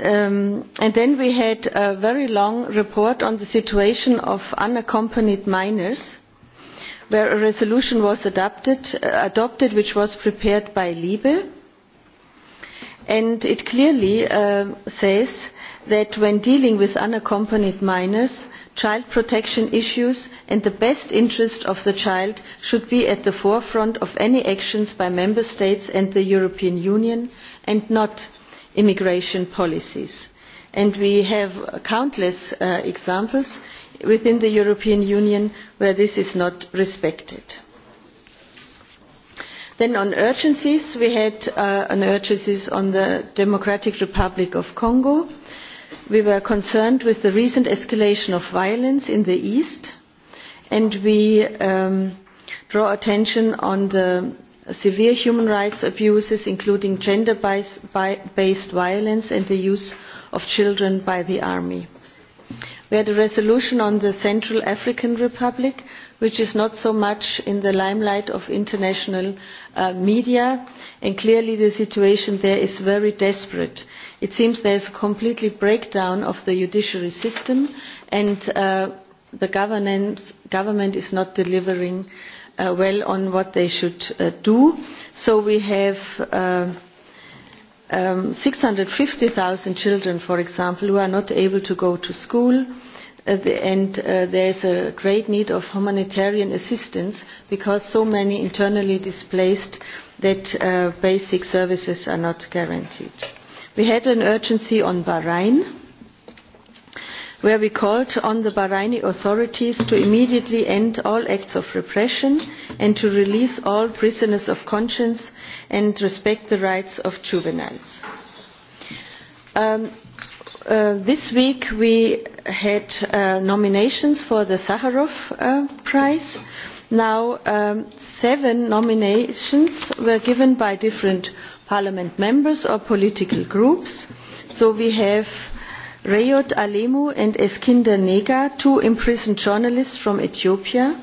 And then we had a very long report on the situation of unaccompanied minors, where a resolution was adopted which was prepared by LIBE. And it clearly says that when dealing with unaccompanied minors, child protection issues and the best interest of the child should be at the forefront of any actions by Member States and the European Union and not immigration policies. And we have countless examples within the European Union where this is not respected. Then on urgencies, we had an urgency on the Democratic Republic of Congo. We were concerned with the recent escalation of violence in the East and we draw attention on the severe human rights abuses including gender based violence and the use of children by the army. we had a resolution on the central african republic which is not so much in the limelight of international media and clearly the situation there is very desperate. it seems there is a complete breakdown of the judiciary system and the government is not delivering well on what they should do. So we have 650,000 children, for example, who are not able to go to school and there is a great need of humanitarian assistance because so many internally displaced that basic services are not guaranteed. We had an urgency on Bahrain where we called on the Bahraini authorities to immediately end all acts of repression and to release all prisoners of conscience and respect the rights of juveniles. This week we had nominations for the Sakharov Prize. Now seven nominations were given by different parliament members or political groups. So we have Rayot Alemu and Eskinder Nega, two imprisoned journalists from Ethiopia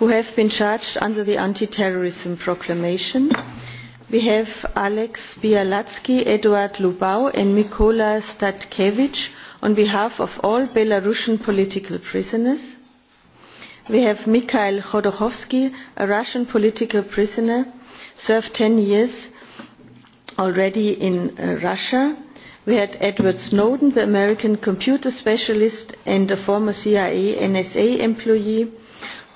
who have been charged under the Anti-Terrorism Proclamation. We have Alex Bialatsky, Eduard Lubau and Mikola Statkevich on behalf of all Belarusian political prisoners. We have Mikhail Khodorkovsky, a Russian political prisoner, served 10 years already in Russia We had Edward Snowden, the American computer specialist and a former CIA NSA employee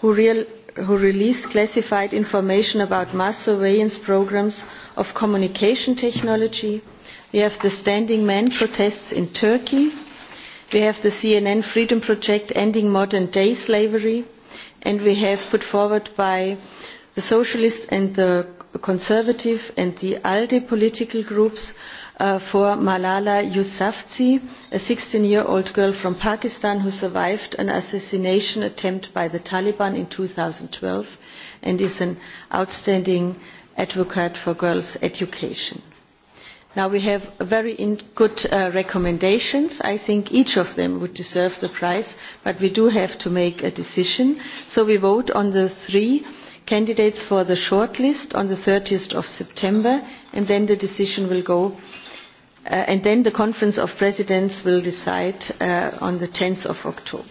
who released classified information about mass surveillance programmes of communication technology. We have the Standing Man protests in Turkey. We have the CNN Freedom Project ending modern day slavery. And we have put forward by the socialist and the conservative and the ALDE political groups for Malala Yousafzai, a 16-year-old girl from Pakistan who survived an assassination attempt by the Taliban in 2012 and is an outstanding advocate for girls' education. Now we have very good recommendations. I think each of them would deserve the prize, but we do have to make a decision. So we vote on the three candidates for the shortlist on the 30th of September, and then the decision will go and then the Conference of Presidents will decide on the 10th of October.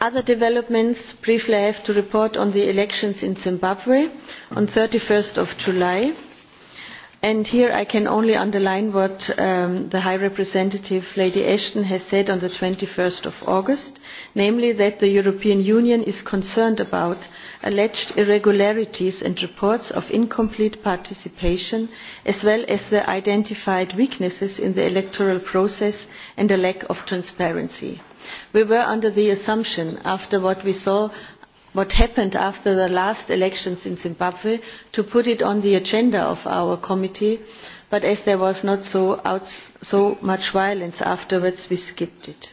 Other developments, briefly I have to report on the elections in Zimbabwe on 31st of July And here I can only underline what the High Representative Lady Ashton has said on the one of August, namely that the European Union is concerned about alleged irregularities and reports of incomplete participation, as well as the identified weaknesses in the electoral process and a lack of transparency. We were under the assumption, after what we saw what happened after the last elections in Zimbabwe to put it on the agenda of our committee, but as there was not so much violence afterwards, we skipped it.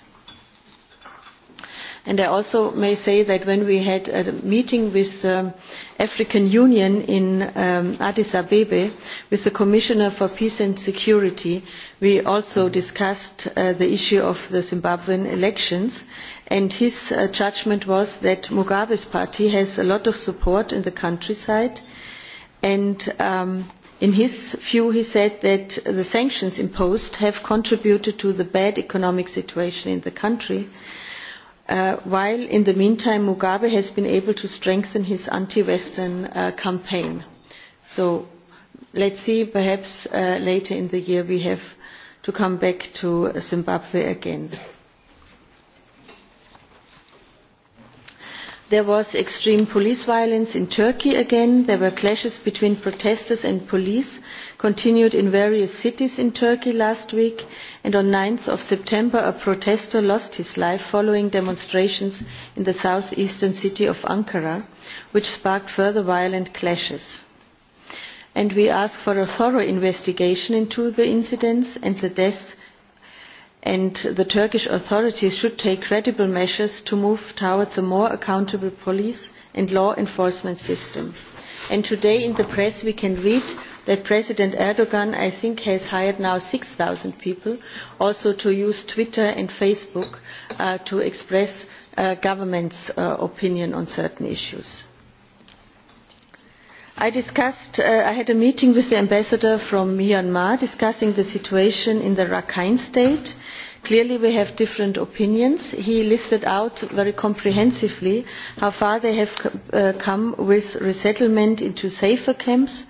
And I also may say that when we had a meeting with the African Union in Addis Ababa, with the Commissioner for Peace and Security, we also discussed the issue of the Zimbabwean elections and his judgment was that Mugabe's party has a lot of support in the countryside and in his view he said that the sanctions imposed have contributed to the bad economic situation in the country while in the meantime Mugabe has been able to strengthen his anti-Western campaign. So let's see, perhaps later in the year we have to come back to Zimbabwe again. There was extreme police violence in Turkey again. There were clashes between protesters and police, continued in various cities in Turkey last week, and on 9 September a protester lost his life following demonstrations in the south eastern city of Ankara, which sparked further violent clashes. we ask for a thorough investigation into the incidents and the deaths and the Turkish authorities should take credible measures to move towards a more accountable police and law enforcement system. And today in the press we can read that President Erdogan, I think, has hired now 6,000 people also to use Twitter and Facebook to express government's opinion on certain issues. I I had a meeting with the ambassador from Myanmar discussing the situation in the Rakhine state Clearly we have different opinions. He listed out very comprehensively how far they have come with resettlement into safer camps,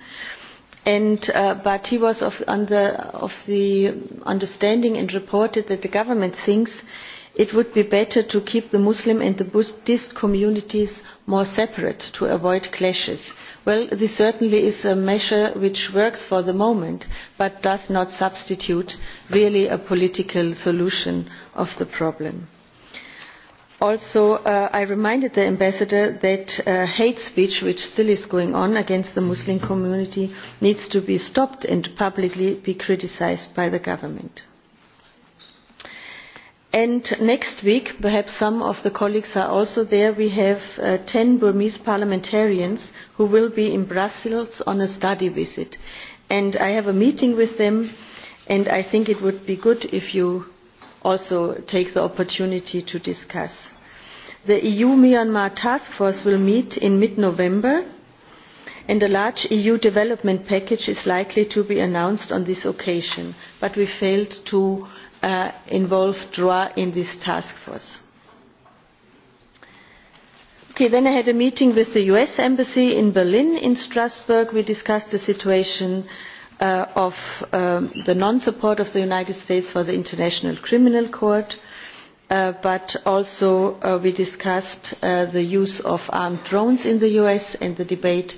but he was of the understanding and reported that the government thinks It would be better to keep the Muslim and the Buddhist communities more separate to avoid clashes. Well, this certainly is a measure which works for the moment, but does not substitute really a political solution of the problem. Also, I reminded the ambassador that hate speech, which still is going on against the Muslim community, needs to be stopped and publicly be criticised by the government. And next week, perhaps some of the colleagues are also there, we have 10 Burmese parliamentarians who will be in Brussels on a study visit. And I have a meeting with them, and I think it would be good if you also take the opportunity to discuss. The EU-Myanmar Task Force will meet in mid-November, and a large EU development package is likely to be announced on this occasion, but we failed to involved DROA in this task force. Okay, then I had a meeting with the US Embassy in Berlin. In Strasbourg, we discussed the situation of the non-support of the United States for the International Criminal Court, but also we discussed the use of armed drones in the US and the debate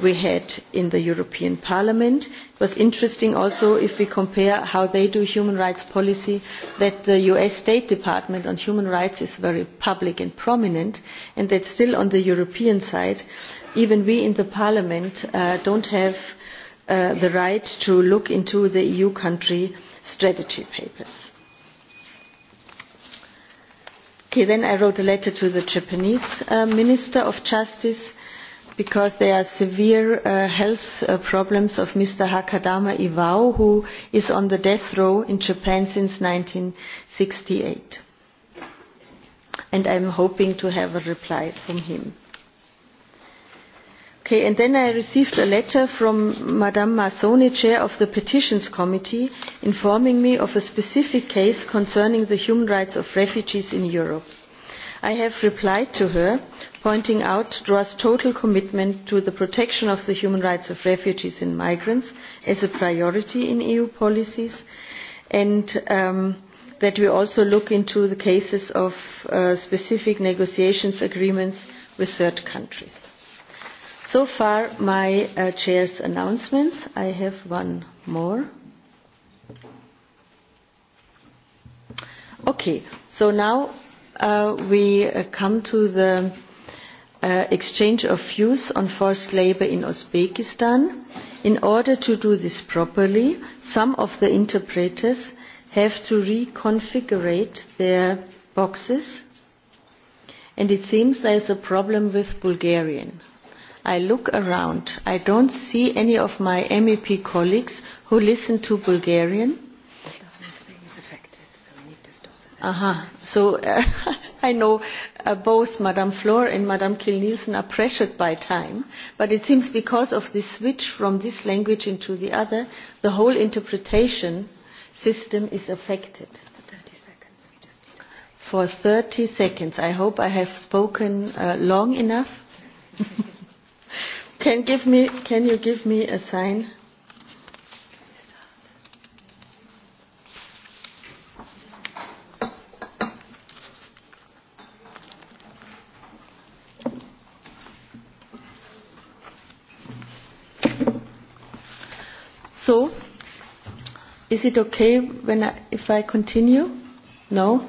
we had in the European Parliament. It was interesting also if we compare how they do human rights policy that the US State Department on human rights is very public and prominent and that still on the European side even we in the Parliament don't have the right to look into the EU country strategy papers. Then I wrote a letter to the Japanese Minister of Justice because there are severe health problems of Mr. Hakadama Iwao, who is on the death row in Japan since 1968. And I am hoping to have a reply from him. Okay, and then I received a letter from Madame Mazzoni, Chair of the Petitions Committee, informing me of a specific case concerning the human rights of refugees in Europe. I have replied to her, pointing out DROA's total commitment to the protection of the human rights of refugees and migrants as a priority in EU policies, and that we also look into the cases of specific negotiations agreements with third countries. So far my chair's announcements. I have one more. Okay, so now we come to the exchange of views on forced labour in Uzbekistan. In order to do this properly, some of the interpreters have to reconfigure their boxes, and it seems there is a problem with Bulgarian. I look around. I don't see any of my MEP colleagues who listen to Bulgarian Aha. So I know both Madame Flor and Madame kiel are pressured by time, but it seems because of the switch from this language into the other, the whole interpretation system is affected. For 30 seconds. I hope I have spoken long enough. Can give me? Can you give me a sign? So, is it okay when if I continue? No?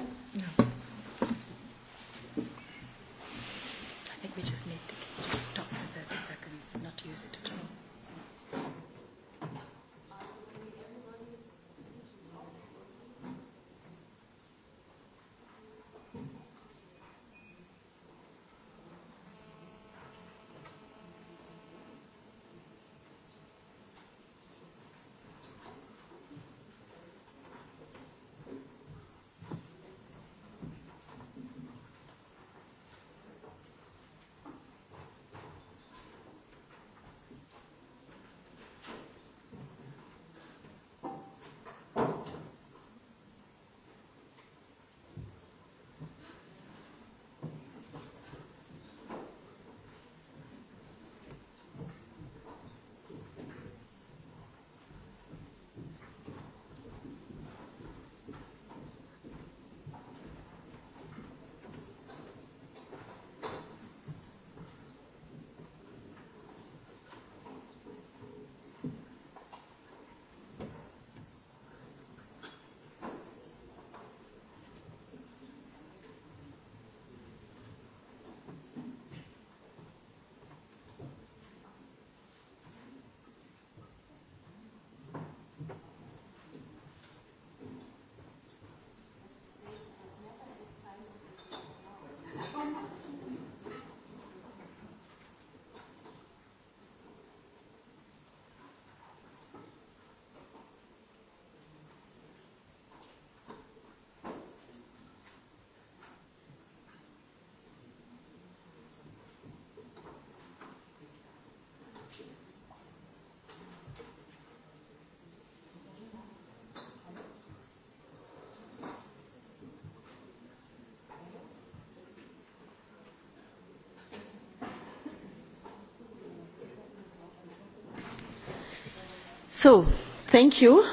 So, thank you.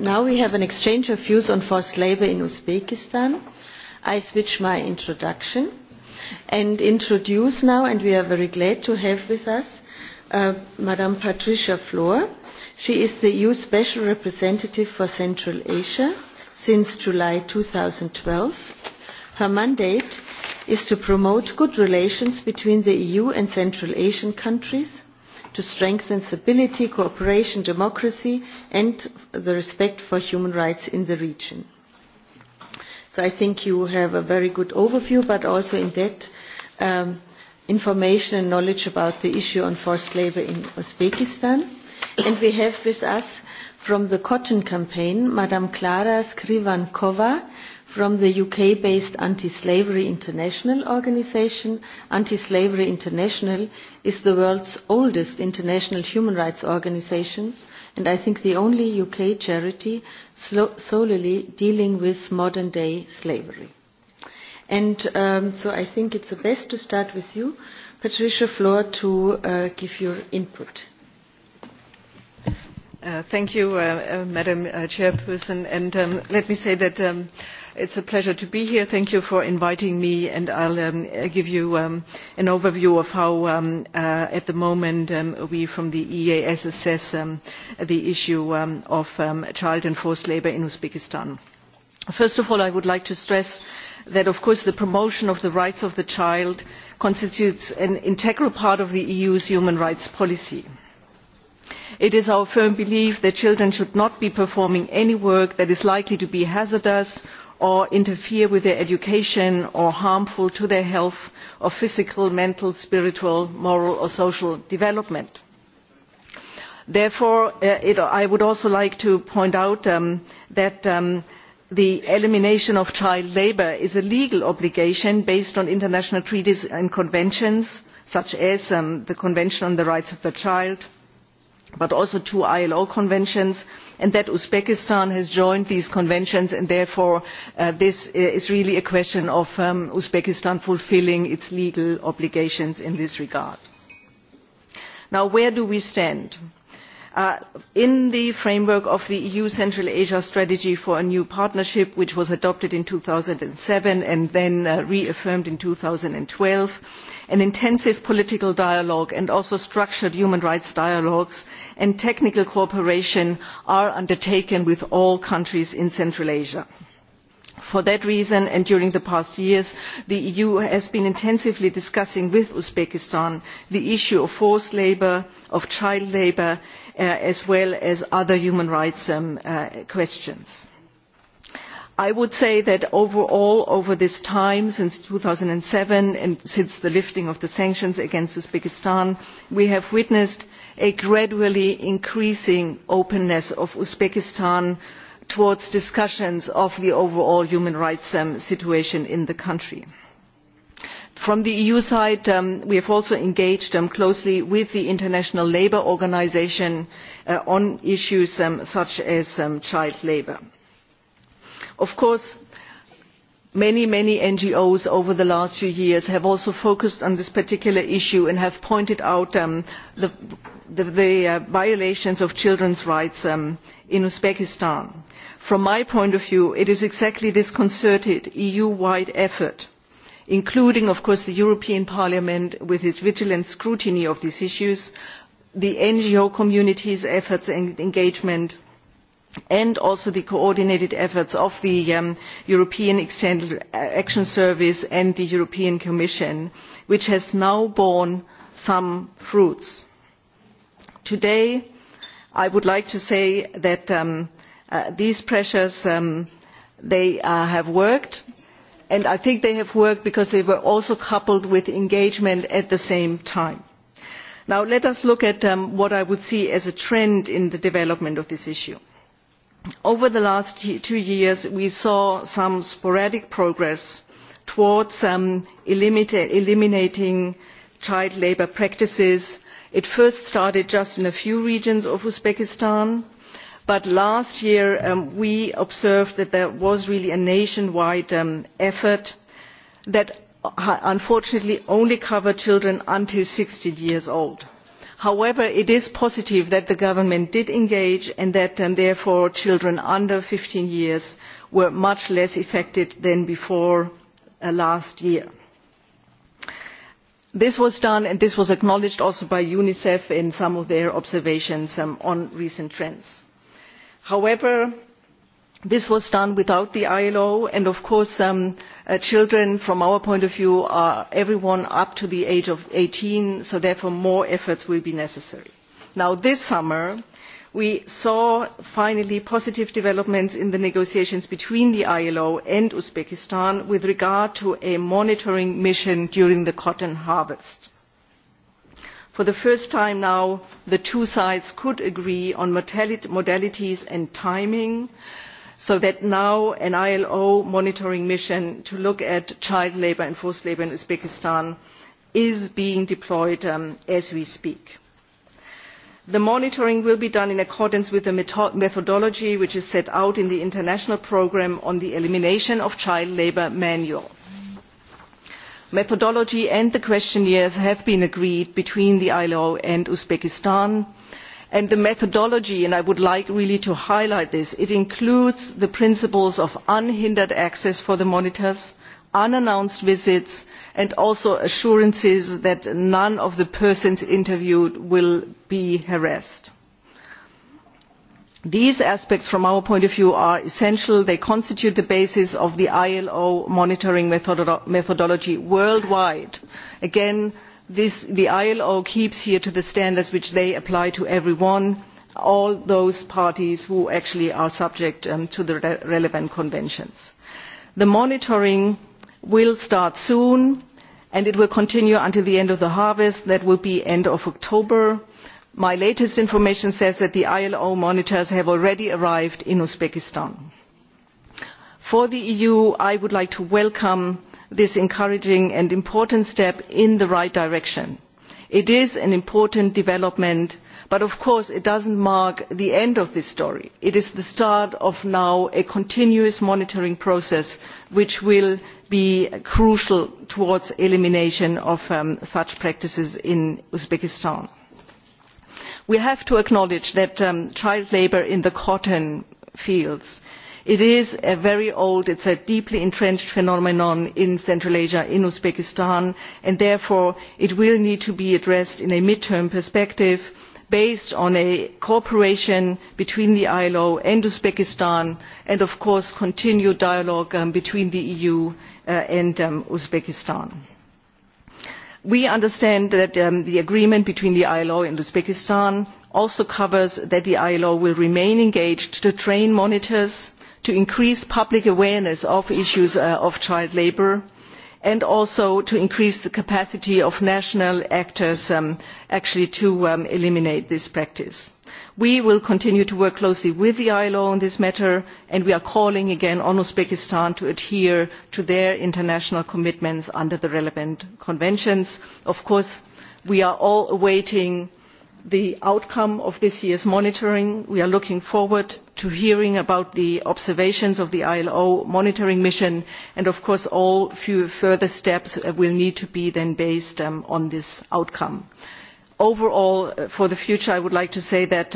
Now we have an exchange of views on forced labor in Uzbekistan. I switch my introduction and introduce now, and we are very glad to have with us, Madam Patricia Flohr. She is the EU Special Representative for Central Asia since July 2012. Her mandate is to promote good relations between the EU and Central Asian countries to strengthen stability, cooperation, democracy and the respect for human rights in the region. So I think you have a very good overview, but also in depth information and knowledge about the issue on forced labour in Uzbekistan. And we have with us from the Cotton Campaign, Madam Klara Skrivankova from the UK-based Anti-Slavery International organisation. Anti-Slavery International is the world's oldest international human rights organisation and I think the only UK charity solely dealing with modern-day slavery. And so I think it's best to start with you, Patricia Floor, to give your input. Thank you, Madam Chairperson, and let me say that It is a pleasure to be here. Thank you for inviting me, and I will give you an overview of how, at the moment, we from the EAS assess the issue of child and forced labour in Uzbekistan. First of all, I would like to stress that, of course, the promotion of the rights of the child constitutes an integral part of the EU's human rights policy. It is our firm belief that children should not be performing any work that is likely to be hazardous or interfere with their education or harmful to their health or physical mental spiritual moral or social development. therefore i would also like to point out that the elimination of child labour is a legal obligation based on international treaties and conventions such as the convention on the rights of the child but also two ilo conventions and that uzbekistan has joined these conventions and therefore this is really a question of uzbekistan fulfilling its legal obligations in this regard. now where do we stand? in the framework of the EU Central Asia Strategy for a New Partnership, which was adopted in 2007 and then reaffirmed in 2012, an intensive political dialogue and also structured human rights dialogues and technical cooperation are undertaken with all countries in Central Asia. For that reason and during the past years, the EU has been intensively discussing with Uzbekistan the issue of forced labour, of child labour as well as other human rights questions. I would say that overall, over this time, since 2007 and since the lifting of the sanctions against Uzbekistan, we have witnessed a gradually increasing openness of Uzbekistan towards discussions of the overall human rights situation in the country From the EU side, we have also engaged closely with the International Labour Organisation on issues such as child labour. Of course, many, many NGOs over the last few years have also focused on this particular issue and have pointed out the violations of children's rights in Uzbekistan. From my point of view, it is exactly this concerted EU-wide effort including of course the european parliament with its vigilant scrutiny of these issues the ngo community's efforts and engagement and also the coordinated efforts of the european external action service and the european commission which has now borne some fruits. today i would like to say that these pressures have worked and i think they have worked because they were also coupled with engagement at the same time. now let us look at what i would see as a trend in the development of this issue. over the last two years we saw some sporadic progress towards eliminating child labour practices. it first started just in a few regions of uzbekistan but last year we observed that there was really a nationwide effort that unfortunately only covered children until 16 years old. However, it is positive that the government did engage and that therefore children under 15 years were much less affected than before last year. This was done and this was acknowledged also by UNICEF in some of their observations on recent trends however this was done without the ilo and of course children from our point of view are everyone up to the age of 18 so therefore more efforts will be necessary. this summer we saw finally positive developments in the negotiations between the ilo and uzbekistan with regard to a monitoring mission during the cotton harvest for the first time now the two sides could agree on modalities and timing so that now an ilo monitoring mission to look at child labour and forced labour in uzbekistan is being deployed as we speak. the monitoring will be done in accordance with the methodology which is set out in the international programme on the elimination of child labour manual methodology and the questionnaires have been agreed between the ilo and uzbekistan and the methodology and i would like really to highlight this it includes the principles of unhindered access for the monitors unannounced visits and also assurances that none of the persons interviewed will be harassed. These aspects, from our point of view, are essential. They constitute the basis of the ILO monitoring methodology worldwide. Again, the ILO keeps here to the standards which they apply to everyone, all those parties who actually are subject to the relevant conventions. The monitoring will start soon and it will continue until the end of the harvest. That will be end of October my latest information says that the ilo monitors have already arrived in uzbekistan. for the eu i would like to welcome this encouraging and important step in the right direction. it is an important development but of course it does not mark the end of this story. it is the start of now a continuous monitoring process which will be crucial towards the elimination of such practices in uzbekistan we have to acknowledge that child labour in the cotton fields is a very old it a deeply entrenched phenomenon in central asia in uzbekistan and therefore it will need to be addressed in a mid term perspective based on a cooperation between the ilo and uzbekistan and of course continued dialogue between the eu and uzbekistan we understand that the agreement between the ilo and uzbekistan also covers that the ilo will remain engaged to train monitors to increase public awareness of issues of child labour and also to increase the capacity of national actors actually to eliminate this practice we will continue to work closely with the ilo on this matter and we are calling again on uzbekistan to adhere to their international commitments under the relevant conventions. of course we are all awaiting the outcome of this year's monitoring. we are looking forward to hearing about the observations of the ilo monitoring mission and of course all further steps will need to be then based on this outcome overall for the future i would like to say that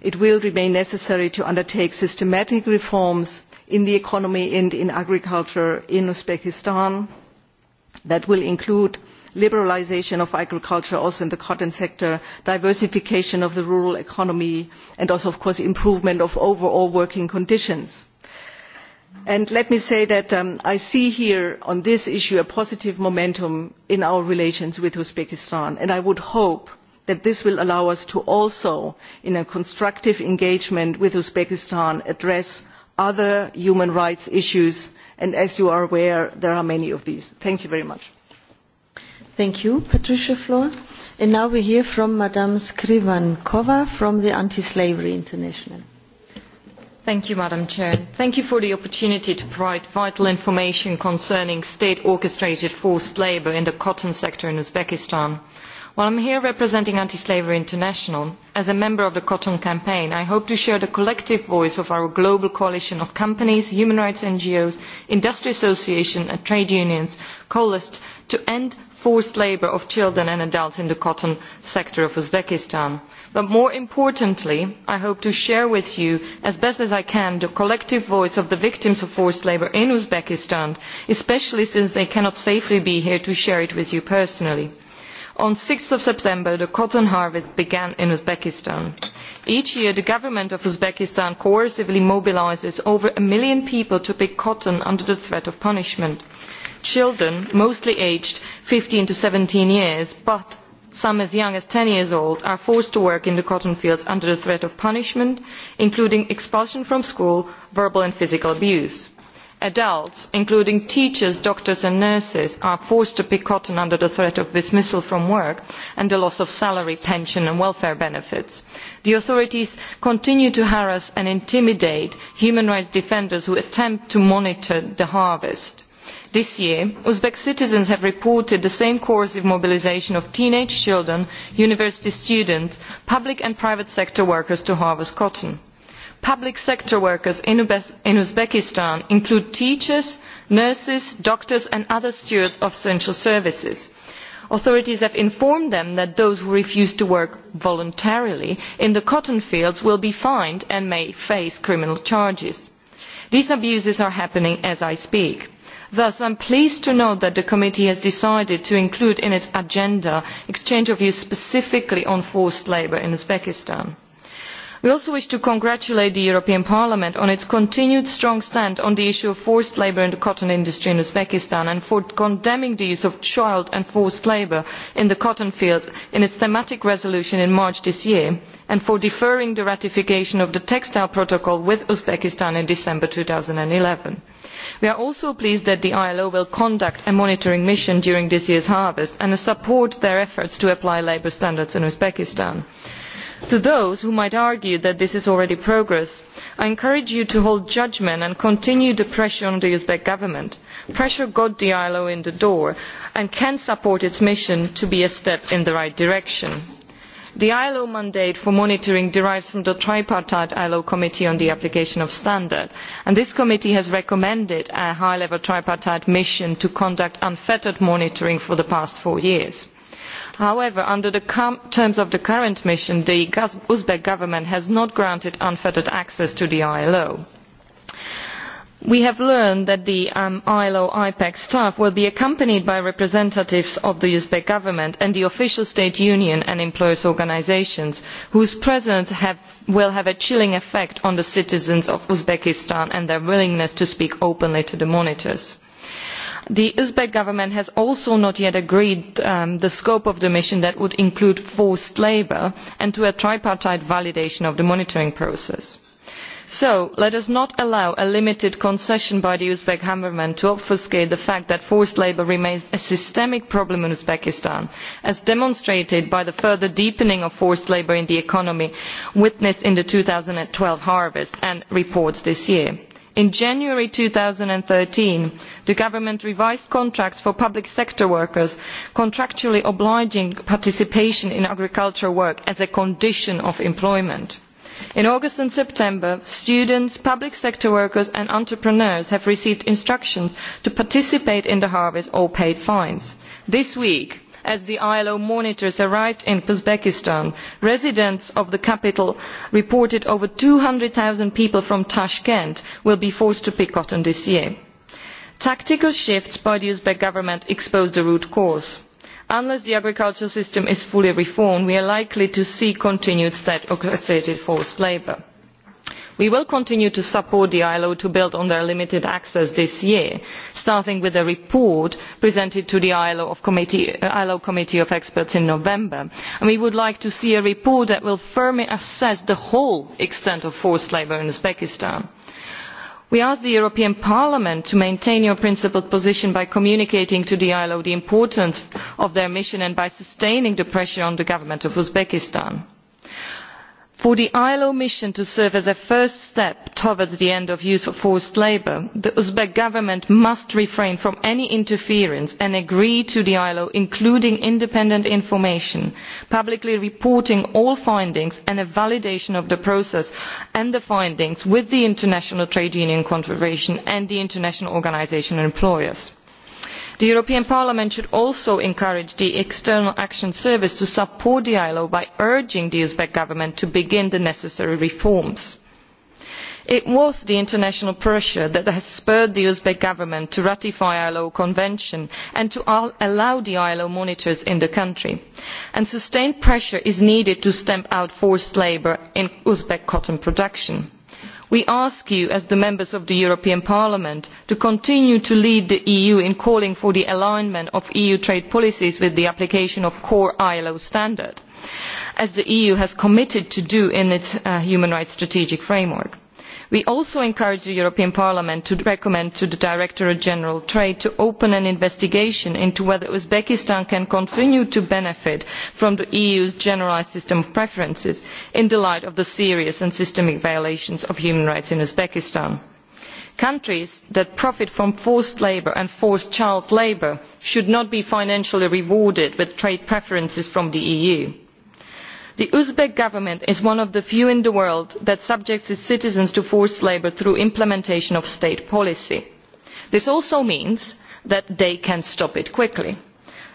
it will remain necessary to undertake systematic reforms in the economy and in agriculture in uzbekistan that will include liberalisation of agriculture also in the cotton sector diversification of the rural economy and also of course improvement of overall working conditions and let me say that i see here on this issue a positive momentum in our relations with uzbekistan and i would hope that this will allow us to also in a constructive engagement with uzbekistan address other human rights issues and as you are aware there are many of these. thank you very much. thank you patricia flohr and now we hear from ms skrivankova from the anti slavery international madam president thank you for the opportunity to provide vital information concerning state orchestrated forced labour in the cotton sector in uzbekistan. while i am here representing anti slavery international as a member of the cotton campaign i hope to share the collective voice of our global coalition of companies human rights ngos industry associations and trade unions coalesced to end forced labour of children and adults in the cotton sector of uzbekistan but more importantly i hope to share with you as best as i can the collective voice of the victims of forced labour in uzbekistan especially since they cannot safely be here to share it with you personally. on six september the cotton harvest began in uzbekistan. each year the government of uzbekistan coercively mobilises over a million people to pick cotton under the threat of punishment children mostly aged 15 to 17 years but some as young as 10 years old are forced to work in the cotton fields under the threat of punishment including expulsion from school verbal and physical abuse adults including teachers doctors and nurses are forced to pick cotton under the threat of dismissal from work and the loss of salary pension and welfare benefits. the authorities continue to harass and intimidate human rights defenders who attempt to monitor the harvest this year uzbek citizens have reported the same coercive mobilisation of teenage children university students public and private sector workers to harvest cotton. public sector workers in uzbekistan include teachers nurses doctors and other stewards of essential services. authorities have informed them that those who refuse to work voluntarily in the cotton fields will be fined and may face criminal charges. these abuses are happening as i speak thus i am pleased to note that the committee has decided to include in its agenda exchange of views specifically on forced labour in uzbekistan we also wish to congratulate the european parliament on its continued strong stand on the issue of forced labour in the cotton industry in uzbekistan and for condemning the use of child and forced labour in the cotton fields in its thematic resolution in march this year and for deferring the ratification of the textile protocol with uzbekistan in december. 2011. we are also pleased that the ilo will conduct a monitoring mission during this year's harvest and support their efforts to apply labour standards in uzbekistan to those who might argue that this is already progress i encourage you to hold judgment and continue the pressure on the uzbek government. pressure got the ilo in the door and can support its mission to be a step in the right direction. the ilo mandate for monitoring derives from the tripartite ilo committee on the application of standards and this committee has recommended a high level tripartite mission to conduct unfettered monitoring for the past four years However, under the terms of the current mission, the Uzbek government has not granted unfettered access to the ILO. We have learned that the ILO IPEC staff will be accompanied by representatives of the Uzbek government and the official state union and employers' organisations, whose presence will have a chilling effect on the citizens of Uzbekistan and their willingness to speak openly to the monitors the uzbek government has also not yet agreed the scope of the mission that would include forced labour and to a tripartite validation of the monitoring process. so let us not allow a limited concession by the uzbek government to obfuscate the fact that forced labour remains a systemic problem in uzbekistan as demonstrated by the further deepening of forced labour in the economy witnessed in the two twelve harvest and reports this year in january 2013, the government revised contracts for public sector workers contractually obliging participation in agricultural work as a condition of employment. in august and september students public sector workers and entrepreneurs have received instructions to participate in the harvest or pay fines. this week as the ILO monitors arrived in Uzbekistan. Residents of the capital reported over 200,000 people from Tashkent will be forced to pick cotton this year. Tactical shifts by the Uzbek government expose the root cause. Unless the agricultural system is fully reformed, we are likely to see continued state orchestrated forced labour we will continue to support the ilo to build on their limited access this year starting with a report presented to the ilo committee of experts in november and we would like to see a report that will firmly assess the whole extent of forced labour in uzbekistan. we ask the european parliament to maintain your principled position by communicating to the ilo the importance of their mission and by sustaining the pressure on the government of uzbekistan For the ILO mission to serve as a first step towards the end of use of forced labour, the Uzbek government must refrain from any interference and agree to the ILO, including independent information, publicly reporting all findings and a validation of the process and the findings with the International Trade Union Confederation and the International Organisation of Employers the european parliament should also encourage the external action service to support the ilo by urging the uzbek government to begin the necessary reforms. it was the international pressure that has spurred the uzbek government to ratify the ilo convention and to allow the ilo monitors in the country and sustained pressure is needed to stamp out forced labour in uzbek cotton production we ask you as the members of the european parliament to continue to lead the eu in calling for the alignment of eu trade policies with the application of core ilo standards as the eu has committed to do in its human rights strategic framework we also encourage the european parliament to recommend to the directorate general of trade to open an investigation into whether uzbekistan can continue to benefit from the eu's generalised system of preferences in the light of the serious and systemic violations of human rights in uzbekistan. countries that profit from forced labour and forced child labour should not be financially rewarded with trade preferences from the eu the uzbek government is one of the few in the world that subjects its citizens to forced labour through implementation of state policy. this also means that they can stop it quickly.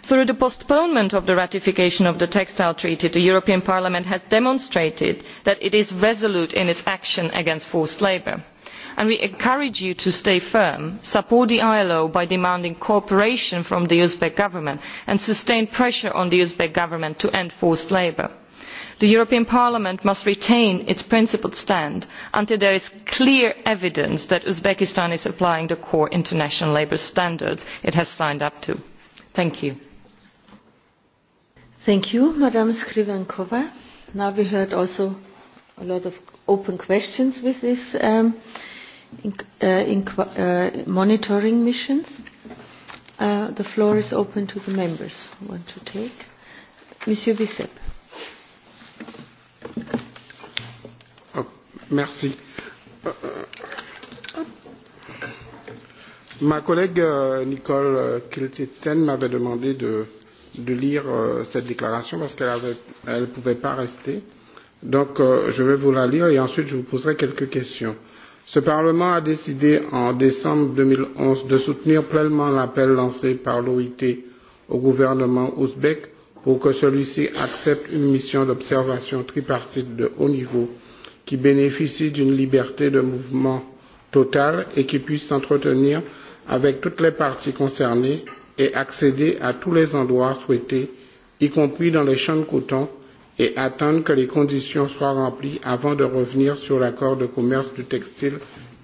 through the postponement of the ratification of the textile treaty the european parliament has demonstrated that it is resolute in its action against forced labour and we encourage you to stay firm support the ilo by demanding cooperation from the uzbek government and sustain pressure on the uzbek government to end forced labour the european parliament must retain its principled stand until there is clear evidence that uzbekistan is applying the core international labour standards it has signed up to. thank you. thank you madam Skrivenkova. now we heard also a lot of open questions with these monitoring missions. the floor is open to the members who want to take. monsieur Bissep. Merci. Ma collègue Nicole Kiltitsen m'avait demandé de lire cette déclaration parce qu'elle ne pouvait pas rester. Donc, je vais vous la lire et ensuite je vous poserai quelques questions. Ce Parlement a décidé en décembre 2011 de soutenir pleinement l'appel lancé par l'OIT au gouvernement ouzbek pour que celui-ci accepte une mission d'observation tripartite de haut niveau qui bénéficie d'une liberté de mouvement totale et qui puisse s'entretenir avec toutes les parties concernées et accéder à tous les endroits souhaités, y compris dans les champs de coton, et attendre que les conditions soient remplies avant de revenir sur l'accord de commerce du textile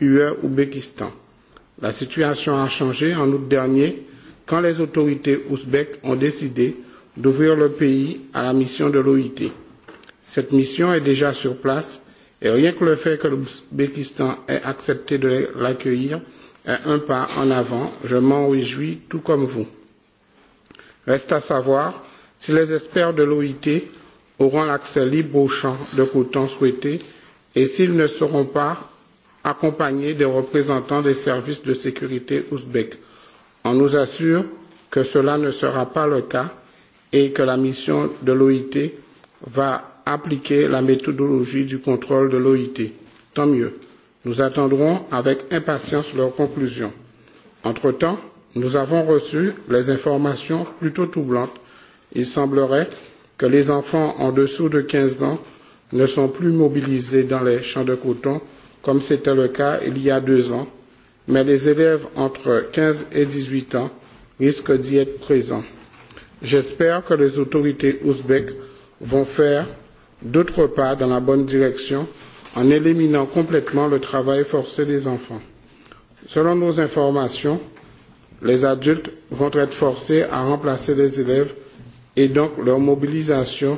UE-Ouzbékistan. La situation a changé en août dernier quand les autorités ouzbèques ont décidé d'ouvrir le pays à la mission de l'OIT. Cette mission est déjà sur place et rien que le fait que l'Ouzbékistan ait accepté de l'accueillir est un pas en avant. Je m'en réjouis tout comme vous. Reste à savoir si les experts de l'OIT auront l'accès libre aux champs de coton souhaité et s'ils ne seront pas accompagnés des représentants des services de sécurité ouzbeks. On nous assure que cela ne sera pas le cas et que la mission de l'OIT va appliquer la méthodologie du contrôle de l'OIT. Tant mieux. Nous attendrons avec impatience leurs conclusions. Entre-temps, nous avons reçu les informations plutôt troublantes. Il semblerait que les enfants en dessous de quinze ans ne sont plus mobilisés dans les champs de coton, comme c'était le cas il y a deux ans, mais les élèves entre quinze et dix huit ans risquent d'y être présents. J'espère que les autorités ouzbèques vont faire d'autres pas dans la bonne direction en éliminant complètement le travail forcé des enfants. Selon nos informations, les adultes vont être forcés à remplacer les élèves et donc leur mobilisation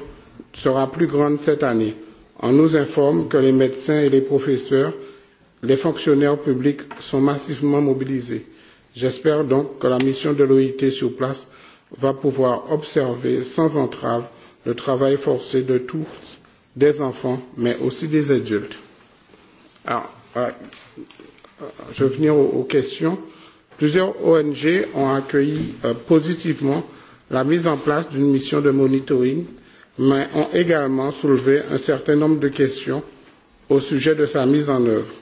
sera plus grande cette année. On nous informe que les médecins et les professeurs, les fonctionnaires publics sont massivement mobilisés. J'espère donc que la mission de l'OIT sur place va pouvoir observer sans entrave le travail forcé de tous, des enfants, mais aussi des adultes. Alors, je vais venir aux questions. Plusieurs ONG ont accueilli positivement la mise en place d'une mission de monitoring, mais ont également soulevé un certain nombre de questions au sujet de sa mise en œuvre.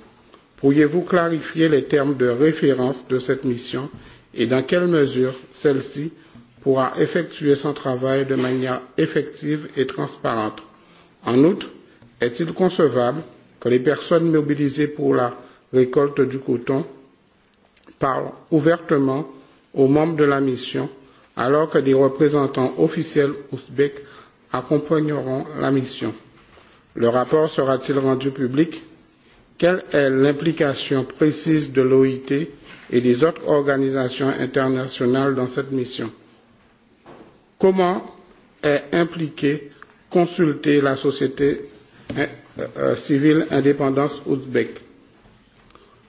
Pourriez-vous clarifier les termes de référence de cette mission et dans quelle mesure celle-ci pourra effectuer son travail de manière effective et transparente. En outre, est-il concevable que les personnes mobilisées pour la récolte du coton parlent ouvertement aux membres de la mission alors que des représentants officiels ouzbeks accompagneront la mission. Le rapport sera-t-il rendu public Quelle est l'implication précise de l'OIT et des autres organisations internationales dans cette mission Comment est impliqué consulter la société civile indépendance ouzbek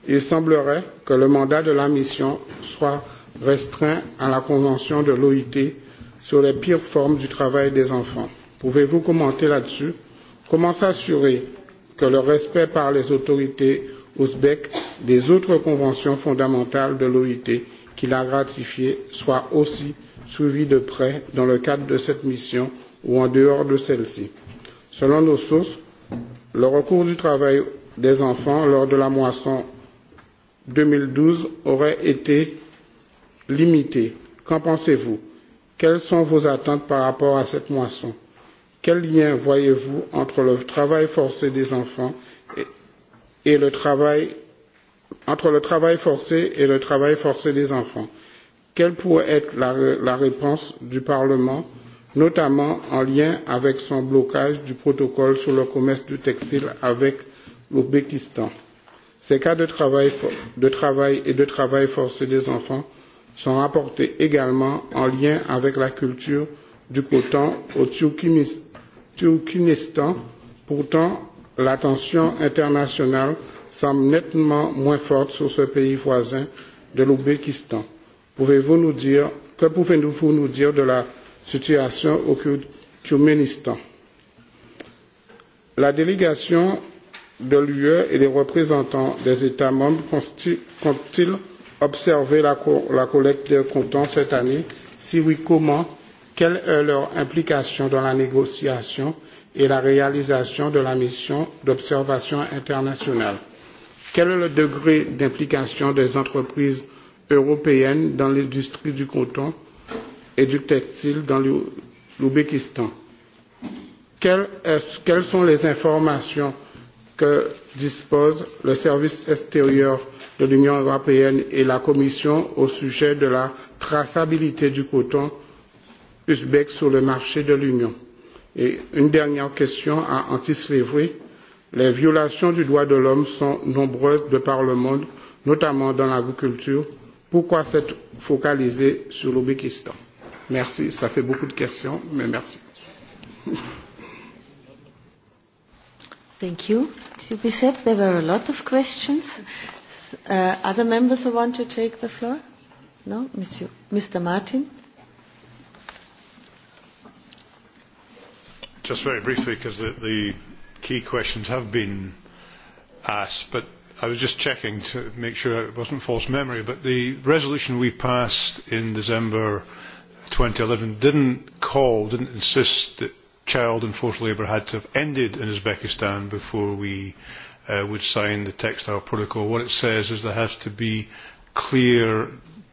Il semblerait que le mandat de la mission soit restreint à la Convention de l'OIT sur les pires formes du travail des enfants. Pouvez-vous commenter là-dessus Comment s'assurer que le respect par les autorités ouzbèques des autres conventions fondamentales de l'OIT qu'il a ratifiées soit aussi Suivi de près dans le cadre de cette mission ou en dehors de celle-ci. Selon nos sources, le recours du travail des enfants lors de la moisson 2012 aurait été limité. Qu'en pensez-vous Quelles sont vos attentes par rapport à cette moisson Quel lien voyez-vous entre le travail forcé des enfants et le travail entre le travail forcé et le travail forcé des enfants Quelle pourrait être la réponse du Parlement, notamment en lien avec son blocage du protocole sur le commerce du textile avec l'Ouzbékistan Ces cas de travail et de travail forcé des enfants sont rapportés également en lien avec la culture du coton au Turkménistan. Pourtant, l'attention internationale semble nettement moins forte sur ce pays voisin de l'Ouzbékistan. Pouvez-vous nous dire, que pouvez-vous nous dire de la situation au Turkménistan La délégation de l'UE et les représentants des États membres comptent-ils observer la collecte des comptants cette année Si oui, comment Quelle est leur implication dans la négociation et la réalisation de la mission d'observation internationale Quel est le degré d'implication des entreprises européenne dans l'industrie du coton et du textile dans l'Ouzbékistan. Quelles sont les informations que disposent le service extérieur de l'Union européenne et la Commission au sujet de la traçabilité du coton uzbek sur le marché de l'Union Et une dernière question à Les violations du droit de l'homme sont nombreuses de par le monde, notamment dans l'agriculture Pourquoi s'être focalisé sur l'Ouzbékistan Merci, ça fait beaucoup de questions, mais merci. Thank you. To be said, there were a lot of questions. Uh, other members who want to take the floor? No, Monsieur. Mr. Martin. Just very briefly, because the, the key questions have been asked, but I was just checking to make sure it wasn't false memory, but the resolution we passed in December 2011 didn't call, didn't insist that child and forced labour had to have ended in Uzbekistan before we would sign the textile protocol. What it says is there has to be clear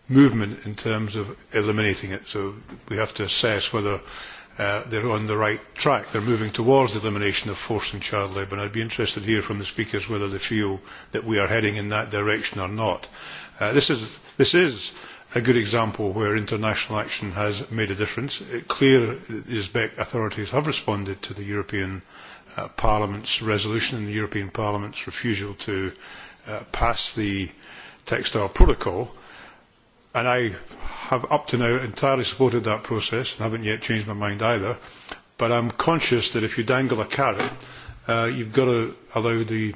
movement in terms of eliminating it. So we have to assess whether they are on the right track. They are moving towards the elimination of forced and child labour. And I would be interested to hear from the speakers whether they feel that we are heading in that direction or not. This is a good example where international action has made a difference. It clear that the Uzbek authorities have responded to the European Parliament's resolution and the European Parliament's refusal to pass the textile protocol and I have up to now entirely supported that process and haven't yet changed my mind either, but I'm conscious that if you dangle a carrot, you've got to allow the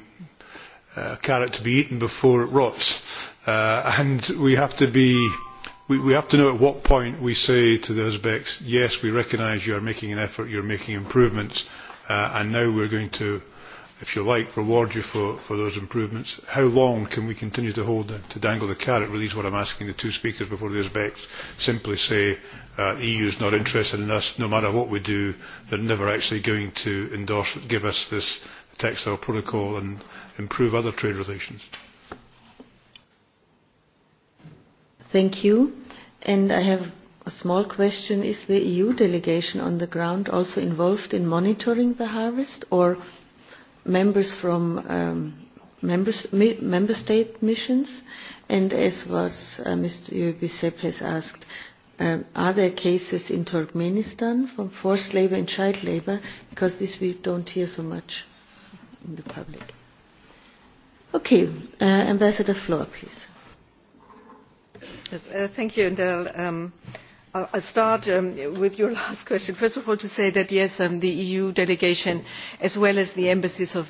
carrot to be eaten before it rots. And we have to be we have to know at what point we say to the Uzbeks, yes, we recognise you are making an effort, you're making improvements, and now we're going to if you like, reward you for, for those improvements. How long can we continue to hold to dangle the carrot? Really, is what I'm asking the two speakers before the Uzbeks Simply say, uh, EU is not interested in us. No matter what we do, they're never actually going to endorse, give us this textile protocol and improve other trade relations. Thank you. And I have a small question. Is the EU delegation on the ground also involved in monitoring the harvest or members from member state missions and as was Mr. Yubisep has asked, are there cases in Turkmenistan from forced labor and child labor because this we don't hear so much in the public. Okay, Ambassador Floor, please. Thank you, Indel will start with your last question. First of all, to say that, yes, the EU delegation, as well as the embassies of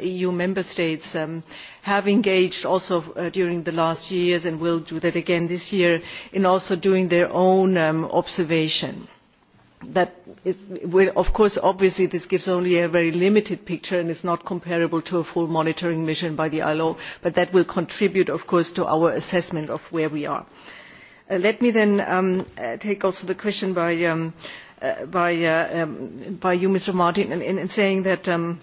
EU member states, have engaged also during the last years and will do that again this year in also doing their own observation. of course, obviously, this gives only a very limited picture and is not comparable to a full monitoring mission by the ILO, but that will contribute, of course, to our assessment of where we are Let me then take also the question by you, Mr. Martin, in saying that,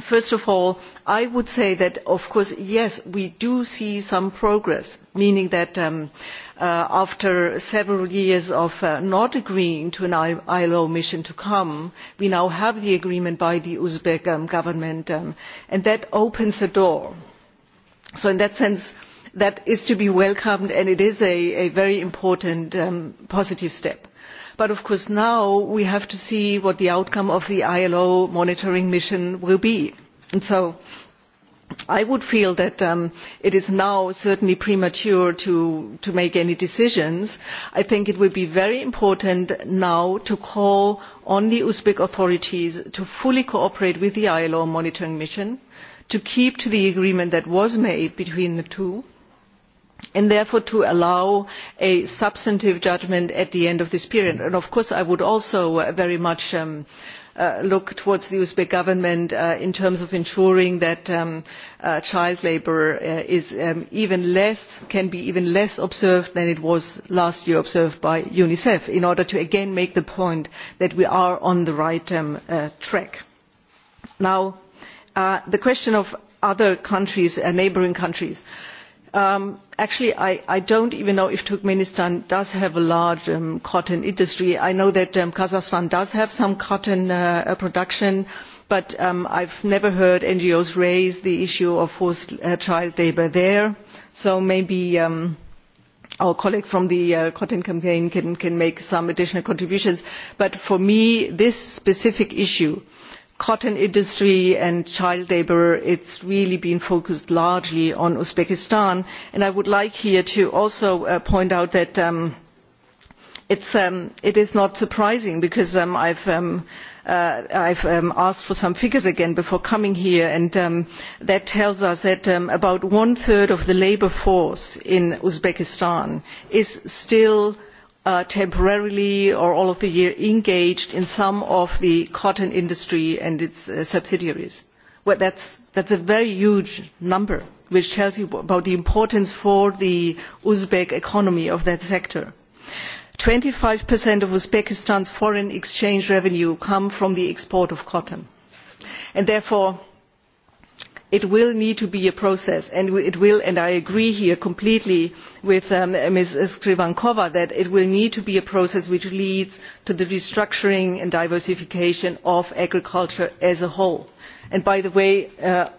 first of all, I would say that, of course, yes, we do see some progress, meaning that after several years of not agreeing to an ILO mission to come, we now have the agreement by the Uzbek government, and that opens the door. So in that sense that is to be welcomed and it is a very important positive step. But of course now we have to see what the outcome of the ILO monitoring mission will be. So I would feel that it is now certainly premature to make any decisions. I think it will be very important now to call on the Uzbek authorities to fully cooperate with the ILO monitoring mission, to keep to the agreement that was made between the two and therefore to allow a substantive judgment at the end of this period. of course i would also very much look towards the uzbek government in terms of ensuring that child labour can be even less observed than it was last year observed by unicef in order to again make the point that we are on the right track. now the question of other countries neighbouring countries Actually, I don't even know if Turkmenistan does have a large cotton industry. I know that Kazakhstan does have some cotton production, but I've never heard NGOs raise the issue of forced child labour there. So maybe our colleague from the Cotton Campaign can make some additional contributions. But for me, this specific issue cotton industry and child labour it's really been focused largely on uzbekistan and i would like here to also point out that it is not surprising because i have asked for some figures again before coming here and that tells us that about one third of the labour force in uzbekistan is still temporarily or all of the year engaged in some of the cotton industry and its subsidiaries. That is a very huge number which tells you about the importance for the Uzbek economy of that sector. 25% of Uzbekistan's foreign exchange revenue come from the export of cotton and therefore it will need to be a process and it will and i agree here completely with ms Skrivankova that it will need to be a process which leads to the restructuring and diversification of agriculture as a whole. And by the way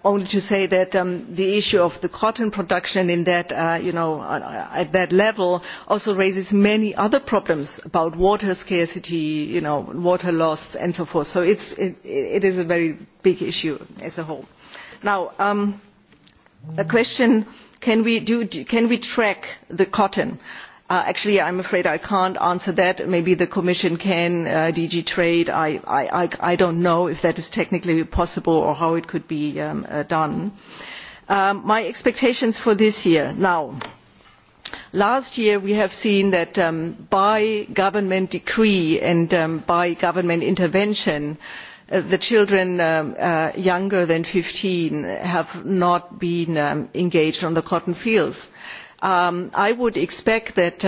only to say that the issue of the cotton production at that level also raises many other problems about water scarcity water loss and so forth so it is a very big issue as a whole. Now, a question, can we track the cotton? Actually, I'm afraid I can't answer that. Maybe the Commission can, DG Trade. I don't know if that is technically possible or how it could be done. My expectations for this year. Now, last year we have seen that by government decree and by government intervention, the children younger than 15 have not been engaged on the cotton fields. I would expect that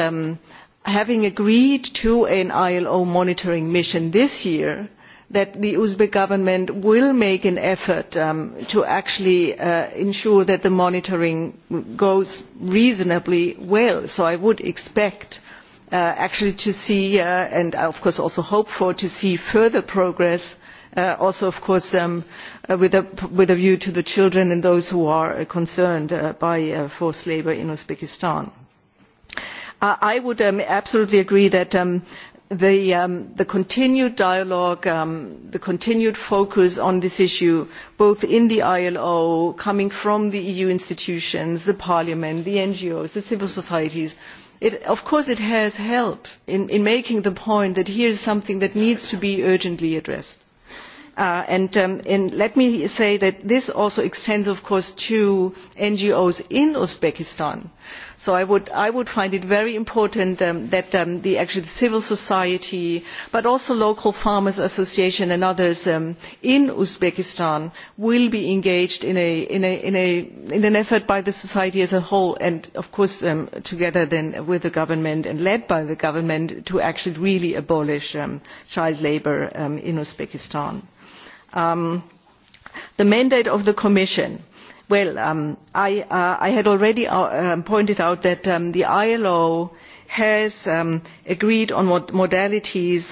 having agreed to an ILO monitoring mission this year, that the Uzbek government will make an effort to actually ensure that the monitoring goes reasonably well. So I would expect actually to see, and of course also hope for, to see further progress also of course with a view to the children and those who are concerned by forced labour in uzbekistan. i would absolutely agree that the continued dialogue the continued focus on this issue both in the ilo coming from the eu institutions the parliament the ngos the civil societies of course it has helped in making the point that here is something that needs to be urgently addressed and let me say that this also extends of course to ngos in uzbekistan so i would find it very important that actually civil society but also local farmers associations and others in uzbekistan will be engaged in an effort by the society as a whole and of course together then with the government and led by the government to actually really abolish child labour in uzbekistan the mandate of the commission well i had already pointed out that the ilo has agreed on modalities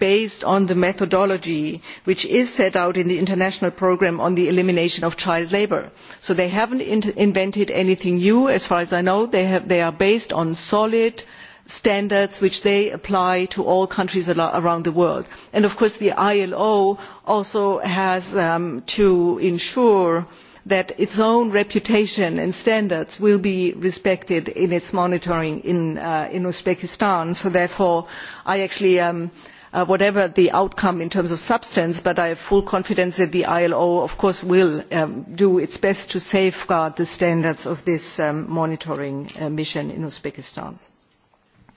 based on the methodology which is set out in the international programme on the elimination of child labour so they have not invented anything new as far as i know they are based on solid standards which they apply to all countries around the world. And of course the ILO also has to ensure that its own reputation and standards will be respected in its monitoring in Uzbekistan. So therefore I actually whatever the outcome in terms of substance, but I have full confidence that the ILO of course will do its best to safeguard the standards of this monitoring mission in Uzbekistan.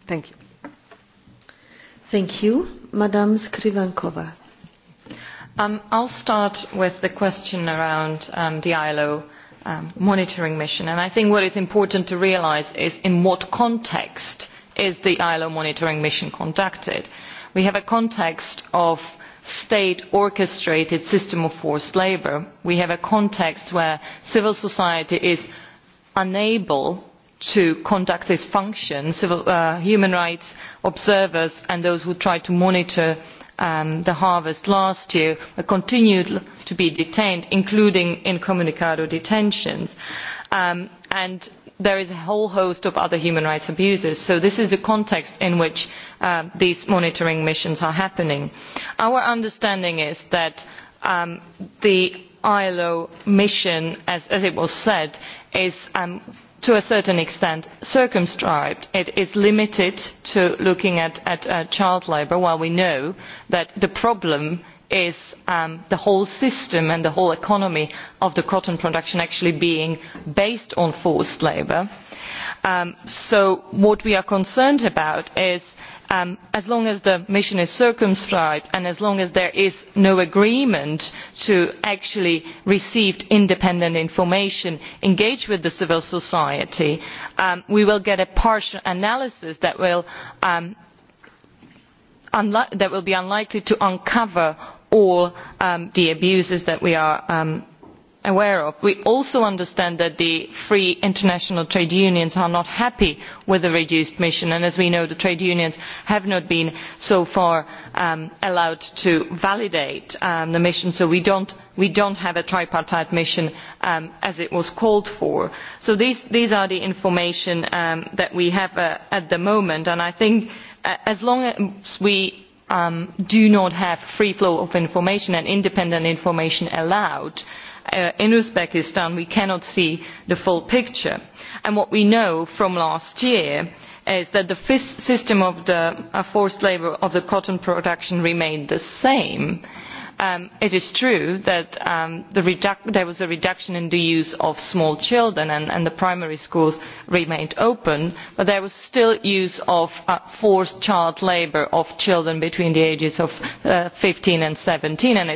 Thank you. Thank you. Madam Skrivankova. I'll start with the question around the ILO monitoring mission. And I think what is important to realise is in what context is the ILO monitoring mission conducted. We have a context of state orchestrated system of forced labour. We have a context where civil society is unable to conduct this function civil human rights observers and those who tried to monitor the harvest last year continued to be detained including incommunicado detentions and there is a whole host of other human rights abuses so this is the context in which these monitoring missions are happening. our understanding is that the ilo mission as it was said is to a certain extent circumscribed. It is limited to looking at child labour while we know that the problem is the whole system and the whole economy of the cotton production actually being based on forced labour. So what we are concerned about is as long as the mission is circumscribed and as long as there is no agreement to actually receive independent information engage with civil society we will get a partial analysis that will be unlikely to uncover all the abuses that we are aware of we also understand that the free international trade unions are not happy with the reduced mission and as we know the trade unions have not been so far allowed to validate the mission so we do not have a tripartite mission as it was called for. so these are the information that we have at the moment and i think as long as we do not have free flow of information and independent information allowed in uzbekistan we cannot see the full picture and what we know from last year is that the system of forced labour of the cotton production remained the same It is true that there was a reduction in the use of small children and the primary schools remained open, but there was still use of forced child labour of children between the ages of 15 and 17, and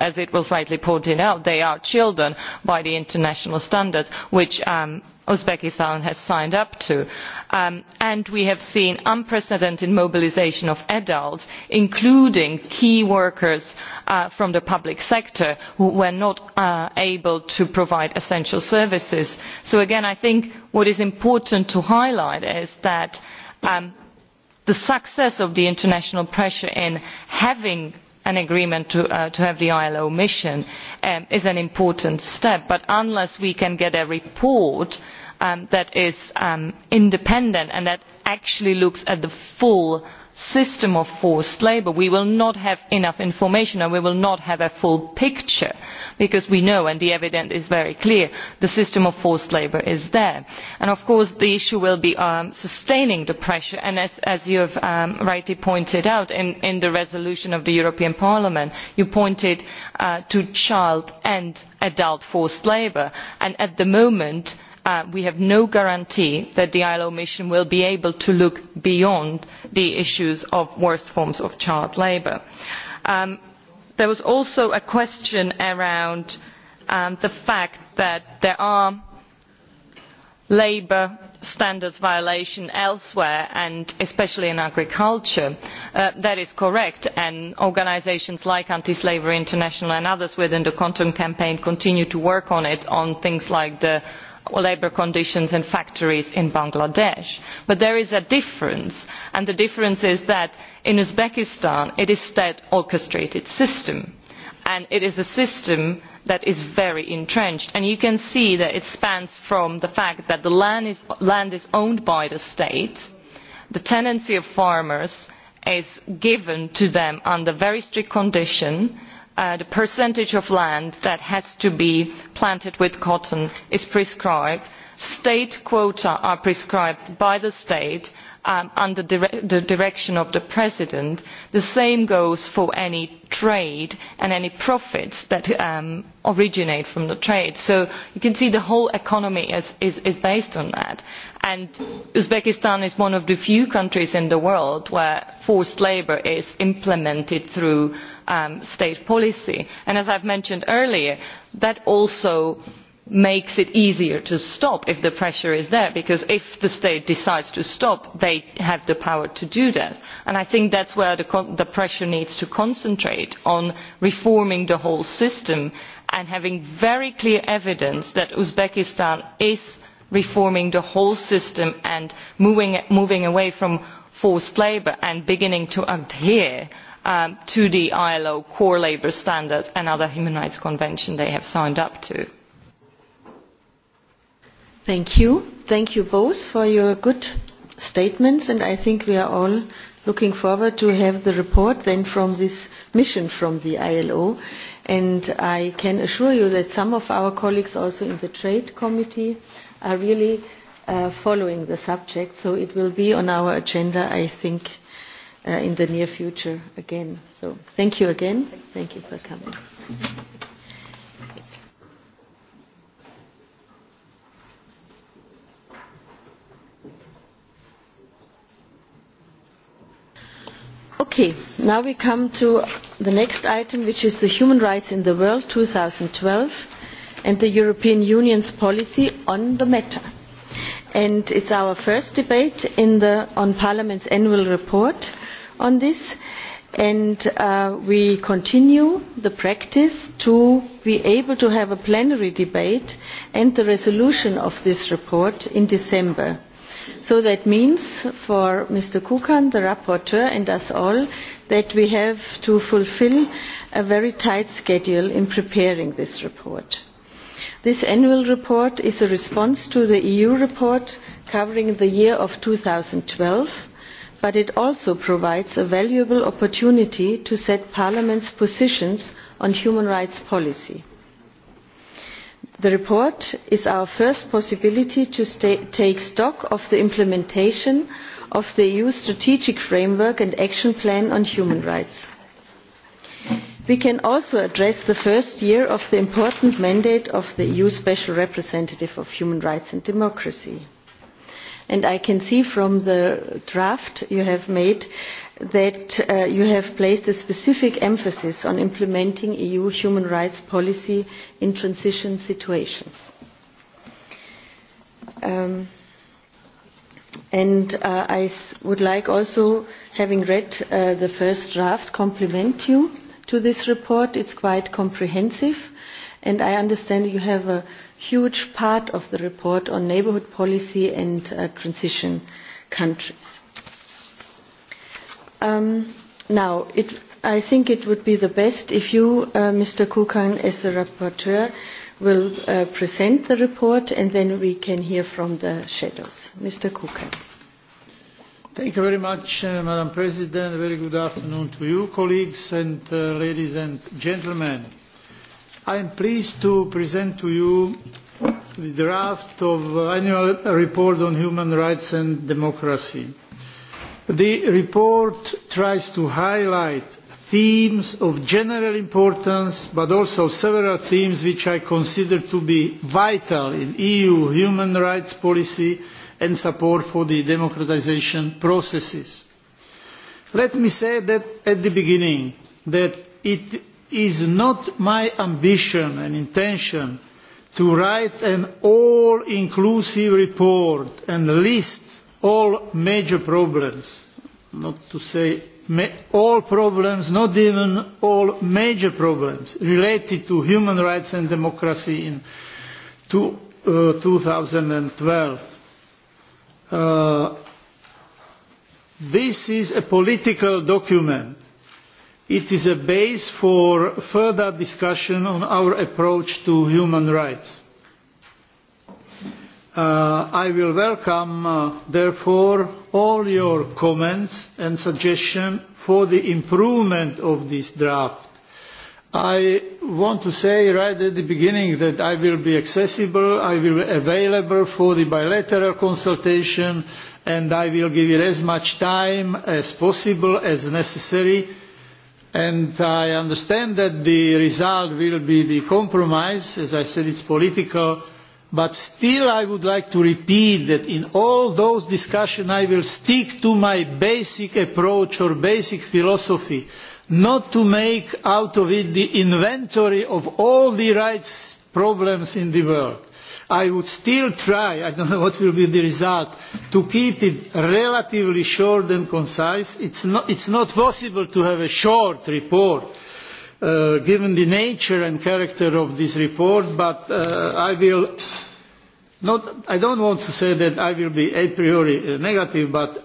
as it was rightly pointed out, they are children by the international standards, which Uzbekistan has signed up to, and we have seen unprecedented mobilisation of adults, including key workers from the public sector who were not able to provide essential services. So again, I think what is important to highlight is that the success of the international pressure in having an agreement to have the ilo mission is an important step but unless we can get a report that is independent and that actually looks at the full system of forced labour we will not have enough information and we will not have a full picture because we know and the evidence is very clear the system of forced labour is there. of course the issue will be sustaining the pressure and as you have rightly pointed out in the resolution of the european parliament you pointed to child and adult forced labour and at the moment we have no guarantee that the ilo mission will be able to look beyond the issues of worst forms of child labour. there was also a question around the fact that there are labour standards violations elsewhere and especially in agriculture. that is correct and organisations like anti slavery international and others within the cotton campaign continue to work on it on things like the labour conditions in factories in bangladesh but there is a difference and the difference is that in uzbekistan it is a state orchestrated system and it is a system that is very entrenched and you can see that it spans from the fact that the land is owned by the state the tenancy of farmers is given to them under very strict conditions the percentage of land that has to be planted with cotton is prescribed state quotas are prescribed by the state under the direction of the president. the same goes for any trade and any profits that originate from the trade. so you can see the whole economy is based on that and uzbekistan is one of the few countries in the world where forced labour is implemented through state policy and as i mentioned earlier that also makes it easier to stop if the pressure is there because if the state decides to stop they have the power to do that and i think that's where the pressure needs to concentrate on reforming the whole system and having very clear evidence that uzbekistan is reforming the whole system and moving away from forced labour and beginning to adhere to the ilo core labour standards and other human rights conventions they have signed up to. Thank you. Thank you both for your good statements and I think we are all looking forward to have the report then from this mission from the ILO and I can assure you that some of our colleagues also in the Trade Committee are really following the subject so it will be on our agenda I think in the near future again. So thank you again. Thank you for coming. Okay, now we come to the next item, which is the Human Rights in the World 2012 and the European Union's policy on the matter. And it's our first debate on Parliament's annual report on this, and we continue the practice to be able to have a plenary debate and the resolution of this report in December So that means for Mr. Kukan, the rapporteur, and us all, that we have to fulfil a very tight schedule in preparing this report. This annual report is a response to the EU report covering the year of 2012, but it also provides a valuable opportunity to set Parliament's positions on human rights policy. The report is our first possibility to take stock of the implementation of the EU strategic framework and action plan on human rights. We can also address the first year of the important mandate of the EU Special Representative of Human Rights and Democracy. And I can see from the draft you have made that you have placed a specific emphasis on implementing EU human rights policy in transition situations. And I would like also, having read the first draft, compliment you to this report. It's quite comprehensive, and I understand you have a huge part of the report on neighbourhood policy and transition countries. Now, I think it would be the best if you, Mr. Kukan, as the rapporteur, will present the report and then we can hear from the shadows. Mr. Kukan. Thank you very much, Madam President. Very good afternoon to you, colleagues and ladies and gentlemen. I am pleased to present to you the draft of annual report on human rights and democracy The report tries to highlight themes of general importance, but also several themes which I consider to be vital in EU human rights policy and support for the democratisation processes. Let me say that at the beginning that it is not my ambition and intention to write an all inclusive report and list all major problems, not to say all problems, not even all major problems related to human rights and democracy in 2012. This is a political document. It is a base for further discussion on our approach to human rights I will welcome, therefore, all your comments and suggestions for the improvement of this draft. I want to say right at the beginning that I will be accessible, I will be available for the bilateral consultation, and I will give it as much time as possible, as necessary. And I understand that the result will be the compromise. As I said, it's political But still I would like to repeat that in all those discussions I will stick to my basic approach or basic philosophy, not to make out of it the inventory of all the rights problems in the world. I would still try, I don't know what will be the result, to keep it relatively short and concise. It's not possible to have a short report given the nature and character of this report, but I will not, I don't want to say that I will be a priori negative, but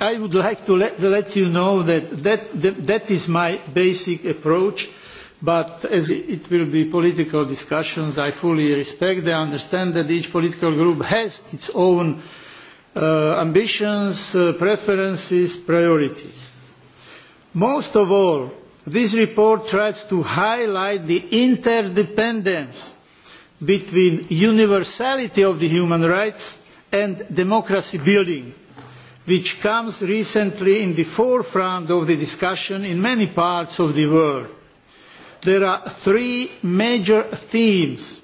I would like to let you know that that is my basic approach, but as it will be political discussions, I fully respect and understand that each political group has its own ambitions, preferences, priorities. Most of all, This report tries to highlight the interdependence between universality of the human rights and democracy building, which comes recently in the forefront of the discussion in many parts of the world. There are three major themes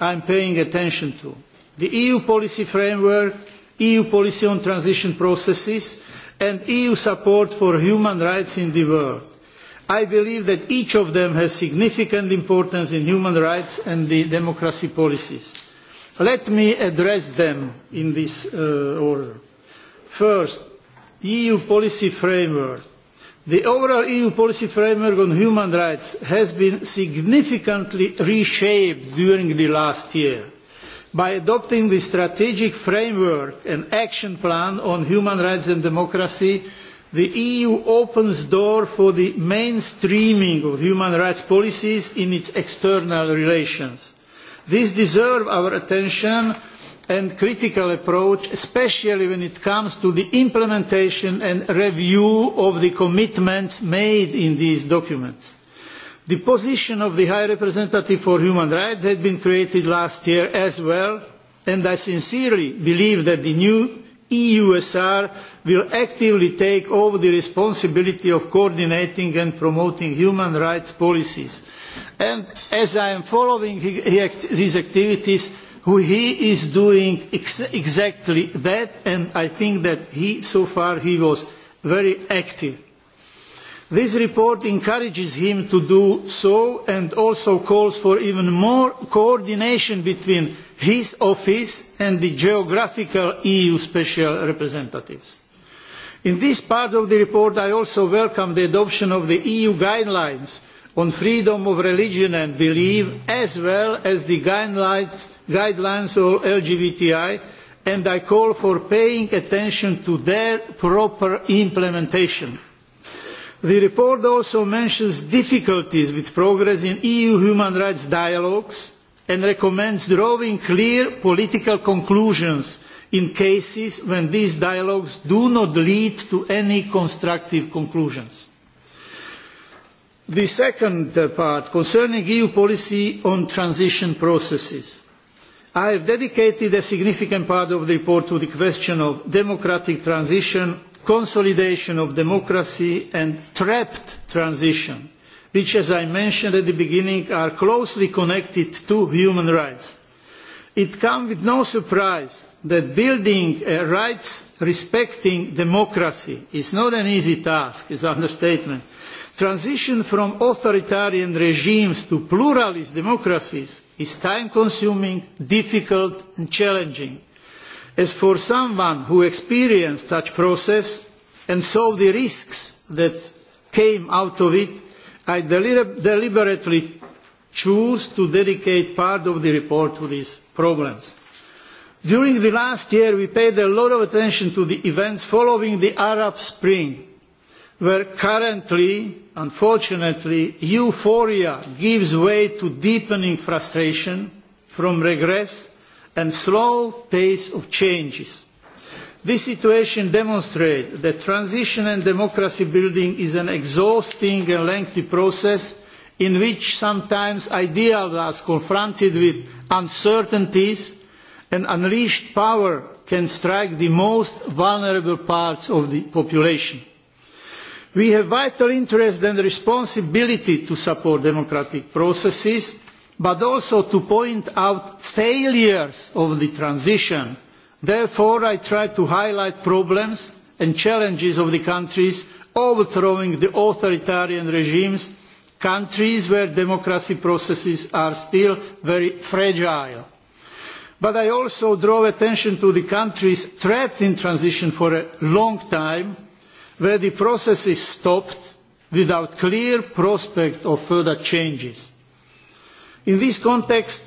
I am paying attention to the EU policy framework, EU policy on transition processes and EU support for human rights in the world. I believe that each of them has significant importance in human rights and the democracy policies. Let me address them in this order. First, EU policy framework. The overall EU policy framework on human rights has been significantly reshaped during the last year. By adopting the strategic framework and action plan on human rights and democracy, the eu opens the door for the mainstreaming of human rights policies in its external relations. these deserve our attention and critical approach especially when it comes to the implementation and review of the commitments made in these documents. the position of the high representative for human rights had been created last year as well and i sincerely believe that the new EUSR will actively take over the responsibility of coordinating and promoting human rights policies. And as I am following his activities, he is doing exactly that, and I think that he, so far, he was very active. This report encourages him to do so and also calls for even more coordination between his office and the geographical eu special representatives. in this part of the report i also welcome the adoption of the eu guidelines on freedom of religion and belief as well as the guidelines on lgbti and i call for paying attention to their proper implementation. the report also mentions difficulties with progress in eu human rights dialogues and recommends drawing clear political conclusions in cases when these dialogues do not lead to any constructive conclusions. The second part concerning EU policy on transition processes. I have dedicated a significant part of the report to the question of democratic transition, consolidation of democracy and trapped transition which, as I mentioned at the beginning, are closely connected to human rights. It comes with no surprise that building a rights respecting democracy is not an easy task, is an understatement. Transition from authoritarian regimes to pluralist democracies is time consuming, difficult and challenging. As for someone who experienced such process and saw the risks that came out of it, I deliberately choose to dedicate part of the report to these problems. During the last year we paid a lot of attention to the events following the Arab Spring, where currently, unfortunately, euphoria gives way to deepening frustration from regress and slow pace of changes This situation demonstrates that transition and democracy building is an exhausting and lengthy process in which sometimes ideals are confronted with uncertainties and unleashed power can strike the most vulnerable parts of the population. We have vital interest and responsibility to support democratic processes, but also to point out failures of the transition Therefore, I try to highlight problems and challenges of the countries overthrowing the authoritarian regimes, countries where democracy processes are still very fragile. But I also draw attention to the countries trapped in transition for a long time, where the process is stopped without clear prospect of further changes. In this context,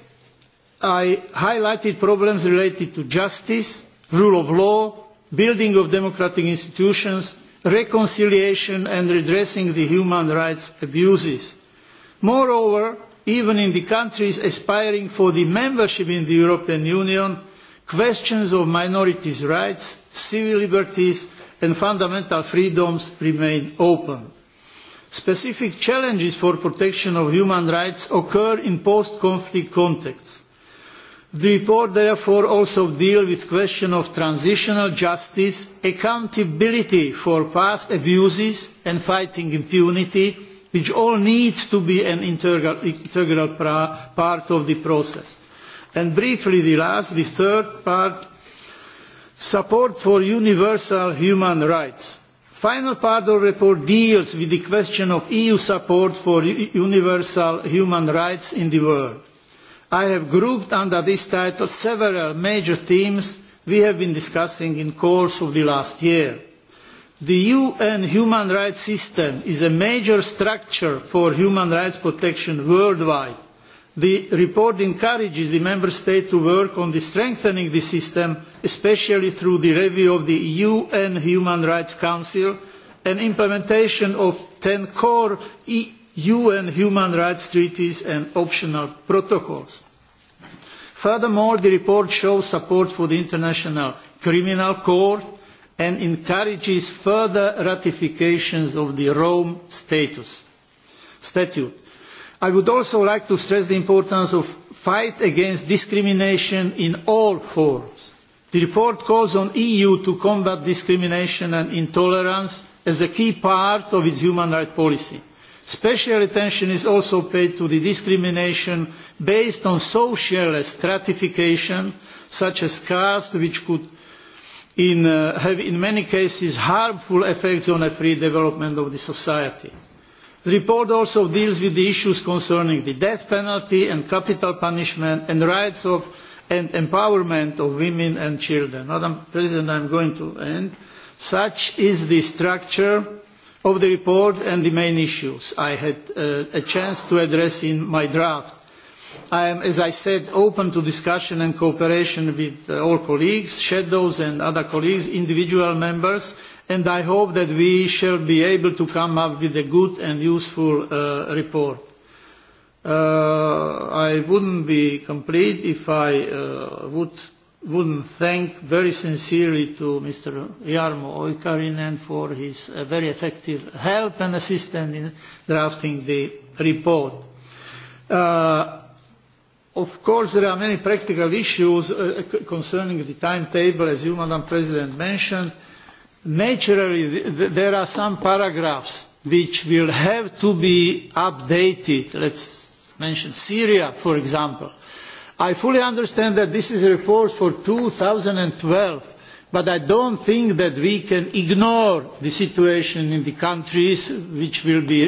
I highlighted problems related to justice, rule of law, building of democratic institutions, reconciliation and redressing the human rights abuses. Moreover, even in the countries aspiring for the membership in the European Union, questions of minorities' rights, civil liberties and fundamental freedoms remain open. Specific challenges for protection of human rights occur in post-conflict contexts The report therefore also deals with the question of transitional justice, accountability for past abuses and fighting impunity, which all need to be an integral part of the process. And briefly the last, the third part, support for universal human rights. The final part of the report deals with the question of EU support for universal human rights in the world I have grouped under this title several major themes we have been discussing in the course of the last year. The UN human rights system is a major structure for human rights protection worldwide. The report encourages the Member States to work on strengthening the system, especially through the review of the UN Human Rights Council and implementation of ten core UN human rights treaties and optional protocols. Furthermore, the report shows support for the International Criminal Court and encourages further ratifications of the Rome Statute. I would also like to stress the importance of fight against discrimination in all forms. The report calls on the EU to combat discrimination and intolerance as a key part of its human rights policy Special attention is also paid to the discrimination based on social stratification, such as caste, which could have in many cases harmful effects on the free development of the society. The report also deals with the issues concerning the death penalty and capital punishment and rights of and empowerment of women and children. Madam President, I am going to end. Such is the structure of the report and the main issues I had a chance to address in my draft. I am, as I said, open to discussion and cooperation with all colleagues, shadows and other colleagues, individual members, and I hope that we shall be able to come up with a good and useful report. I wouldn't be complete if I would would thank very sincerely to Mr. Jarmo Oikarinen for his very effective help and assistance in drafting the report. Of course, there are many practical issues concerning the timetable, as you, Madam President, mentioned. Naturally, there are some paragraphs which will have to be updated. Let's mention Syria, for example I fully understand that this is a report for 2012, but I don't think that we can ignore the situation in the countries which will be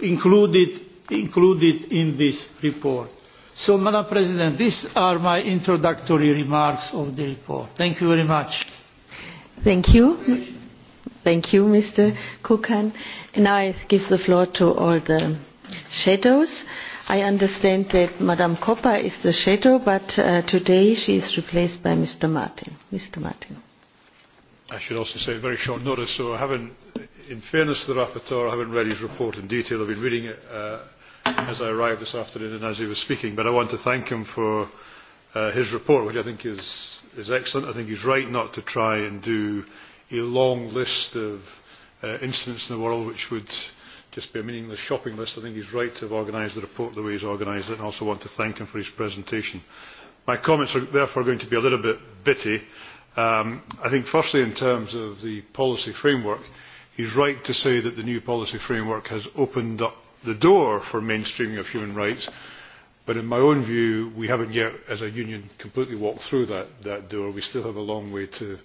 included in this report. So, Madam President, these are my introductory remarks of the report. Thank you very much. Thank you. Thank you, Mr. Kukan. now I give the floor to all the shadows. I understand that Madame Coppa is the shadow, but today she is replaced by Mr. Martin. Mr. Martin. I should also say very short notice, so I haven't, in fairness to the rapporteur, I haven't read his report in detail. I've been reading it as I arrived this afternoon and as he was speaking, but I want to thank him for his report, which I think is excellent. I think he's right not to try and do a long list of incidents in the world which would just be a meaningless shopping list. I think he's right to have organised the report the way he's organised it and also want to thank him for his presentation. My comments are therefore going to be a little bit bitty. I think firstly in terms of the policy framework, he's right to say that the new policy framework has opened up the door for mainstreaming of human rights, but in my own view we haven't yet as a union completely walked through that door. We still have a long way to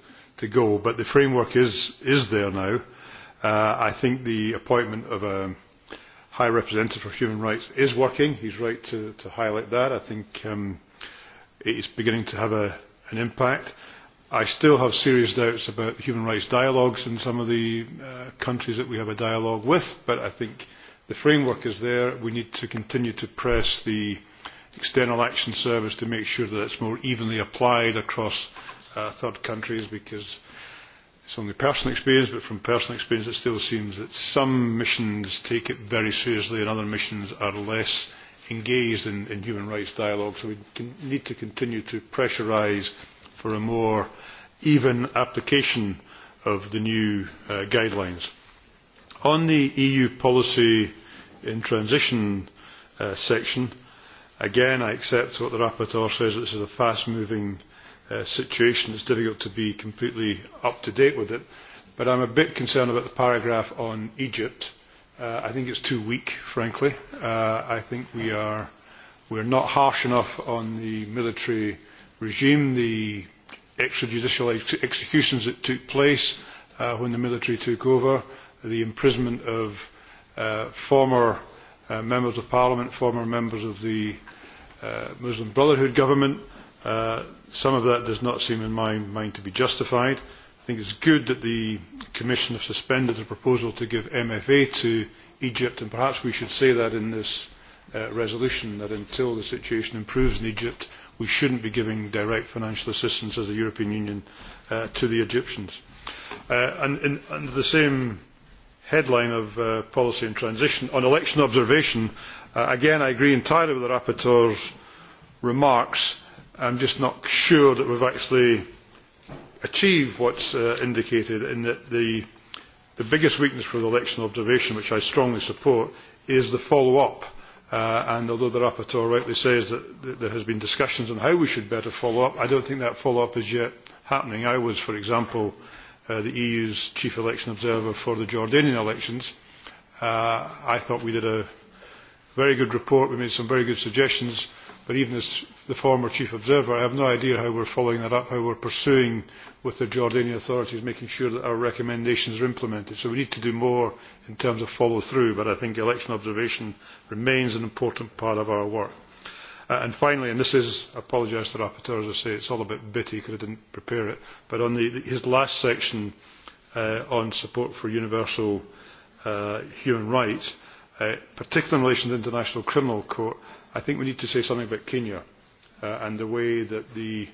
go, but the framework is there now I think the appointment of a High Representative for Human Rights is working. He's right to highlight that. I think it is beginning to have an impact. I still have serious doubts about human rights dialogues in some of the countries that we have a dialogue with, but I think the framework is there. We need to continue to press the External Action Service to make sure that it's more evenly applied across third countries because It's only personal experience, but from personal experience it still seems that some missions take it very seriously and other missions are less engaged in, in human rights dialogue. So we can, need to continue to pressurise for a more even application of the new guidelines. On the EU policy in transition section, again I accept what the rapporteur says, this is a fast-moving situation, is difficult to be completely up to date with it. But I am a bit concerned about the paragraph on Egypt. I think it is too weak, frankly. I think we are we're not harsh enough on the military regime, the extrajudicial executions that took place when the military took over, the imprisonment of former members of parliament, former members of the Muslim Brotherhood government Some of that does not seem in my mind to be justified. I think it is good that the Commission has suspended the proposal to give MFA to Egypt, and perhaps we should say that in this resolution, that until the situation improves in Egypt, we should not be giving direct financial assistance as the European Union to the Egyptians. And under the same headline of policy and transition, on election observation, again I agree entirely with the rapporteur's remarks I am just not sure that we have actually achieved what what's indicated in that the biggest weakness for the election observation, which I strongly support, is the follow-up. And although the rapporteur rightly says that there has been discussions on how we should better follow up, I don't think that follow-up is yet happening. I was, for example, the EU's chief election observer for the Jordanian elections. I thought we did a very good report. We made some very good suggestions But even as the former chief observer, I have no idea how we're following that up, how we're pursuing with the Jordanian authorities, making sure that our recommendations are implemented. So we need to do more in terms of follow-through, but I think election observation remains an important part of our work. And finally, and this is, I apologise to the rapporteur, as I say, it's all a bit bitty because I didn't prepare it, but on his last section on support for universal human rights, particularly in relation to the International Criminal Court, I think we need to say something about Kenya and the way that the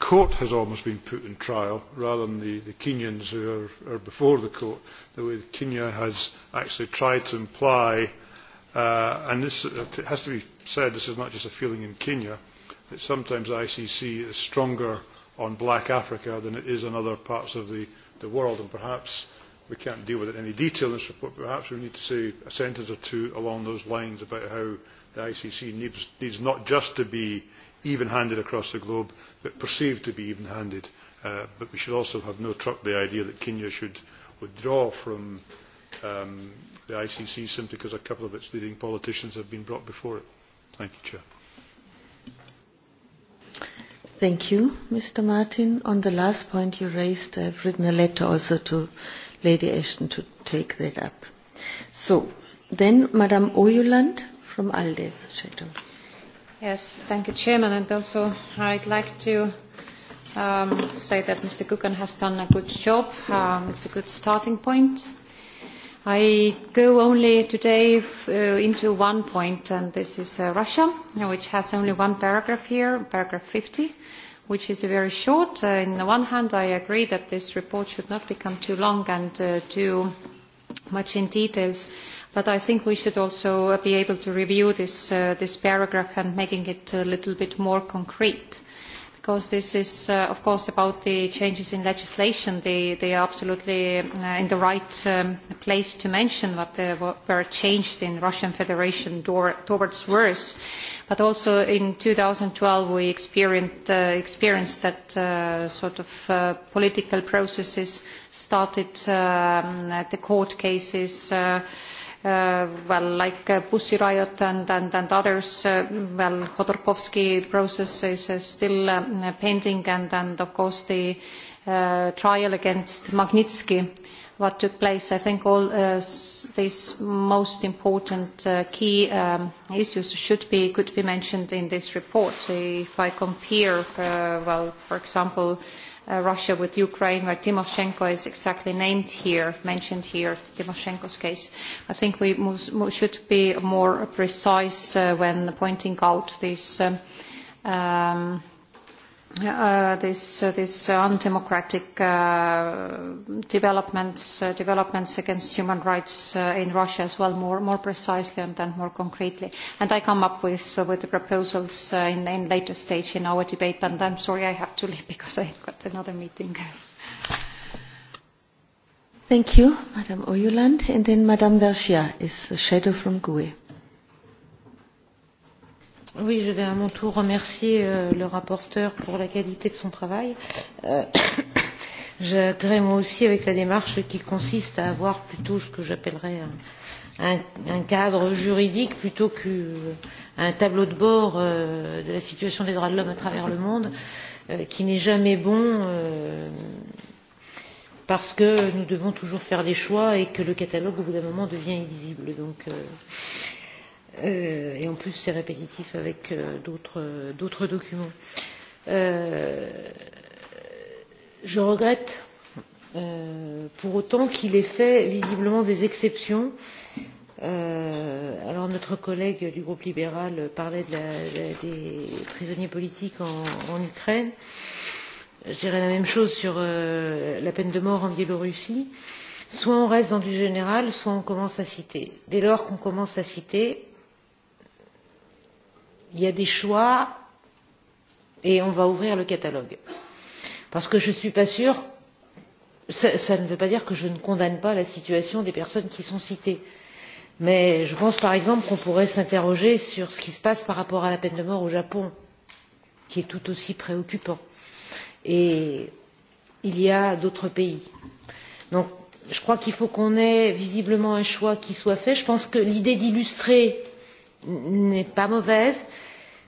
court has almost been put in trial rather than the Kenyans who are before the court, the way Kenya has actually tried to imply, and this has to be said, this is not just a feeling in Kenya, that sometimes the ICC is stronger on black Africa than it is on other parts of the world, and perhaps we can't deal with it in any detail in this report, but perhaps we need to say a sentence or two along those lines about how the ICC needs not just to be even-handed across the globe, but perceived to be even-handed. But we should also have no truck the idea that Kenya should withdraw from the ICC simply because a couple of its leading politicians have been brought before it. Thank you, Chair. Thank you, Mr. Martin. On the last point you raised, I have written a letter also to Lady Ashton to take that up. So, then Madam Oyuland from ALDE. Yes, thank you, Chairman. And also I'd like to um, say that Mr. Kukan has done a good job. Um, it's a good starting point. I go only today into one point, and this is Russia, which has only one paragraph here, paragraph 50, which is very short. On the one hand, I agree that this report should not become too long and too much in details. But I think we should also be able to review this paragraph and making it a little bit more concrete, because this is, of course, about the changes in legislation. They are absolutely in the right place to mention what were changed in Russian Federation towards worse. But also in 2012 we experienced that sort of political processes started, the court cases well like Pussy Riot and and others, well Khodorkovsky process is still pending and and of course the trial against Magnitsky what took place. I think all these most important key issues should be could be mentioned in this report. If I compare well for example Russia with Ukraine, where Timoshenko is exactly named here, mentioned here, Timoshenko's case. I think we should be more precise when pointing out these this this undemocratic developments developments against human rights in Russia as well more more precisely and then more concretely and I come up with with the proposals in in later stage in our debate and I'm sorry I have to leave because I've got another meeting. Thank you, Madam Oyuland, and then Madam Garcia is the shadow from GUE. Oui, je vais à mon tour remercier le rapporteur pour la qualité de son travail. J'adhère moi aussi avec la démarche qui consiste à avoir plutôt ce que j'appellerais un cadre juridique plutôt qu'un tableau de bord de la situation des droits de l'homme à travers le monde qui n'est jamais bon parce que nous devons toujours faire des choix et que le catalogue au bout d'un moment devient illisible. Donc et en plus c'est répétitif avec d'autres documents. Je regrette pour autant qu'il ait fait visiblement des exceptions. Alors notre collègue du groupe libéral parlait des prisonniers politiques en Ukraine. Je dirais la même chose sur la peine de mort en Biélorussie. Soit on reste dans du général, soit on commence à citer. Dès lors qu'on commence à citer, il y a des choix et on va ouvrir le catalogue. Parce que je ne suis pas sûre, ça ne veut pas dire que je ne condamne pas la situation des personnes qui sont citées. Mais je pense par exemple qu'on pourrait s'interroger sur ce qui se passe par rapport à la peine de mort au Japon, qui est tout aussi préoccupant. Et il y a d'autres pays. Donc je crois qu'il faut qu'on ait visiblement un choix qui soit fait. Je pense que l'idée d'illustrer n'est pas mauvaise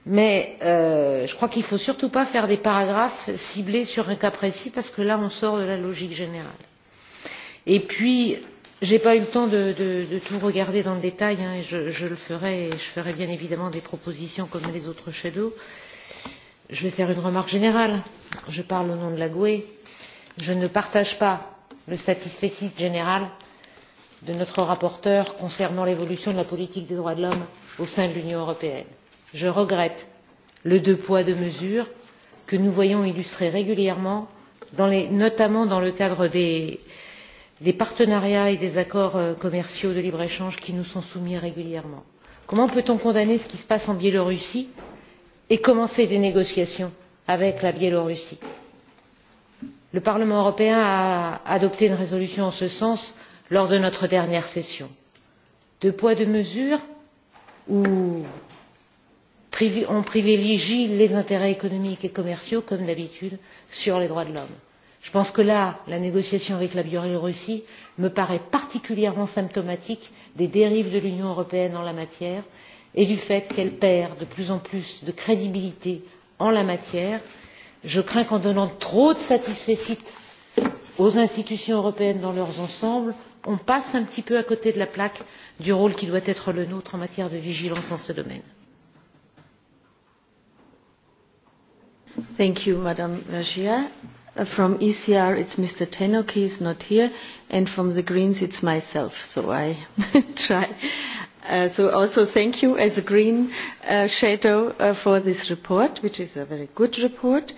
mais je crois qu'il ne faut surtout pas faire des paragraphes ciblés sur un cas précis parce que là on sort de la logique générale. et puis je n'ai pas eu le temps de tout regarder dans le détail et je le ferai et je ferai bien évidemment des propositions comme les autres shadows. je vais faire une remarque générale je parle au nom de la gue je ne partage pas le satisfait général de notre rapporteur concernant l'évolution de la politique des droits de l'homme au sein de l'union européenne je regrette le deux poids deux mesures que nous voyons illustrer régulièrement notamment dans le cadre des partenariats et des accords commerciaux de libre échange qui nous sont soumis régulièrement. comment peut on condamner ce qui se passe en biélorussie et commencer des négociations avec la biélorussie? le parlement européen a adopté une résolution en ce sens lors de notre dernière session. deux poids deux mesures où on privilégie les intérêts économiques et commerciaux comme d'habitude sur les droits de l'homme. je pense que là la négociation avec la biélorussie me paraît particulièrement symptomatique des dérives de l'union européenne en la matière et du fait qu'elle perd de plus en plus de crédibilité en la matière. je crains qu'en donnant trop de satisfecit aux institutions européennes dans leur ensemble on passe un petit peu à côté de la plaque du rôle qui doit être le nôtre en matière de vigilance dans ce domaine. Thank you, Madam Vergia. From ECR, it's Mr. Tenok, he's not here, and from the Greens, it's myself, so I try. So also thank you as a Green shadow for this report, which is a very good report.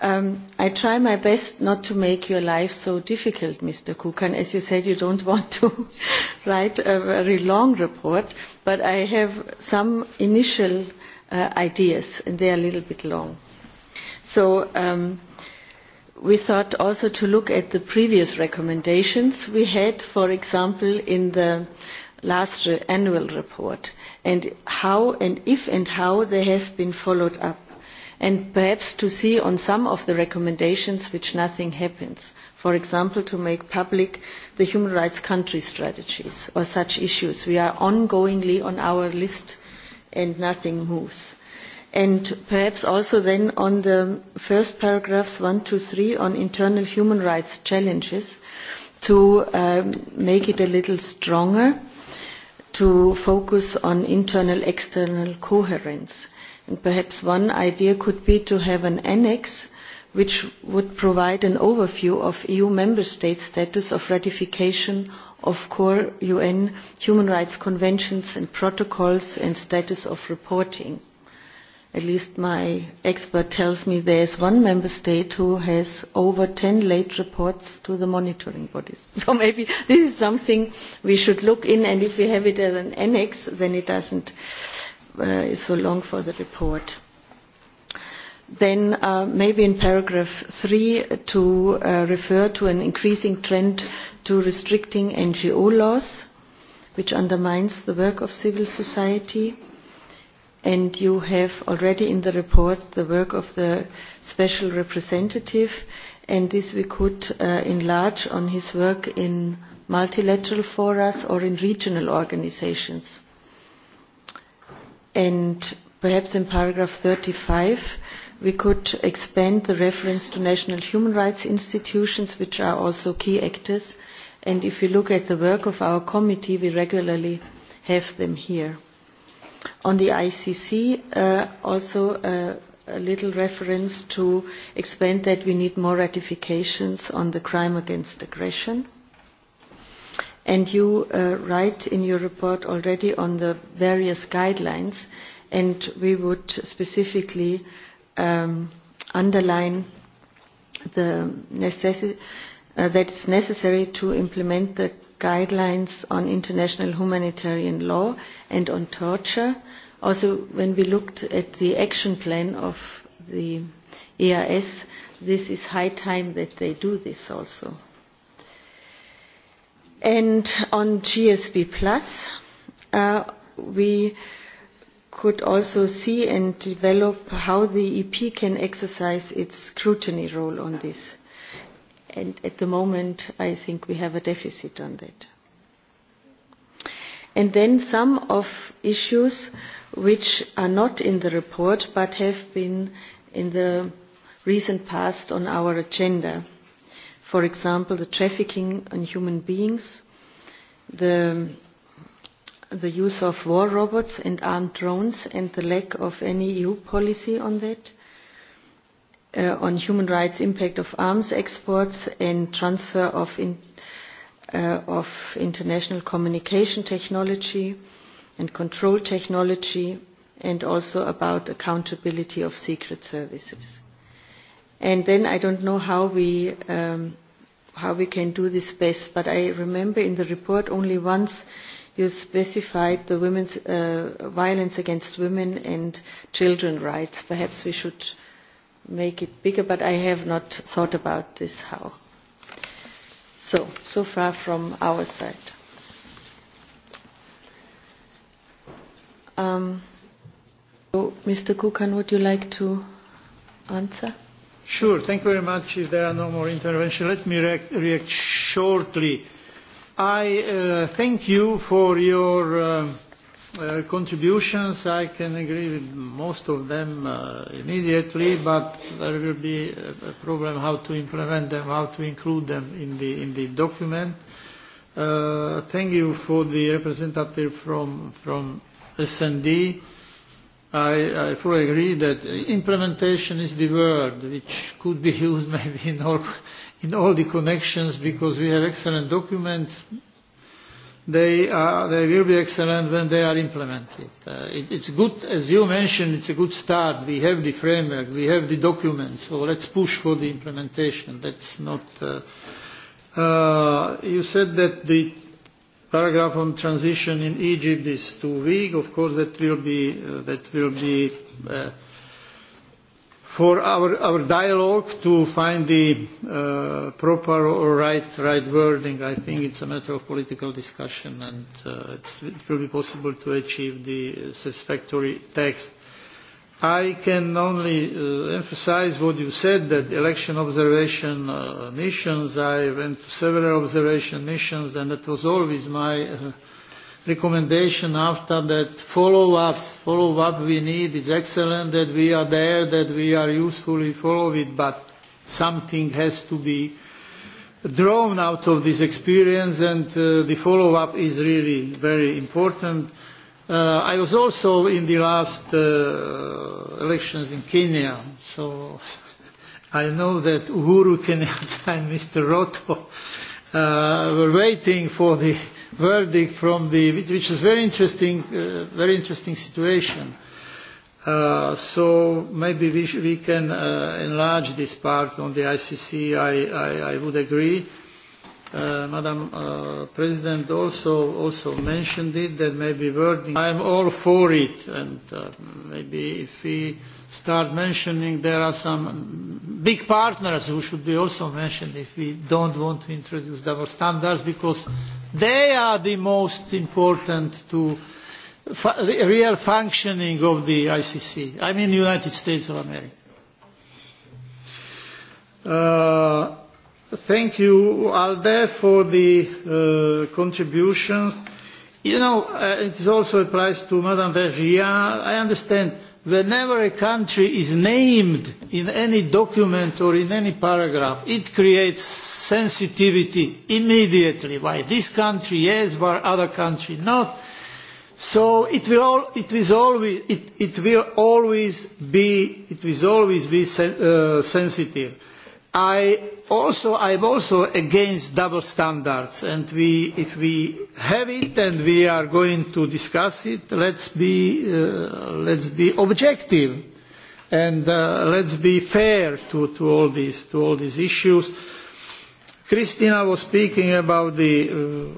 I try my best not to make your life so difficult, Mr. Kukan. As you said, you don't want to write a very long report, but I have some initial ideas, and they are a little bit long. So we thought also to look at the previous recommendations we had, for example, in the last annual report, and how and if and how they have been followed up, and perhaps to see on some of the recommendations which nothing happens. For example, to make public the human rights country strategies or such issues. We are ongoingly on our list and nothing moves. And perhaps also then on the first paragraphs 1 to three on internal human rights challenges to make it a little stronger, to focus on internal-external coherence. perhaps one idea could be to have an annex which would provide an overview of EU member States' status of ratification of core UN human rights conventions and protocols and status of reporting at least my expert tells me there is one member state who has over 10 late reports to the monitoring bodies. So maybe this is something we should look in and if we have it as an annex then it doesn't is so long for the report. Then maybe in paragraph three to refer to an increasing trend to restricting NGO laws which undermines the work of civil society and you have already in the report the work of the special representative and this we could enlarge on his work in multilateral forums or in regional organisations. And perhaps in paragraph 35 we could expand the reference to national human rights institutions which are also key actors and if you look at the work of our committee we regularly have them here. On the ICC, also a little reference to explain that we need more ratifications on the crime against aggression. And you write in your report already on the various guidelines, and we would specifically underline the that it's necessary to implement the guidelines on international humanitarian law and on torture. Also, when we looked at the action plan of the ERS this is high time that they do this also. And on GSB Plus, we could also see and develop how the EP can exercise its scrutiny role on this and at the moment I think we have a deficit on that. And then some of issues which are not in the report but have been in the recent past on our agenda. For example, the trafficking in human beings, the the use of war robots and armed drones and the lack of any EU policy on that on human rights impact of arms exports and transfer of international communication technology and control technology and also about accountability of secret services. And then I don't know how we how we can do this best, but I remember in the report only once you specified the women's violence against women and children rights. Perhaps we should make it bigger, but I have not thought about this how. So, so far from our side. Mr. Kukan, would you like to answer? Sure, thank you very much. If there are no more interventions, let me react, shortly. I thank you for your Contributions, I can agree with most of them immediately, but there will be a problem how to implement them, how to include them in the in the document. Thank you for the representative from from SND. I fully agree that implementation is the word which could be used maybe in all in all the connections because we have excellent documents they will be excellent when they are implemented. It's good, as you mentioned, it's a good start. We have the framework, we have the documents, so let's push for the implementation. That's not. You said that the paragraph on transition in Egypt is too weak. Of course, that will be that will be for our our dialogue to find the proper or right wording. I think it's a matter of political discussion and it will be possible to achieve the satisfactory text. I can only emphasize what you said, that election observation missions, I went to several observation missions and that was always my recommendation after that follow up follow up we need is excellent that we are there that we are usefully follow it but something has to be drawn out of this experience and the follow up is really very important i was also in the last elections in kenya so i know that uhuru kenyatta and mr roto were waiting for the verdict from the which is very interesting very interesting situation so maybe we we can enlarge this part on the icc i i would agree madam president also also mentioned it that maybe I am all for it and maybe if we start mentioning there are some big partners who should be also mentioned if we don't want to introduce double standards because They are the most important to the real functioning of the ICC. I mean the United States of America. Thank you, Alde, for the contributions. You know, it is also a prize to Madame Vergia. I understand whenever a country is named in any document or in any paragraph it creates sensitivity immediately why this country yes why other country not so it will it is always it will always be it will always be sensitive I also also against double standards and we if we have it and we are going to discuss it let's be let's be objective and let's be fair to to all these to all these issues Christina was speaking about the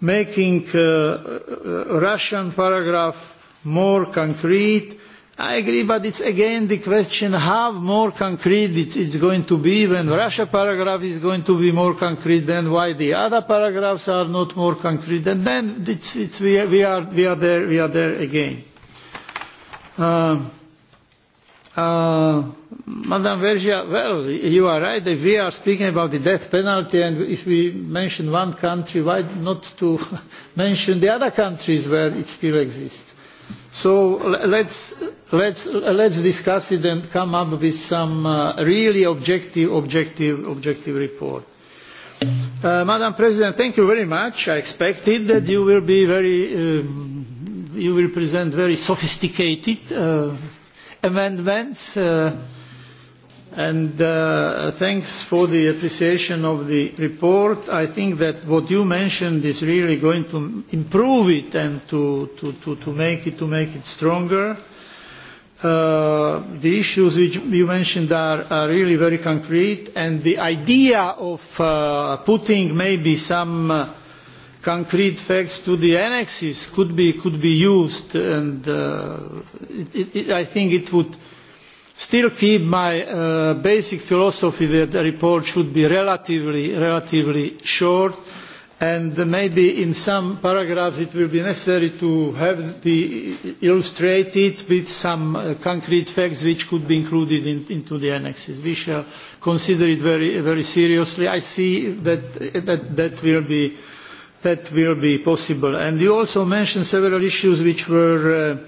making Russian paragraph more concrete I agree, but it's again the question how more concrete it's going to be when Russia paragraph is going to be more concrete than why the other paragraphs are not more concrete and then it's, we, we, are, we, are there, we are there again. Uh, Madam Vergia, well, you are right If we are speaking about the death penalty and if we mention one country, why not to mention the other countries where it still exists? So let's let's let's discuss it and come up with some really objective objective objective report madam president thank you very much i expected that you will be very you will present very sophisticated amendments and thanks for the appreciation of the report i think that what you mentioned is really going to improve it and to to to make it to make it stronger the issues which you mentioned are really very concrete and the idea of putting maybe some concrete facts to the annexes could be could be used and I think it would still keep my basic philosophy that the report should be relatively relatively short and maybe in some paragraphs it will be necessary to have the illustrated with some concrete facts which could be included into the annexes. We shall consider it very very seriously. I see that that that will be that will be possible. And you also mentioned several issues which were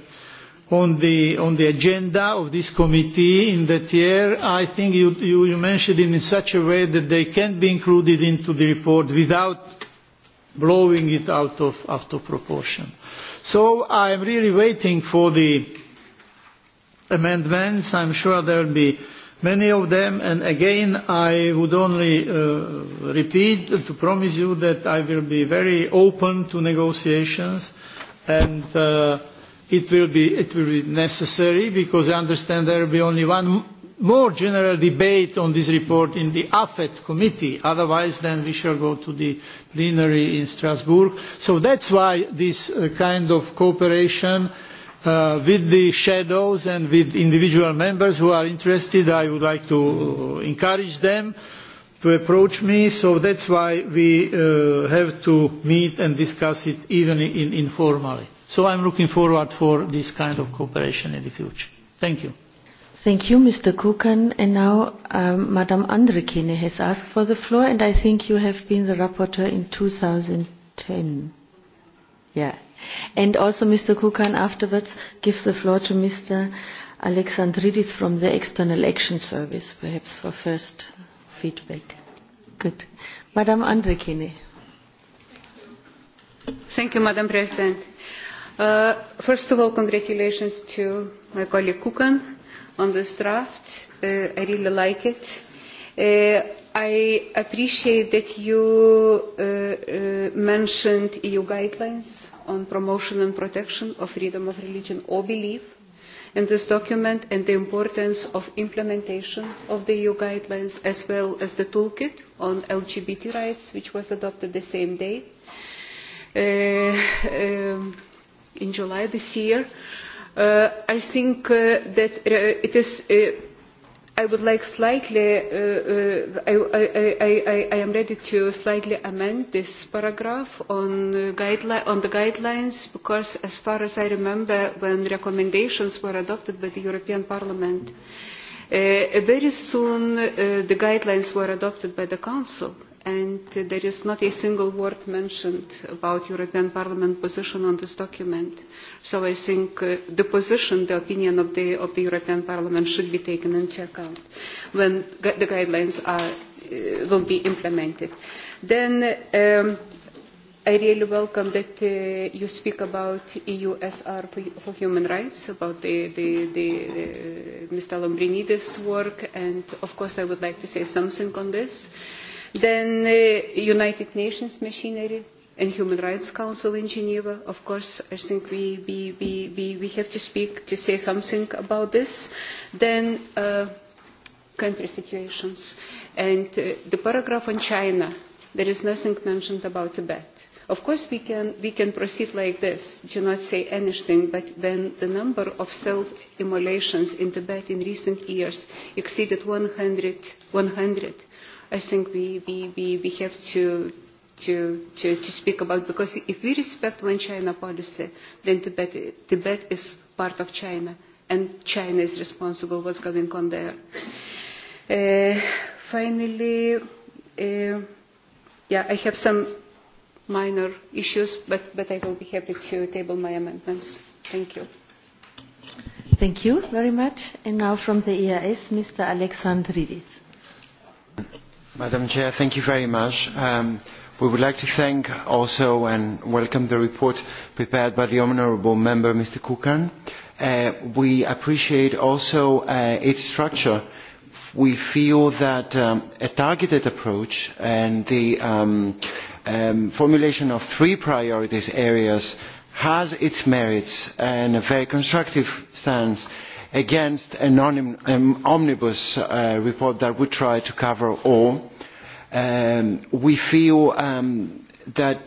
on the on the agenda of this committee in that year i think you you mentioned them in such a way that they can be included into the report without blowing it out of out of proportion. So I am really waiting for the amendments. I'm sure there will be many of them. And again, I would only repeat to promise you that I will be very open to negotiations, and it will be it will be necessary because I understand there will be only one more general debate on this report in the AFET committee, otherwise then we shall go to the plenary in Strasbourg. So that's why this kind of cooperation with the shadows and with individual members who are interested, I would like to encourage them to approach me. So that's why we have to meet and discuss it even informally. So I'm looking forward for this kind of cooperation in the future. Thank you. Thank you, Mr. Kukan. And now Madam Andrekine has asked for the floor, and I think you have been the rapporteur in 2010. Yeah. And also, Mr. Kukan, afterwards, gives the floor to Mr. Alexandridis from the External Action Service, perhaps for first feedback. Good. Madam Andrekine. Thank you, Madam President. First of all, congratulations to my colleague Kukan on this draft. I really like it. I appreciate that you mentioned EU guidelines on promotion and protection of freedom of religion or belief in this document and the importance of implementation of the EU guidelines as well as the toolkit on LGBT rights which was adopted the same day in July this year. I think that it is I would like slightly, I am ready to slightly amend this paragraph on the guidelines because as far as I remember when recommendations were adopted by the European Parliament, very soon the guidelines were adopted by the Council and there is not a single word mentioned about European Parliament position on this document. So I think the position, the opinion of the of the European Parliament should be taken into account when the guidelines are will be implemented. Then I really welcome that you speak about EUSR for human rights, about the Mr. Lombrinidis' work, and of course I would like to say something on this. Then United Nations machinery and Human Rights Council in Geneva. Of course, I think we, we, have to speak, to say something about this. Then, country situations. And the paragraph on China, there is nothing mentioned about Tibet. Of course, we can, proceed like this, do not say anything, but when the number of self-immolations in Tibet in recent years exceeded 100, 100 I think we, we have to to to speak about because if we respect one China policy, then Tibet is part of China and China is responsible what's going on there. Finally, yeah, I have some minor issues, but but I will be happy to table my amendments. Thank you. Thank you very much. And now from the EIS, Mr. Alexandridis. Madam Chair, thank you very much. We would like to thank also and welcome the report prepared by the Honourable Member, Mr. Kukan. We appreciate also its structure. We feel that a targeted approach and the formulation of three priorities areas has its merits and a very constructive stance against an omnibus report that would try to cover all We feel that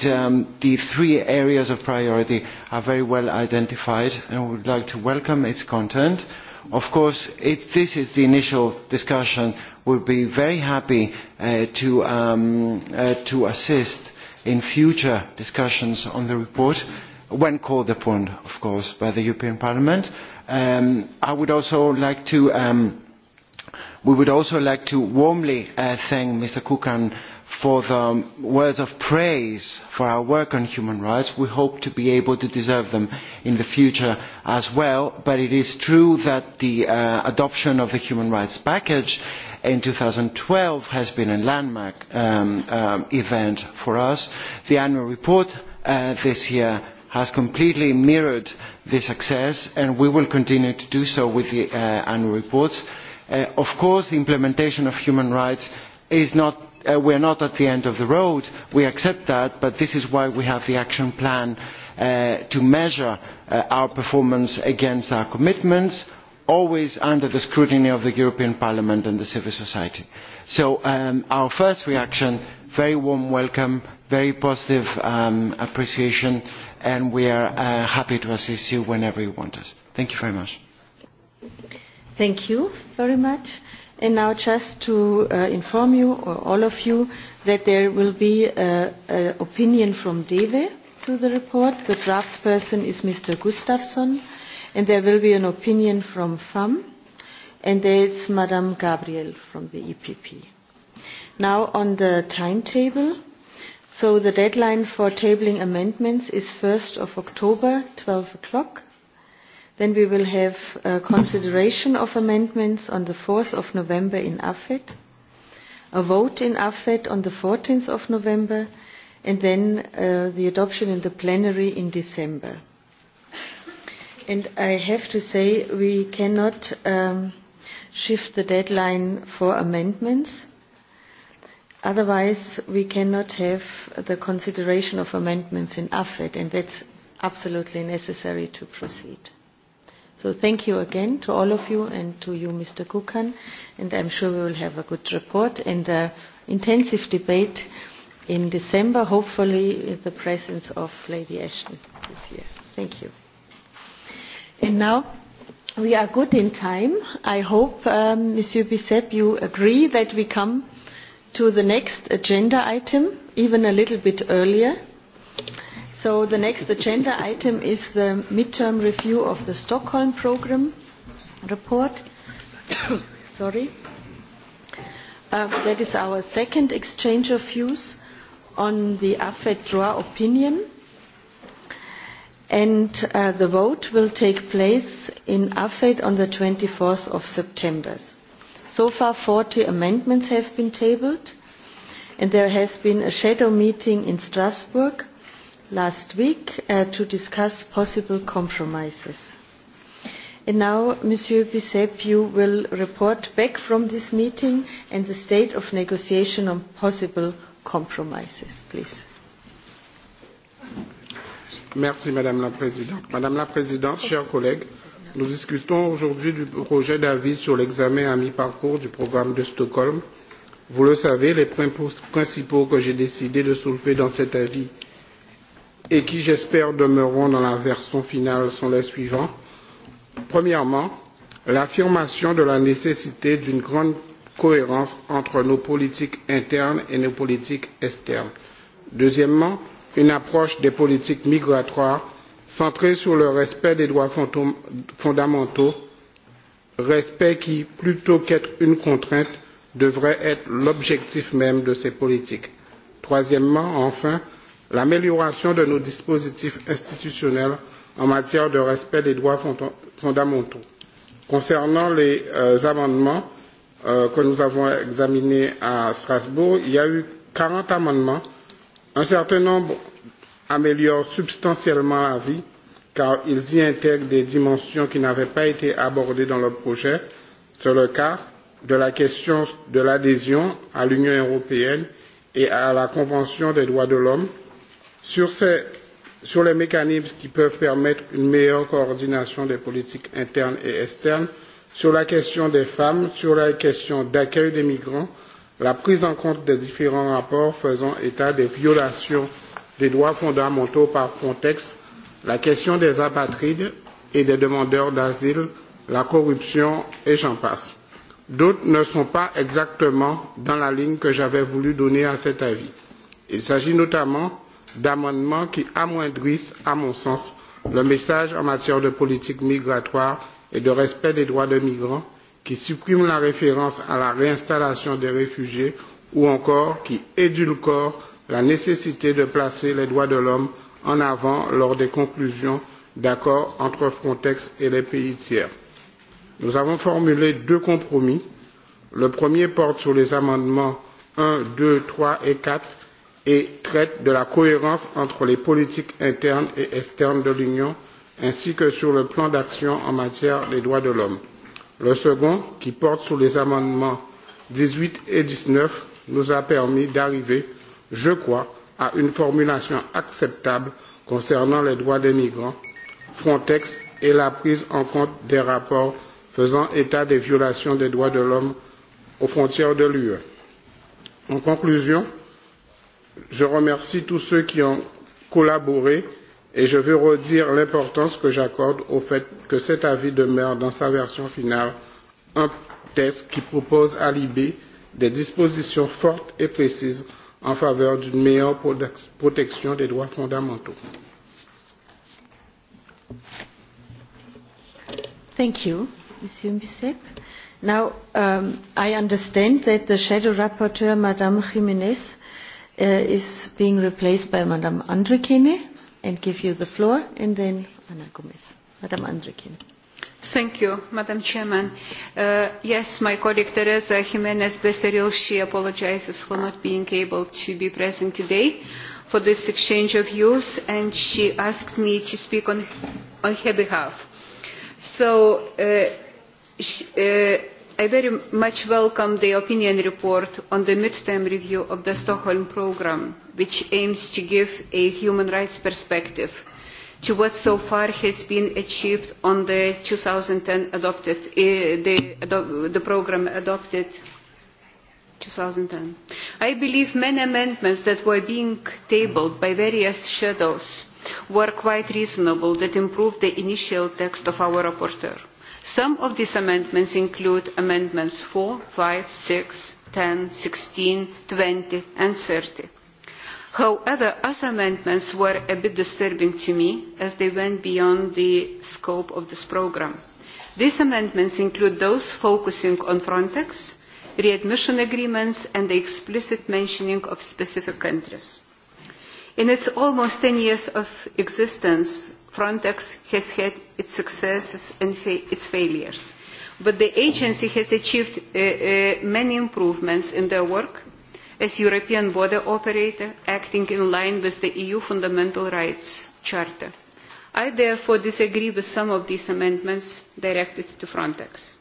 the three areas of priority are very well identified and would like to welcome its content. Of course, if this is the initial discussion, we will be very happy to assist in future discussions on the report, when called upon, of course, by the European Parliament. I would also like to We would also like to warmly thank Mr Kukan for the words of praise for our work on human rights. We hope to be able to deserve them in the future as well, but it is true that the adoption of the human rights package in 2012 has been a landmark event for us. The annual report this year has completely mirrored this success and we will continue to do so with the annual reports Of course, the implementation of human rights is not we are not at the end of the road. We accept that, but this is why we have the action plan to measure our performance against our commitments, always under the scrutiny of the European Parliament and the civil society. So our first reaction, very warm welcome, very positive appreciation, and we are happy to assist you whenever you want us. Thank you very much. Thank you very much. And now just to inform you, or all of you, that there will be an opinion from DEWE to the report. The draftsperson is Mr. Gustafsson. And there will be an opinion from FAM. And is Madame Gabriel from the EPP. Now on the timetable. So the deadline for tabling amendments is 1st of October, 12 o'clock Then we will have a consideration of amendments on the 4th of November in AFET, a vote in AFET on the 14th of November, and then the adoption in the plenary in December. And I have to say we cannot shift the deadline for amendments. Otherwise, we cannot have the consideration of amendments in AFED, and that's absolutely necessary to proceed. So thank you again to all of you and to you, Mr. Kukan, and I'm sure we will have a good report and an intensive debate in December, hopefully in the presence of Lady Ashton this year. Thank you. And now we are good in time. I hope, Monsieur Bissep, you agree that we come to the next agenda item even a little bit earlier So the next agenda item is the midterm review of the Stockholm Programme report. Sorry. That is our second exchange of views on the AFET draw opinion. And the vote will take place in AFET on the 24th of September. So far 40 amendments have been tabled and there has been a shadow meeting in Strasbourg last week to discuss possible compromises. And now, Monsieur Bissep, you will report back from this meeting and the state of negotiation on possible compromises, please. Merci, Madame la Présidente. Madame la Présidente, chers collègues, nous discutons aujourd'hui du projet d'avis sur l'examen à mi-parcours du programme de Stockholm. Vous le savez, les points principaux que j'ai décidé de soulever dans cet avis et qui, j'espère, demeureront dans la version finale sont les suivants. Premièrement, l'affirmation de la nécessité d'une grande cohérence entre nos politiques internes et nos politiques externes. Deuxièmement, une approche des politiques migratoires centrée sur le respect des droits fondamentaux, respect qui, plutôt qu'être une contrainte, devrait être l'objectif même de ces politiques. Troisièmement, enfin, l'amélioration de nos dispositifs institutionnels en matière de respect des droits fondamentaux. concernant les amendements que nous avons examinés à strasbourg il y a eu quarante amendements. un certain nombre améliorent substantiellement la vie car ils y intègrent des dimensions qui n'avaient pas été abordées dans le projet. c'est le cas de la question de l'adhésion à l'union européenne et à la convention des droits de l'homme Sur, ces, sur les mécanismes qui peuvent permettre une meilleure coordination des politiques internes et externes, sur la question des femmes, sur la question d'accueil des migrants, la prise en compte des différents rapports faisant état des violations des droits fondamentaux par Frontex, la question des apatrides et des demandeurs d'asile, la corruption et j'en passe. D'autres ne sont pas exactement dans la ligne que j'avais voulu donner à cet avis. Il s'agit notamment d'amendements qui amoindrissent, à mon sens, le message en matière de politique migratoire et de respect des droits des migrants, qui suppriment la référence à la réinstallation des réfugiés ou encore qui édulcorent la nécessité de placer les droits de l'homme en avant lors des conclusions d'accords entre Frontex et les pays tiers. Nous avons formulé deux compromis. Le premier porte sur les amendements 1, 2, 3 et 4 et traite de la cohérence entre les politiques internes et externes de l'Union, ainsi que sur le plan d'action en matière des droits de l'homme. Le second, qui porte sur les amendements dix huit et dix neuf, nous a permis d'arriver, je crois, à une formulation acceptable concernant les droits des migrants, Frontex et la prise en compte des rapports faisant état des violations des droits de l'homme aux frontières de l'UE. En conclusion, je remercie tous ceux qui ont collaboré et je veux redire l'importance que j'accorde au fait que cet avis demeure dans sa version finale un texte qui propose à l'IBE des dispositions fortes et précises en faveur d'une meilleure protection des droits fondamentaux. Thank you, Monsieur rapporteur, Madame is being replaced by Madam Andrikine and give you the floor and then Ana Gomez. Madam Andrikine. Thank you, Madam Chairman. Yes, my colleague Teresa Jimenez Becerril, she apologizes for not being able to be present today for this exchange of views and she asked me to speak on her behalf. So I very much welcome the opinion report on the mid term review of the Stockholm Programme, which aims to give a human rights perspective to what so far has been achieved on the 2010 adopted the programme adopted 2010. I believe many amendments that were being tabled by various shadows were quite reasonable that improved the initial text of our rapporteur. Some of these amendments include amendments 4, 5, 6, 10, 16, 20 and 30. However, other amendments were a bit disturbing to me as they went beyond the scope of this programme. These amendments include those focusing on Frontex, readmission agreements and the explicit mentioning of specific countries. In its almost 10 years of existence, Frontex has had its successes and its failures. But the agency has achieved many improvements in their work as European border operator acting in line with the EU Fundamental Rights Charter. I therefore disagree with some of these amendments directed to Frontex.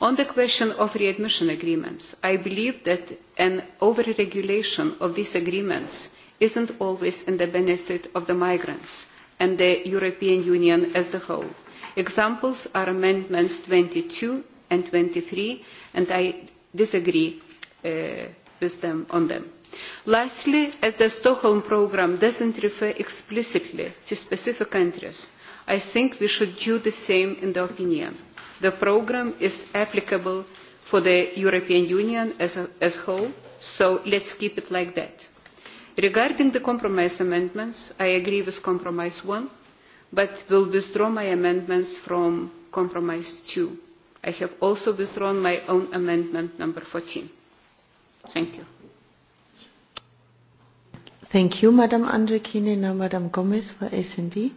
On the question of readmission agreements, I believe that an overregulation of these agreements is not always in the benefit of the migrants and the European Union as a whole. Examples are amendments 22 and 23, and I disagree with them on them. Lastly, as the Stockholm programme doesn't refer explicitly to specific countries, I think we should do the same in the opinion. The programme is applicable for the European Union as a whole, so let's keep it like that. Regarding the compromise amendments, I agree with compromise one, but will withdraw my amendments from compromise two. I have also withdrawn my own amendment number 14. Thank you. Thank you, Madam Madam Gomez for S&D.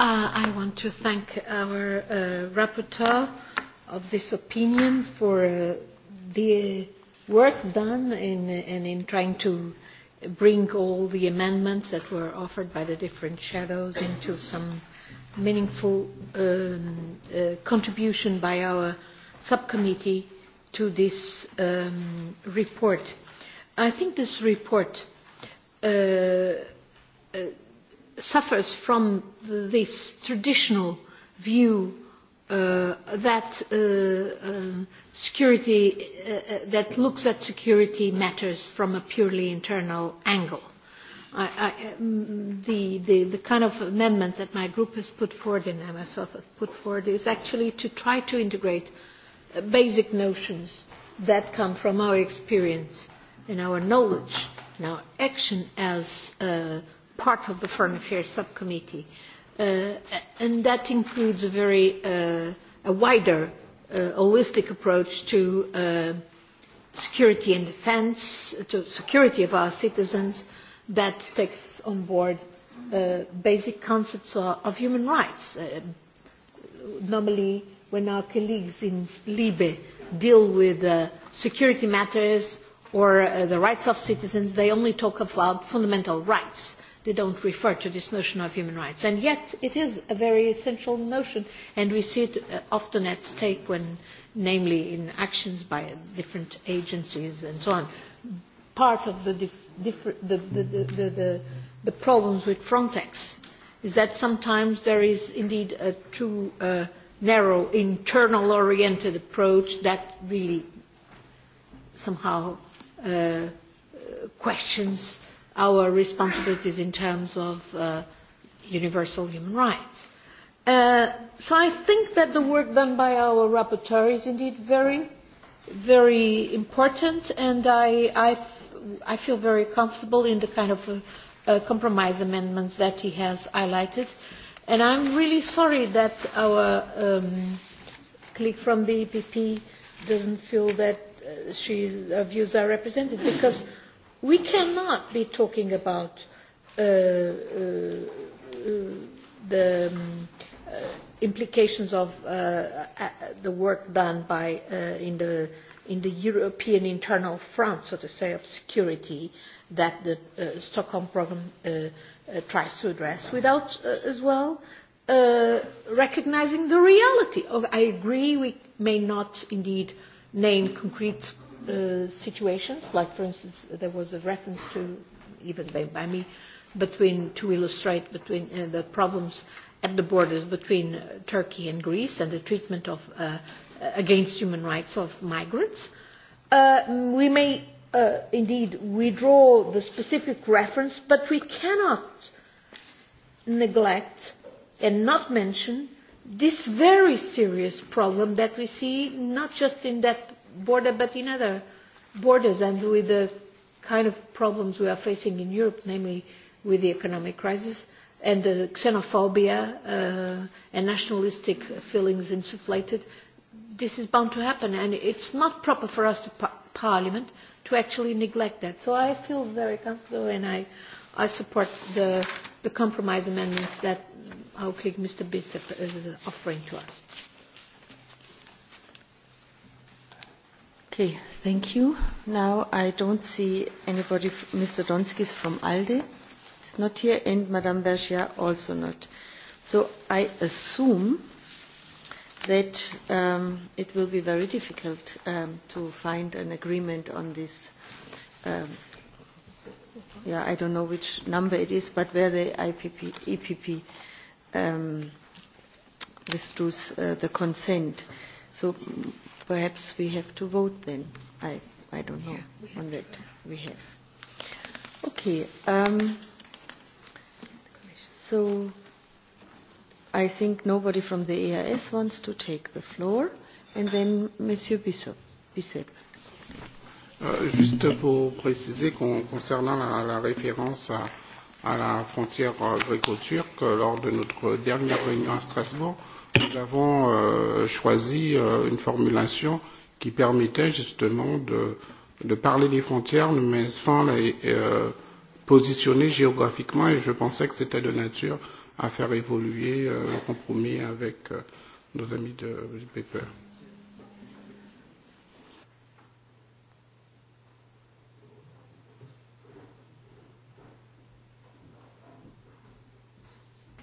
I want to thank our rapporteur of this opinion for the work done in trying to bring all the amendments that were offered by the different shadows into some meaningful contribution by our subcommittee to this report. I think this report suffers from this traditional view that security that looks at security matters from a purely internal angle. The kind of amendment that my group has put forward and I myself have put forward is actually to try to integrate basic notions that come from our experience and our knowledge and our action as part of the Foreign Affairs Subcommittee and that includes a very wider holistic approach to security and defence, to security of our citizens that takes on board basic concepts of human rights. Normally when our colleagues in LIBE deal with security matters or the rights of citizens, they only talk about fundamental rights they don't refer to this notion of human rights. And yet it is a very essential notion, and we see it often at stake when, namely in actions by different agencies and so on. Part of the problems with Frontex is that sometimes there is indeed a too narrow, internal-oriented approach that really somehow questions our responsibilities in terms of universal human rights. So I think that the work done by our rapporteur is indeed very, very important, and I feel very comfortable in the kind of compromise amendments that he has highlighted. And I'm really sorry that our colleague from the EPP doesn't feel that her views are represented, because We cannot be talking about the implications of the work done by in the European internal front, so to say, of security that the Stockholm Programme tries to address, without as well recognizing the reality. I agree we may not indeed name concrete situations, like for instance there was a reference to, even by me, between to illustrate between the problems at the borders between Turkey and Greece and the treatment of against human rights of migrants. We may indeed withdraw the specific reference, but we cannot neglect and not mention this very serious problem that we see not just in that border but in other borders and with the kind of problems we are facing in Europe, namely with the economic crisis and the xenophobia and nationalistic feelings insufflated, this is bound to happen and it's not proper for us to Parliament to actually neglect that. So I feel very comfortable and I, I support the, the compromise amendments that our colleague Mr. Bissep is offering to us. Okay, thank you. Now I don't see anybody. Mr. Donskis from ALDE is not here, and Madame Bergia also not. So I assume that it will be very difficult to find an agreement on this. Yeah, I don't know which number it is, but where the IPP EPP withdraws the consent. So perhaps we have to vote then. I, I don't know on that. We have. Okay. Um, so I think nobody from the AIS wants to take the floor. And then Monsieur Bissop. Bissep. Juste pour préciser concernant la, la référence à, à la frontière gréco-turque, lors de notre dernière réunion à Strasbourg, nous avons choisi une formulation qui permettait justement de, de parler des frontières, mais sans les positionner géographiquement, et je pensais que c'était de nature à faire évoluer un compromis avec nos amis de, du PPE.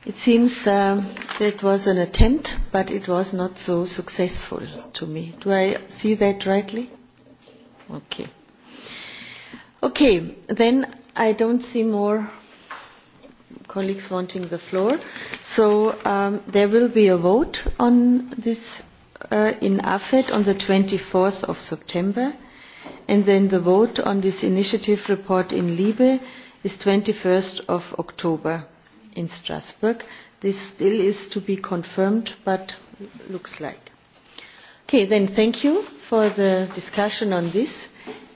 It seems that was an attempt, but it was not so successful to me. Do I see that rightly? Okay. Okay, then I don't see more colleagues wanting the floor. So there will be a vote on this in AFED on the 24th of September. And then the vote on this initiative report in Liebe is 21st of October in Strasbourg. This still is to be confirmed, but looks like. Okay, then thank you for the discussion on this,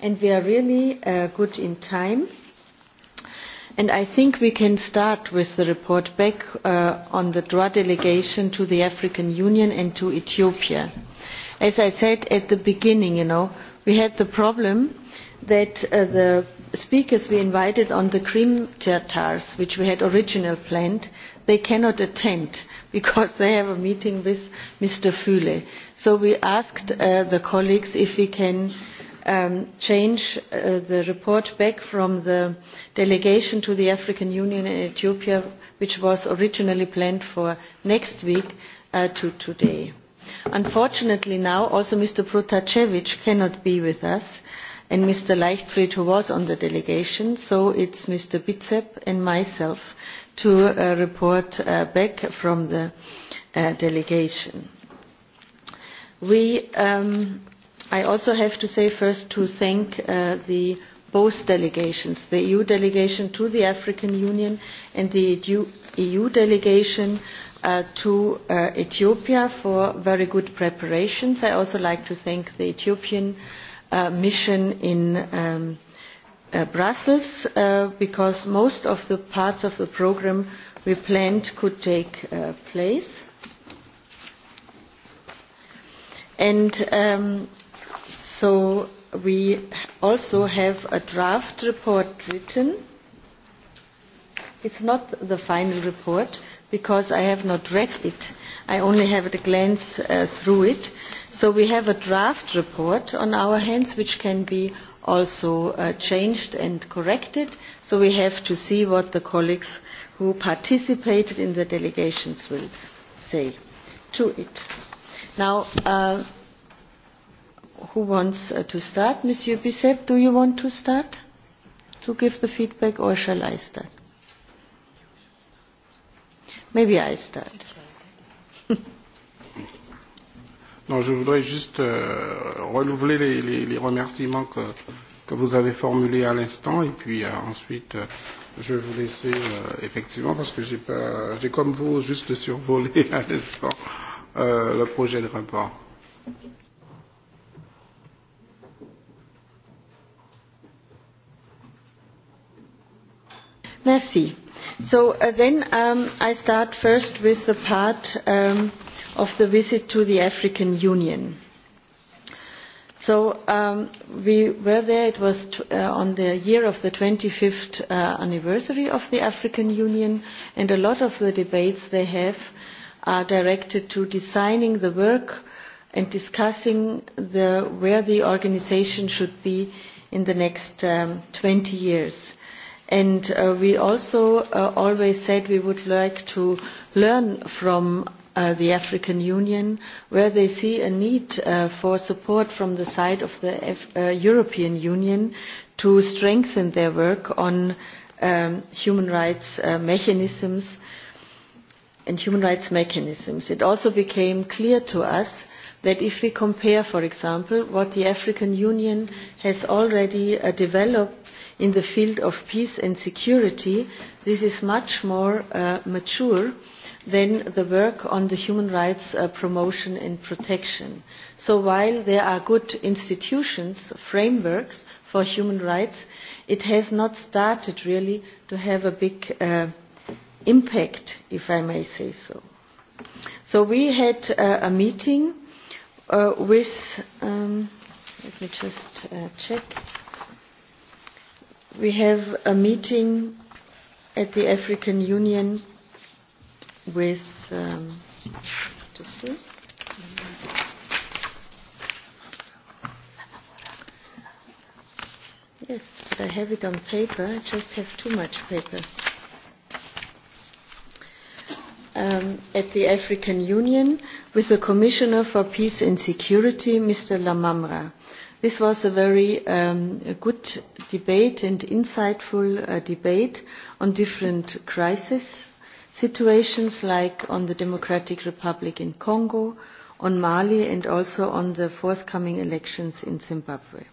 and we are really good in time. And I think we can start with the report back on the DRA delegation to the African Union and to Ethiopia. As I said at the beginning, you know, we had the problem that the speakers we invited on the Krim Tatars, which we had originally planned, they cannot attend because they have a meeting with Mr. Füle. So we asked the colleagues if we can change the report back from the delegation to the African Union in Ethiopia, which was originally planned for next week, to today. Unfortunately now also Mr. Protasevich cannot be with us and Mr. Leichtfried, who was on the delegation. So it's Mr. Bizep and myself to report back from the delegation. I also have to say first to thank both delegations, the EU delegation to the African Union and the EU delegation to Ethiopia for very good preparations. I also like to thank the Ethiopian mission in Brussels because most of the parts of the program we planned could take place. And so we also have a draft report written. It's not the final report, because I have not read it. I only have a glance through it. So we have a draft report on our hands which can be also changed and corrected. So we have to see what the colleagues who participated in the delegations will say to it. Now, who wants to start? Monsieur Bisset, do you want to start to give the feedback or shall I start? Maybe I Non, je voudrais juste renouveler les remerciements que que vous avez formulés à l'instant et puis ensuite je vais vous laisser effectivement parce que j'ai pas j'ai comme vous juste survolé à l'instant le projet de rapport. Merci. So then I start first with the part of the visit to the African Union. So we were there, it was on the year of the 25th anniversary of the African Union and a lot of the debates they have are directed to designing the work and discussing where the organisation should be in the next 20 years. And we also always said we would like to learn from the African Union where they see a need for support from the side of the European Union to strengthen their work on human rights mechanisms and human rights mechanisms. It also became clear to us that if we compare, for example, what the African Union has already developed in the field of peace and security, this is much more mature than the work on the human rights promotion and protection. So while there are good institutions, frameworks for human rights, it has not started really to have a big impact, if I may say so. So we had a meeting with, let me just check. We have a meeting at the African Union with Yes, but I have it on paper. I just have too much paper. Um, at the African Union with the Commissioner for Peace and Security, Mr. Lamamra. This was a very good debate and insightful debate on different crisis situations like on the Democratic Republic in Congo, on Mali and also on the forthcoming elections in Zimbabwe.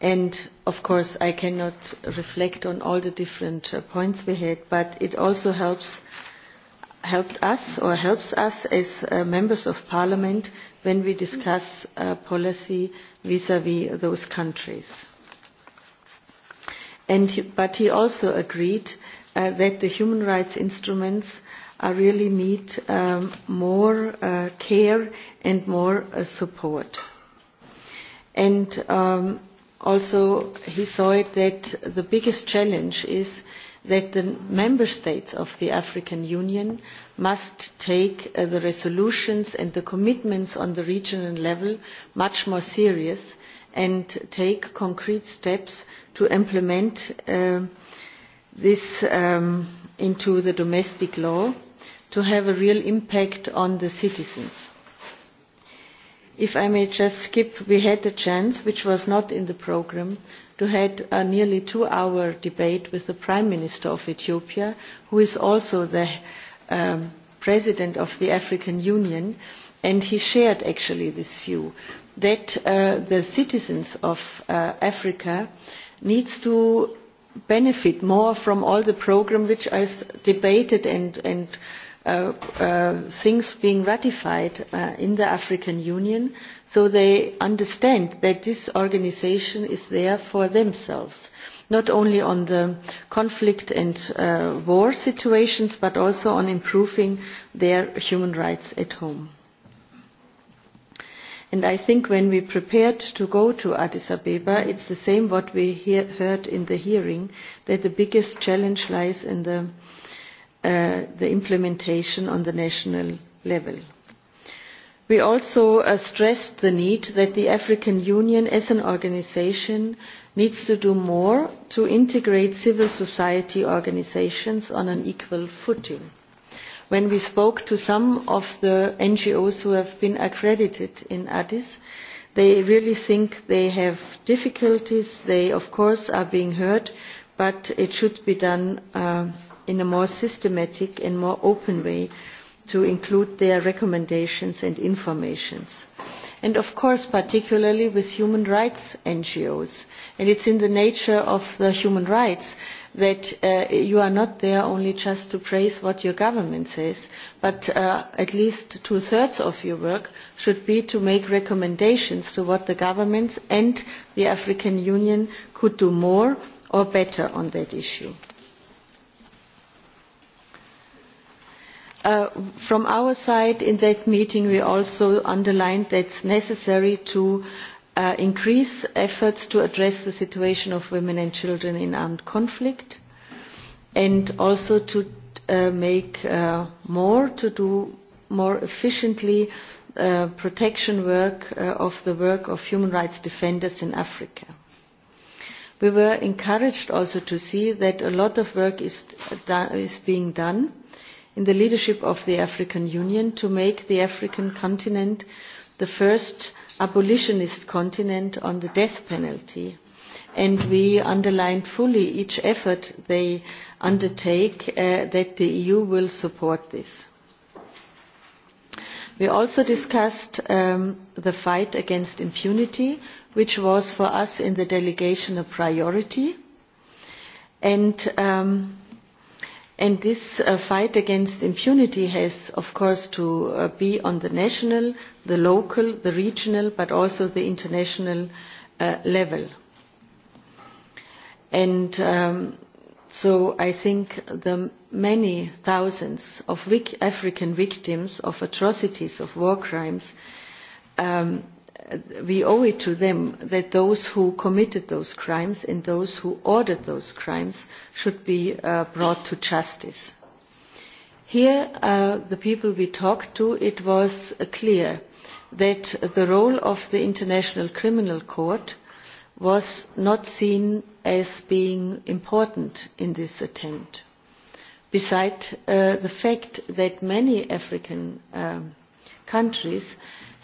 And of course I cannot reflect on all the different points we had, but it also helps helped us or helps us as members of parliament when we discuss policy vis-à-vis those countries. But he also agreed that the human rights instruments really need more care and more support. And also he saw that the biggest challenge is that the member states of the African Union must take the resolutions and the commitments on the regional level much more seriously and take concrete steps to implement this into the domestic law to have a real impact on the citizens. If I may just skip, we had a chance, which was not in the programme, to have a nearly two-hour debate with the Prime Minister of Ethiopia, who is also the President of the African Union, and he shared actually this view that the citizens of Africa needs to benefit more from all the programmes which I debated and things being ratified in the African Union, so they understand that this organisation is there for themselves, not only on the conflict and war situations, but also on improving their human rights at home. And I think when we prepared to go to Addis Abeba, it's the same what we heard in the hearing, that the biggest challenge lies in the the implementation on the national level. We also stressed the need that the African Union as an organisation needs to do more to integrate civil society organisations on an equal footing. When we spoke to some of the NGOs who have been accredited in Addis, they really think they have difficulties. They, of course, are being heard, but it should be done in a more systematic and more open way to include their recommendations and information. And of course, particularly with human rights NGOs. And it's in the nature of human rights that you are not there only just to praise what your government says, but at least two-thirds of your work should be to make recommendations to what the governments and the African Union could do more or better on that issue. From our side, in that meeting, we also underlined that it is necessary to increase efforts to address the situation of women and children in armed conflict, and also to make more, to do more efficiently protection work of the work of human rights defenders in Africa. We were encouraged also to see that a lot of work is being done in the leadership of the African Union to make the African continent the first abolitionist continent on the death penalty. And we underlined fully each effort they undertake that the EU will support this. We also discussed the fight against impunity, which was for us in the delegation a priority. And And this fight against impunity has, of course, to be on the national, the local, the regional, but also the international level. And so I think the many thousands of African victims of atrocities, of war crimes, we owe it to them that those who committed those crimes and those who ordered those crimes should be brought to justice. Here, the people we talked to, it was clear that the role of the International Criminal Court was not seen as being important in this attempt. Besides the fact that many African countries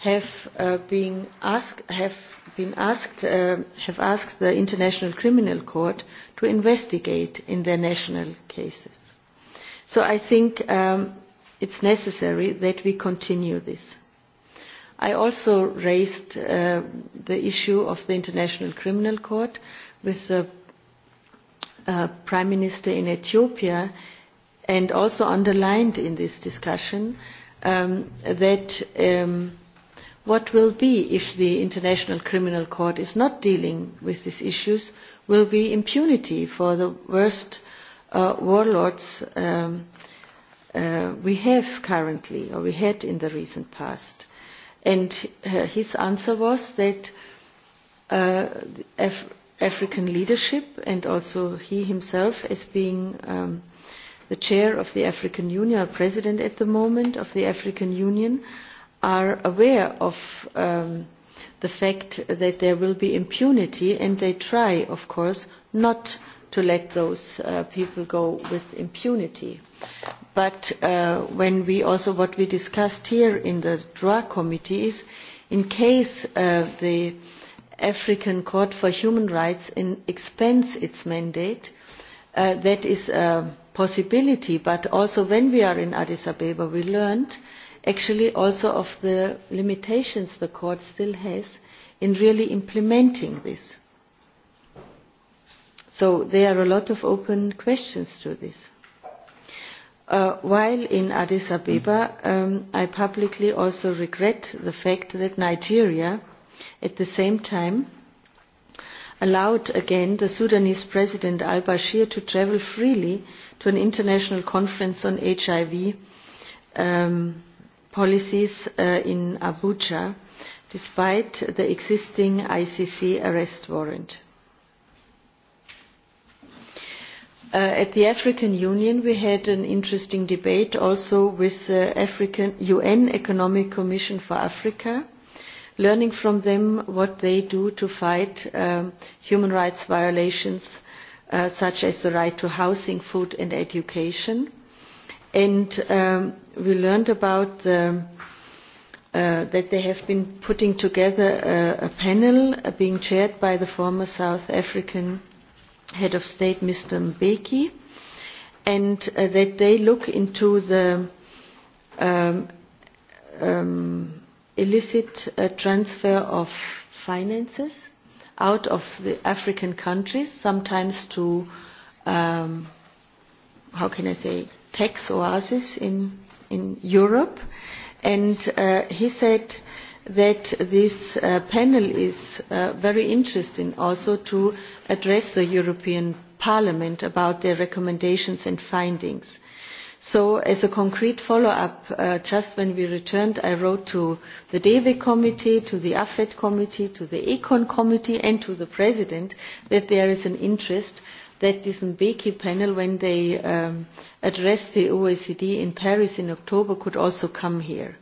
have been asked have been asked have asked the International Criminal Court to investigate in their national cases. So I think it's necessary that we continue this. I also raised the issue of the International Criminal Court with the Prime Minister in Ethiopia and also underlined in this discussion that what will be if the International Criminal Court is not dealing with these issues will be impunity for the worst warlords we have currently or we had in the recent past. And his answer was that African leadership and also he himself as being the chair of the African Union, or president at the moment of the African Union, are aware of the fact that there will be impunity and they try of course not to let those people go with impunity. But when we also what we discussed here in the DRA committee is in case the African Court for Human Rights expends its mandate, that is a possibility. But also when we are in Addis Ababa we learned actually also of the limitations the court still has in really implementing this. So there are a lot of open questions to this. While in Addis Abeba, I publicly also regret the fact that Nigeria, at the same time, allowed again the Sudanese President al-Bashir to travel freely to an international conference on HIV policies in Abuja, despite the existing ICC arrest warrant. At the African Union, we had an interesting debate also with the UN Economic Commission for Africa, learning from them what they do to fight human rights violations such as the right to housing, food and education And we learned about that they have been putting together a panel being chaired by the former South African head of state, Mr. Mbeki, and that they look into the illicit transfer of finances out of the African countries, sometimes to, how can I say, tax oasis in Europe. And he said that this panel is very interesting also to address the European Parliament about their recommendations and findings. So as a concrete follow-up, just when we returned, I wrote to the DEWE committee, to the AFET committee, to the ECON committee and to the President that there is an interest that this Mbeki panel, when they address the OECD in Paris in October, could also come here.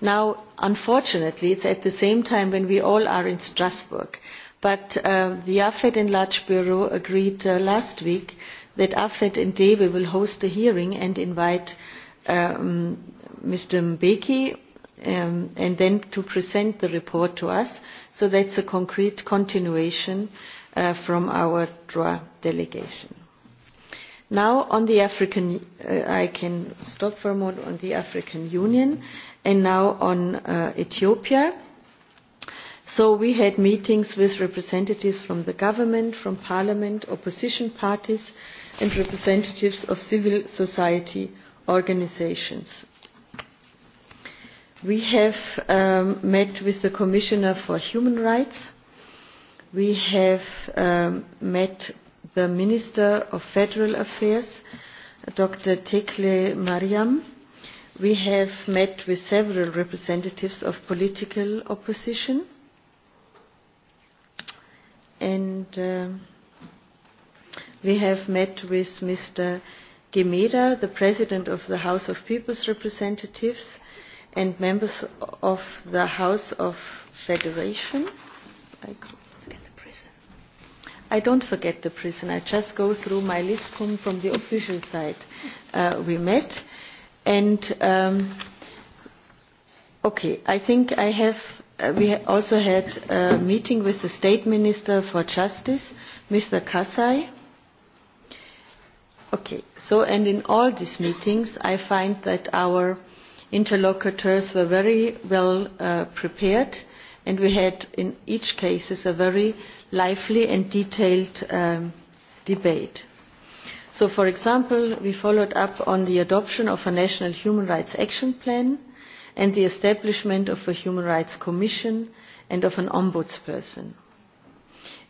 Now, unfortunately, it's at the same time when we all are in Strasbourg. But the AFED and Bureau agreed last week that AFED and DEWE will host a hearing and invite Mr. Mbeki and then to present the report to us. So that's a concrete continuation from our DROA delegation. Now on the African, I can stop for a moment on the African Union and now on Ethiopia. So we had meetings with representatives from the government, from parliament, opposition parties and representatives of civil society organisations. We have met with the Commissioner for Human Rights we have met the Minister of Federal Affairs, Dr. Tekle Mariam. We have met with several representatives of political opposition. And we have met with Mr. Gemeda, the President of the House of People's Representatives, and members of the House of Federation. I don't forget the prison. I just go through my list from the official side. We met, and okay, I think I have. We also had a meeting with the State Minister for Justice, Mr. Kasai. Okay, so and in all these meetings, I find that our interlocutors were very well prepared, and we had in each case a very lively and detailed debate. So, for example, we followed up on the adoption of a national human rights action plan and the establishment of a human rights commission and of an ombudsperson.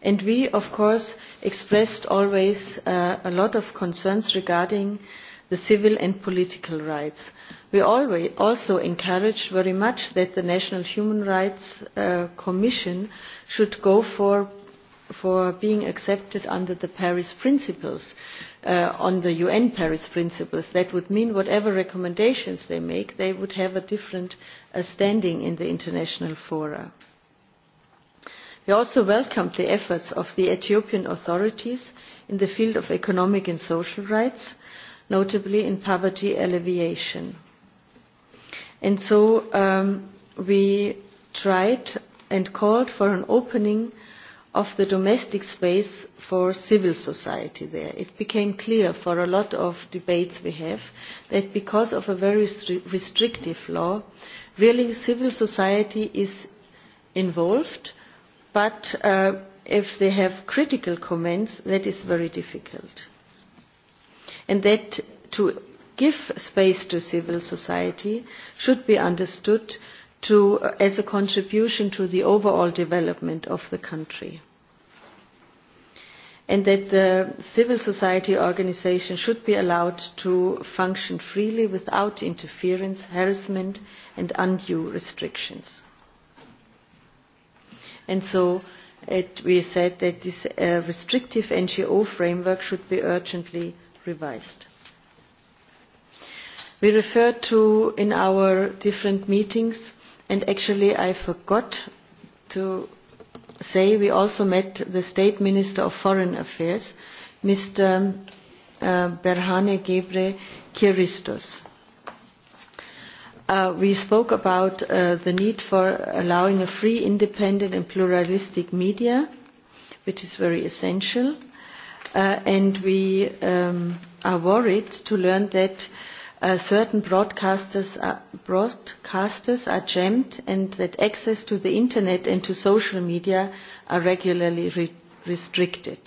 And we, of course, expressed always a lot of concerns regarding the civil and political rights. We also encouraged very much that the National Human Rights Commission should go for for being accepted under the Paris principles, on the UN Paris principles. That would mean whatever recommendations they make, they would have a different standing in the international fora. We also welcomed the efforts of the Ethiopian authorities in the field of economic and social rights, notably in poverty alleviation. And so we tried and called for an opening of the domestic space for civil society there. It became clear for a lot of debates we have that because of a very restrictive law, really civil society is involved, but if they have critical comments, that is very difficult. And that to give space to civil society should be understood as a contribution to the overall development of the country and that the civil society organisations should be allowed to function freely without interference harassment and undue restrictions and so we said that this restrictive ngo framework should be urgently revised we referred to in our different meetings and actually i forgot to say we also met the state minister of foreign affairs mr berhane gebre kiristos we spoke about the need for allowing a free independent and pluralistic media which is very essential and we are worried to learn that certain broadcasters are jammed and that access to the Internet and to social media are regularly restricted.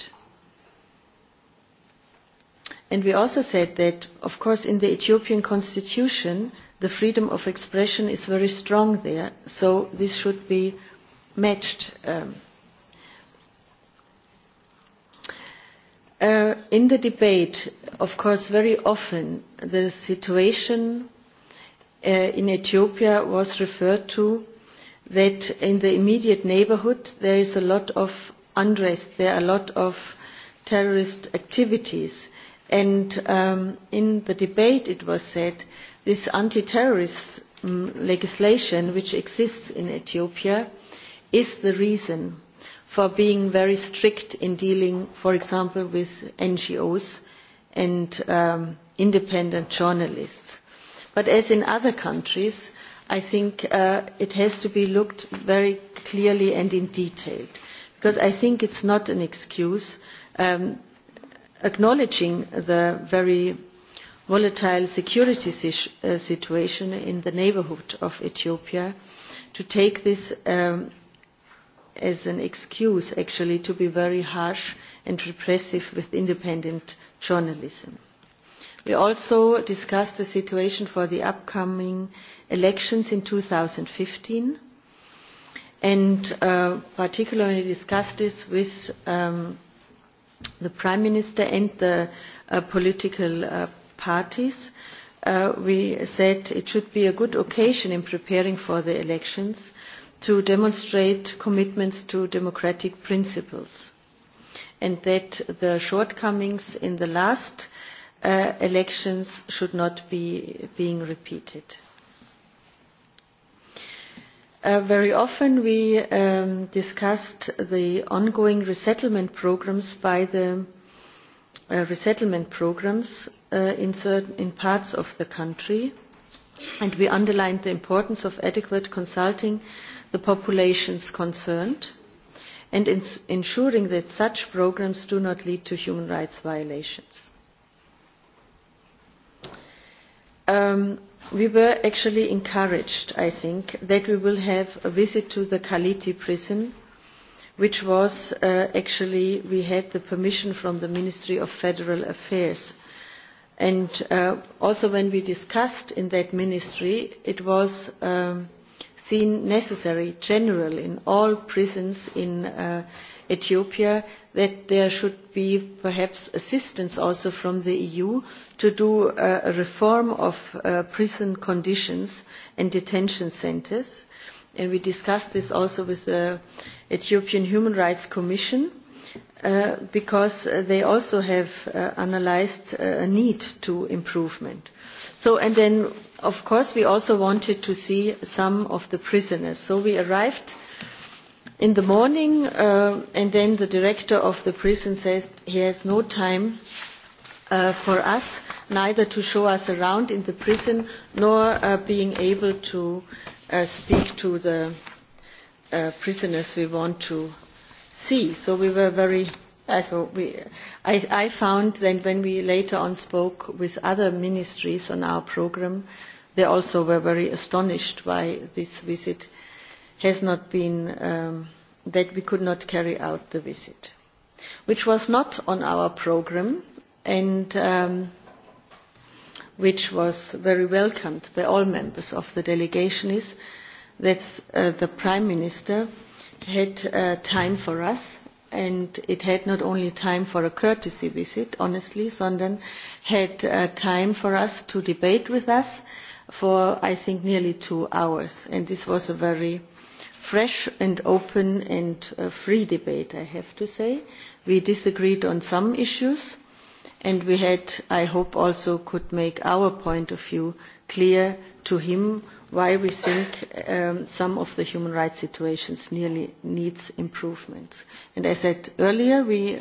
And we also said that, of course, in the Ethiopian constitution, the freedom of expression is very strong there, so this should be matched In the debate, of course, very often the situation in Ethiopia was referred to that in the immediate neighbourhood there is a lot of unrest, there are a lot of terrorist activities. And in the debate it was said this anti-terrorist legislation which exists in Ethiopia is the reason for being very strict in dealing, for example, with NGOs and independent journalists. But as in other countries, I think it has to be looked very clearly and in detail, because I think it's not an excuse. Acknowledging the very volatile security situation in the neighbourhood of Ethiopia, to take this as an excuse actually to be very harsh and repressive with independent journalism. We also discussed the situation for the upcoming elections in 2015 and particularly discussed this with the Prime Minister and the political parties. We said it should be a good occasion in preparing for the elections to demonstrate commitments to democratic principles and that the shortcomings in the last elections should not be being repeated. Very often we discussed the ongoing resettlement programs by the resettlement programs in parts of the country and we underlined the importance of adequate consulting the populations concerned and ensuring that such programmes do not lead to human rights violations. We were actually encouraged, I think, that we will have a visit to the Kaliti prison, which was actually, we had the permission from the Ministry of Federal Affairs And also when we discussed in that ministry, it was seen necessary generally in all prisons in Ethiopia that there should be perhaps assistance also from the EU to do a reform of prison conditions and detention centres. And we discussed this also with the Ethiopian Human Rights Commission because they also have analysed a need to improvement. So and then of course we also wanted to see some of the prisoners. So we arrived in the morning and then the director of the prison says he has no time for us, neither to show us around in the prison nor being able to speak to the prisoners we want to see. So we were very. I, I found that when we later on spoke with other ministries on our program, they also were very astonished why this visit has not been, that we could not carry out the visit, which was not on our program and which was very welcomed by all members of the delegation is that the Prime Minister had time for us and it had not only time for a courtesy visit, honestly, sondern had time for us to debate with us for, I think, nearly two hours. And this was a very fresh and open and free debate, I have to say. We disagreed on some issues and we had, I hope, also could make our point of view clear to him why we think some of the human rights situations nearly needs improvement. And as I said earlier, we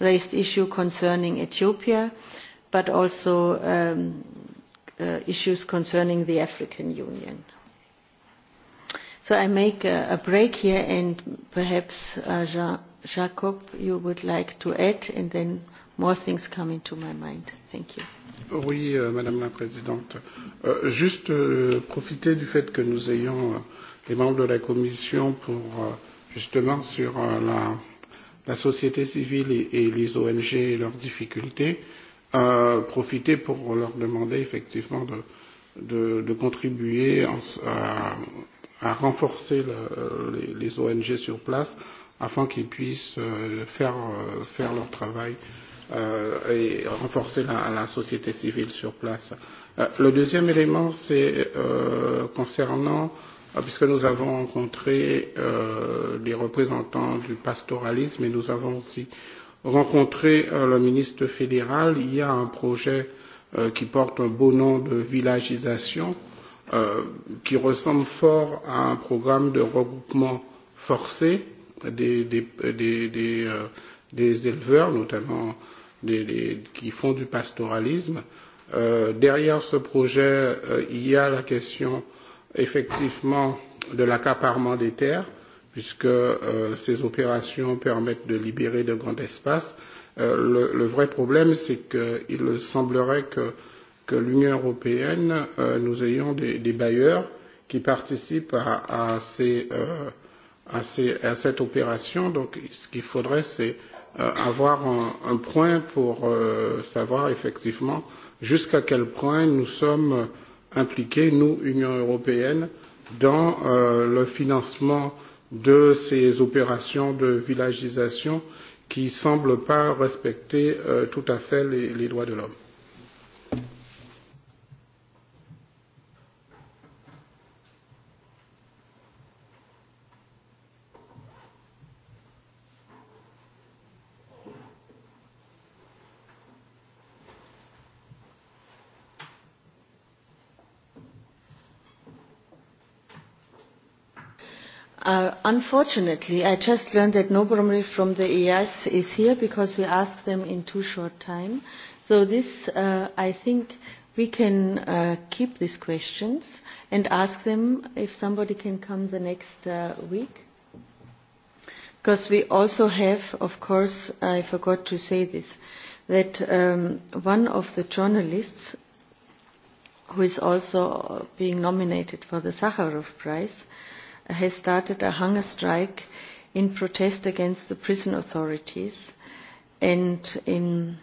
raised issues concerning Ethiopia, but also issues concerning the African Union. So I make a break here, and perhaps Jacob, you would like to add, and then more things come into my mind. Thank you. Oui, Madame la Présidente. Juste profiter du fait que nous ayons les membres de la Commission pour justement sur la société civile et les ONG et leurs difficultés, profiter pour leur demander effectivement de contribuer à renforcer les ONG sur place afin qu'ils puissent faire leur travail et renforcer la, la société civile sur place. Le deuxième élément, c'est concernant, puisque nous avons rencontré des représentants du pastoralisme et nous avons aussi rencontré le ministre fédéral, il y a un projet qui porte un beau nom de villagisation, qui ressemble fort à un programme de regroupement forcé des, des, des, des éleveurs, notamment qui font du pastoralisme. Derrière ce projet, il y a la question effectivement de l'accaparement des terres, puisque ces opérations permettent de libérer de grands espaces. Le vrai problème, c'est qu'il semblerait que l'Union européenne, nous ayons des bailleurs qui participent à cette opération. Donc, ce qu'il faudrait, c'est avoir un point pour savoir effectivement jusqu'à quel point nous sommes impliqués, nous, Union européenne, dans le financement de ces opérations de villagisation qui ne semblent pas respecter tout à fait les droits de l'homme. Unfortunately, I just learned that Nobromri from the EAS is here because we asked them in too short time. So this, I think, we can keep these questions and ask them if somebody can come the next week. Because we also have, of course, I forgot to say this, that one of the journalists who is also being nominated for the Sakharov Prize, has started a hunger strike in protest against the prison authorities and in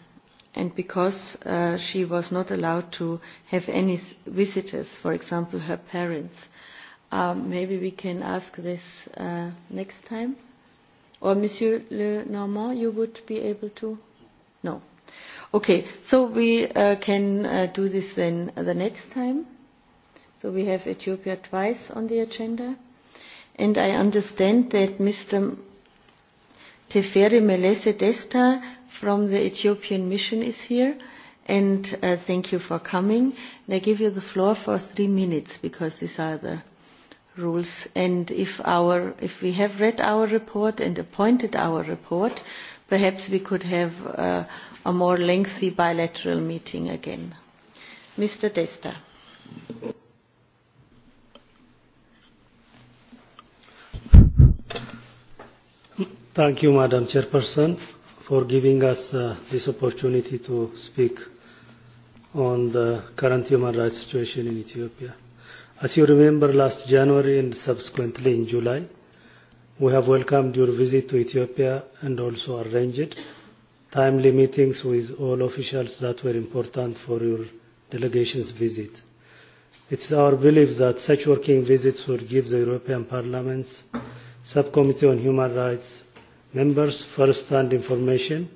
and because she was not allowed to have any visitors, for example her parents. Maybe we can ask this next time. Or Monsieur Le Normand, you would be able to? No. Okay, so we can do this then the next time. So we have Ethiopia twice on the agenda and I understand that Mr. Teferi Melese Desta from the Ethiopian Mission is here, and thank you for coming. And I give you the floor for three minutes because these are the rules. And if our, if we have read our report and appointed our report, perhaps we could have a more lengthy bilateral meeting again. Mr. Desta. Thank you, Madam Chairperson, for giving us this opportunity to speak on the current human rights situation in Ethiopia. As you remember, last January and subsequently in July, we have welcomed your visit to Ethiopia and also arranged timely meetings with all officials that were important for your delegation's visit. It is our belief that such working visits will give the European Parliament's Subcommittee on Human Rights members' first-hand information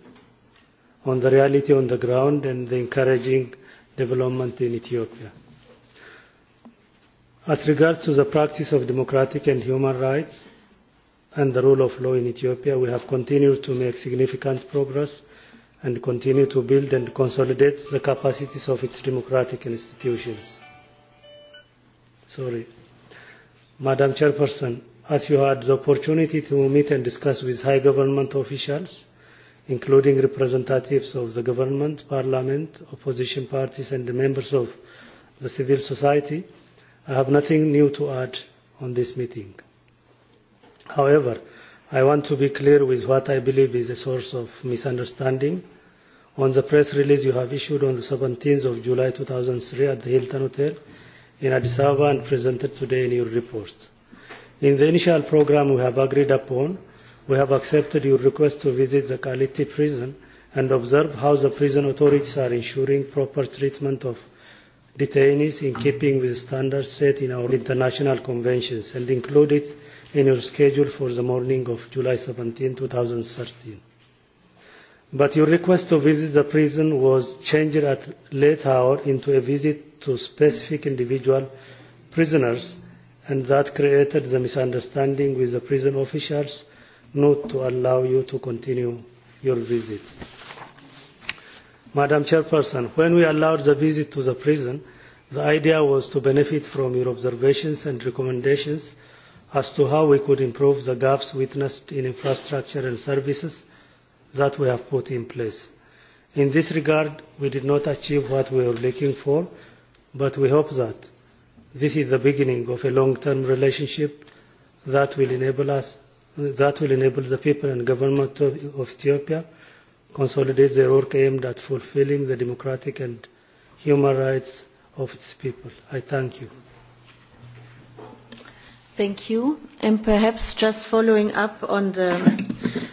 on the reality on the ground and the encouraging development in Ethiopia. As regards to the practice of democratic and human rights and the rule of law in Ethiopia, we have continued to make significant progress and continue to build and consolidate the capacities of its democratic institutions. Sorry. Madam Chairperson, as you had the opportunity to meet and discuss with high government officials, including representatives of the government, parliament, opposition parties and the members of the civil society, I have nothing new to add on this meeting. However, I want to be clear with what I believe is a source of misunderstanding. On the press release you have issued on the 17th of July 2003 at the Hilton Hotel in Addis Ababa and presented today in your report. In the initial programme we have agreed upon, we have accepted your request to visit the Kaliti prison and observe how the prison authorities are ensuring proper treatment of detainees in keeping with standards set in our international conventions and include it in your schedule for the morning of July 17, 2013. But your request to visit the prison was changed at late hour into a visit to specific individual prisoners and that created the misunderstanding with the prison officials not to allow you to continue your visit. Madam Chairperson, when we allowed the visit to the prison, the idea was to benefit from your observations and recommendations as to how we could improve the gaps witnessed in infrastructure and services that we have put in place. In this regard, we did not achieve what we were looking for, but we hope that This is the beginning of a long-term relationship that will enable us, that will enable the people and government of Ethiopia to consolidate their work aimed at fulfilling the democratic and human rights of its people. I thank you. Thank you. And perhaps just following up on the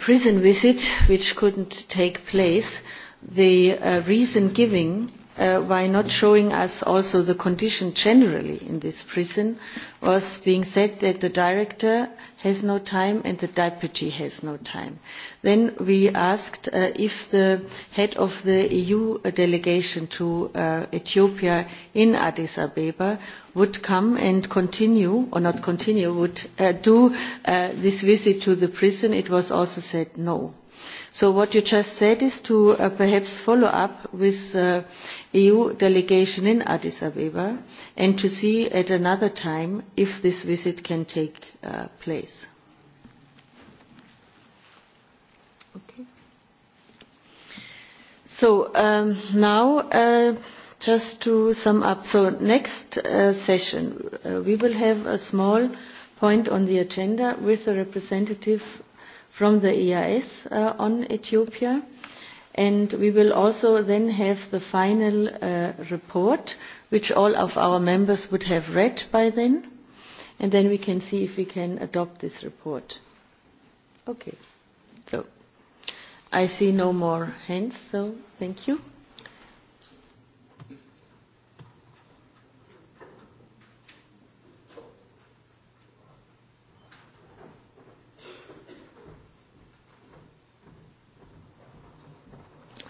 prison visit, which couldn't take place, the reason giving by not showing us also the condition generally in this prison was being said that the director has no time and the deputy has no time. Then we asked if the head of the EU delegation to Ethiopia in Addis Ababa would come and continue, or not continue, would do this visit to the prison. It was also said no. So what you just said is to perhaps follow up with the EU delegation in Addis Abeba and to see at another time if this visit can take place. Okay. So now just to sum up. So next session we will have a small point on the agenda with a representative from the EIS on Ethiopia. And we will also then have the final report, which all of our members would have read by then. And then we can see if we can adopt this report. Okay. So I see no more hands, so thank you.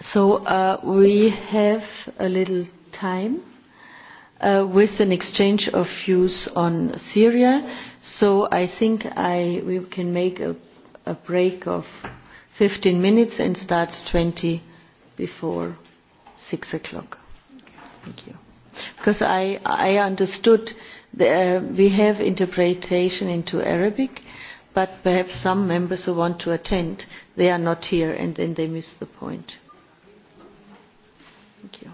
So we have a little time with an exchange of views on Syria. So I think we can make a break of 15 minutes and start 20 before 6 o'clock. Thank you. Because I I understood we have interpretation into Arabic, but perhaps some members who want to attend, they are not here and then they miss the point. Thank you.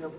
Yeah.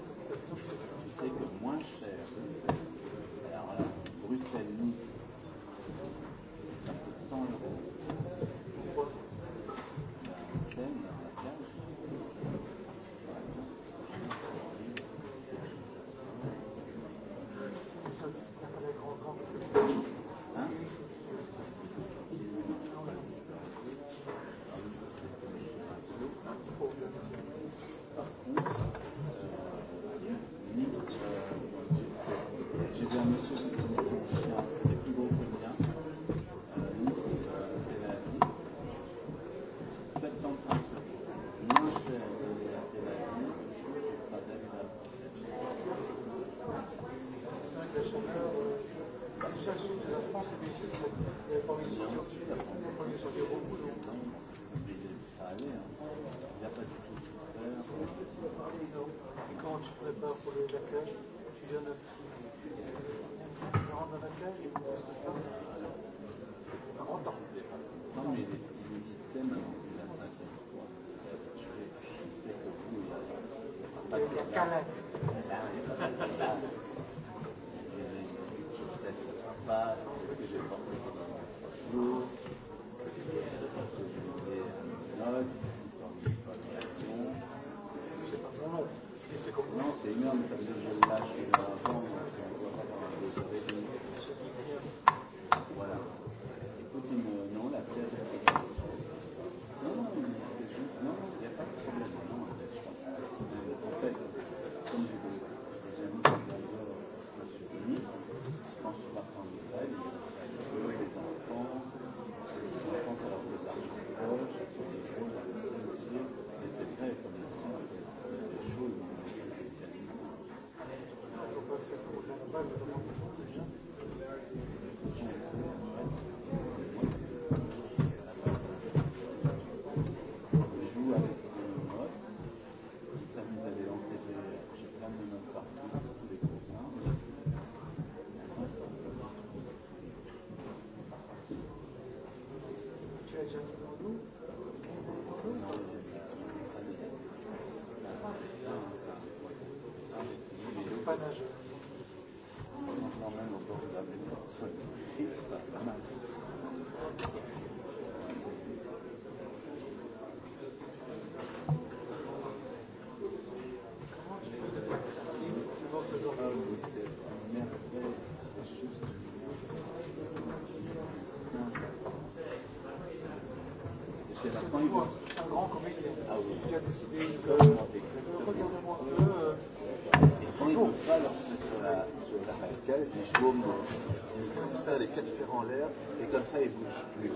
un grand comédien qui a décidé que regardez-moi sur la il ça, quatre fers en l'air, et comme ça, il bouge plus.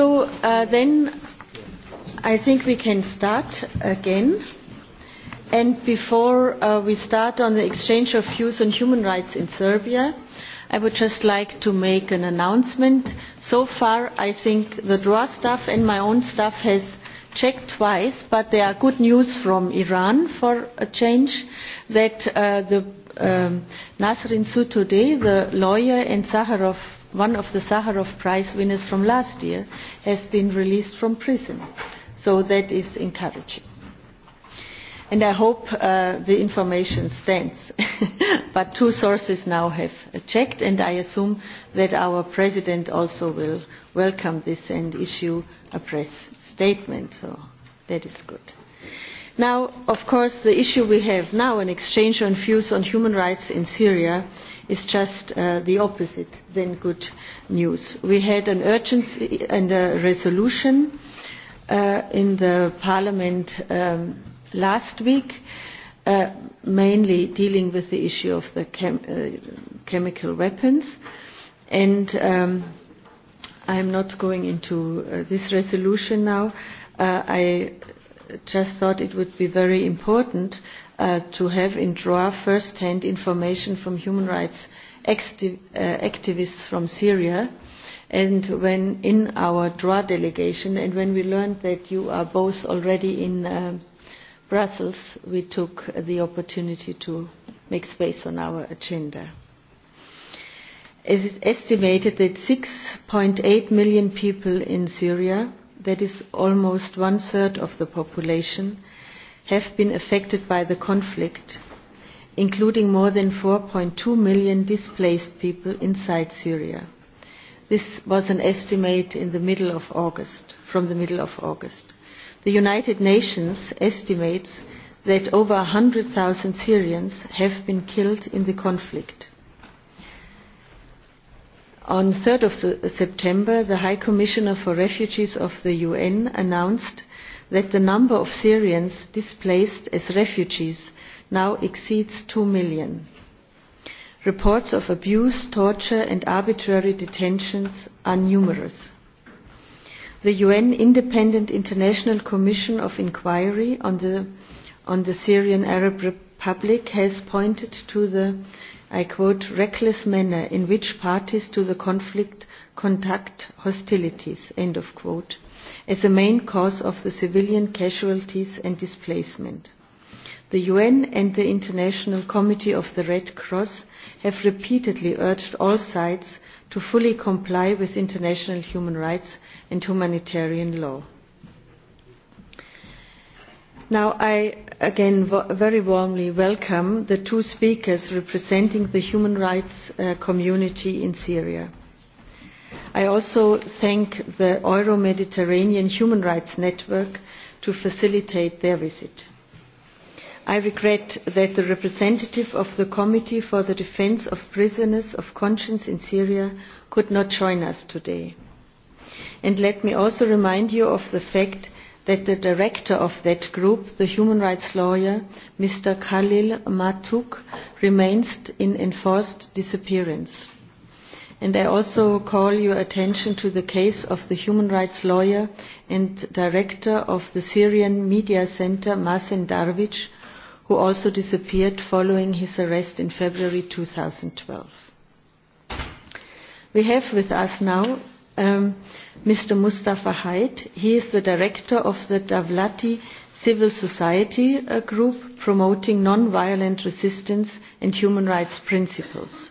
So then I think we can start again. And before we start on the exchange of views on human rights in Serbia, I would just like to make an announcement. So far, I think the DROA staff and my own staff has checked twice, but there are good news from Iran for a change, that the Nasrin Sotoudeh, the lawyer and Sakharov one of the Sakharov Prize winners from last year, has been released from prison. So that is encouraging. And I hope the information stands. But two sources now have checked, and I assume that our President also will welcome this and issue a press statement. So that is good. Now, of course, the issue we have now, an exchange on views on human rights in Syria, is just the opposite than good news. We had an urgency and a resolution in the Parliament last week, mainly dealing with the issue of the chemical weapons. And I am not going into this resolution now. I just thought it would be very important to have in draw first-hand information from human rights activists from Syria and when in our draw delegation and when we learned that you are both already in Brussels, we took the opportunity to make space on our agenda. It is estimated that 6.8 million people in Syria that is almost one-third of the population, have been affected by the conflict, including more than 4.2 million displaced people inside Syria. This was an estimate in the middle of August, from the middle of August. The United Nations estimates that over 100,000 Syrians have been killed in the conflict. On 3rd of September, the High Commissioner for Refugees of the UN announced that the number of Syrians displaced as refugees now exceeds 2 million. Reports of abuse, torture and arbitrary detentions are numerous. The UN Independent International Commission of Inquiry on the Syrian Arab Republic has pointed to the I quote, reckless manner in which parties to the conflict conduct hostilities, end of quote, as a main cause of the civilian casualties and displacement. The UN and the International Committee of the Red Cross have repeatedly urged all sides to fully comply with international human rights and humanitarian law. I again very warmly welcome the two speakers representing the human rights community in Syria. I also thank the Euro-Mediterranean Human Rights Network to facilitate their visit. I regret that the representative of the Committee for the Defence of Prisoners of Conscience in Syria could not join us today. And let me also remind you of the fact that the director of that group, the human rights lawyer, Mr. Khalil Matuk, remains in enforced disappearance. And I also call your attention to the case of the human rights lawyer and director of the Syrian Media Center, Masen Darvic, who also disappeared following his arrest in February 2012. We have with us now Mr. Mustafa Haid. He is the director of the Davlati Civil Society Group promoting non-violent resistance and human rights principles.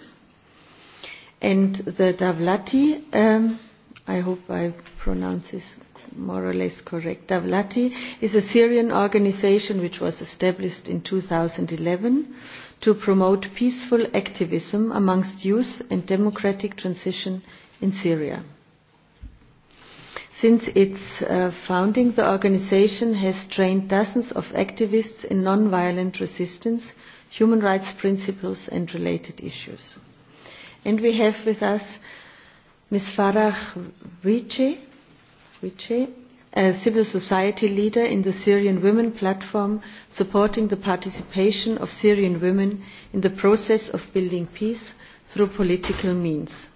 And the Davlati, I hope I pronounce this more or less correct, Davlati is a Syrian organization which was established in 2011 to promote peaceful activism amongst youth and democratic transition in Syria. Since its founding, the organization has trained dozens of activists in non-violent resistance, human rights principles and related issues. And we have with us Ms. Farah Wichi, a civil society leader in the Syrian Women Platform, supporting the participation of Syrian women in the process of building peace through political means.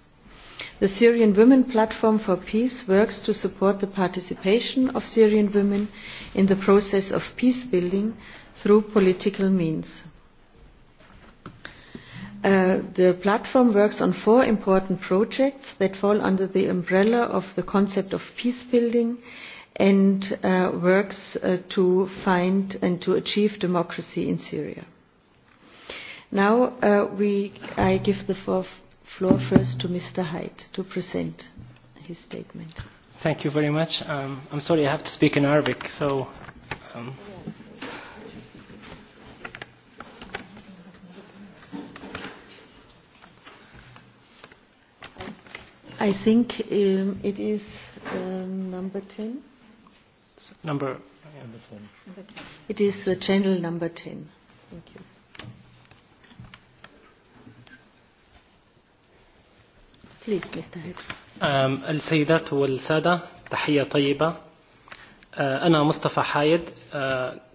The Syrian Women Platform for Peace works to support the participation of Syrian women in the process of peace building through political means. The platform works on four important projects that fall under the umbrella of the concept of peace building and works to find and to achieve democracy in Syria. Now I give the floor floor first to Mr. Haidt to present his statement. Thank you very much. Um, I'm sorry I have to speak in Arabic, so... Um, I think um, it is um, number 10. Number, number 10. It is uh, channel number 10. Thank you. Please, Mr. السيدات والسادة تحية طيبة أنا مصطفى حايد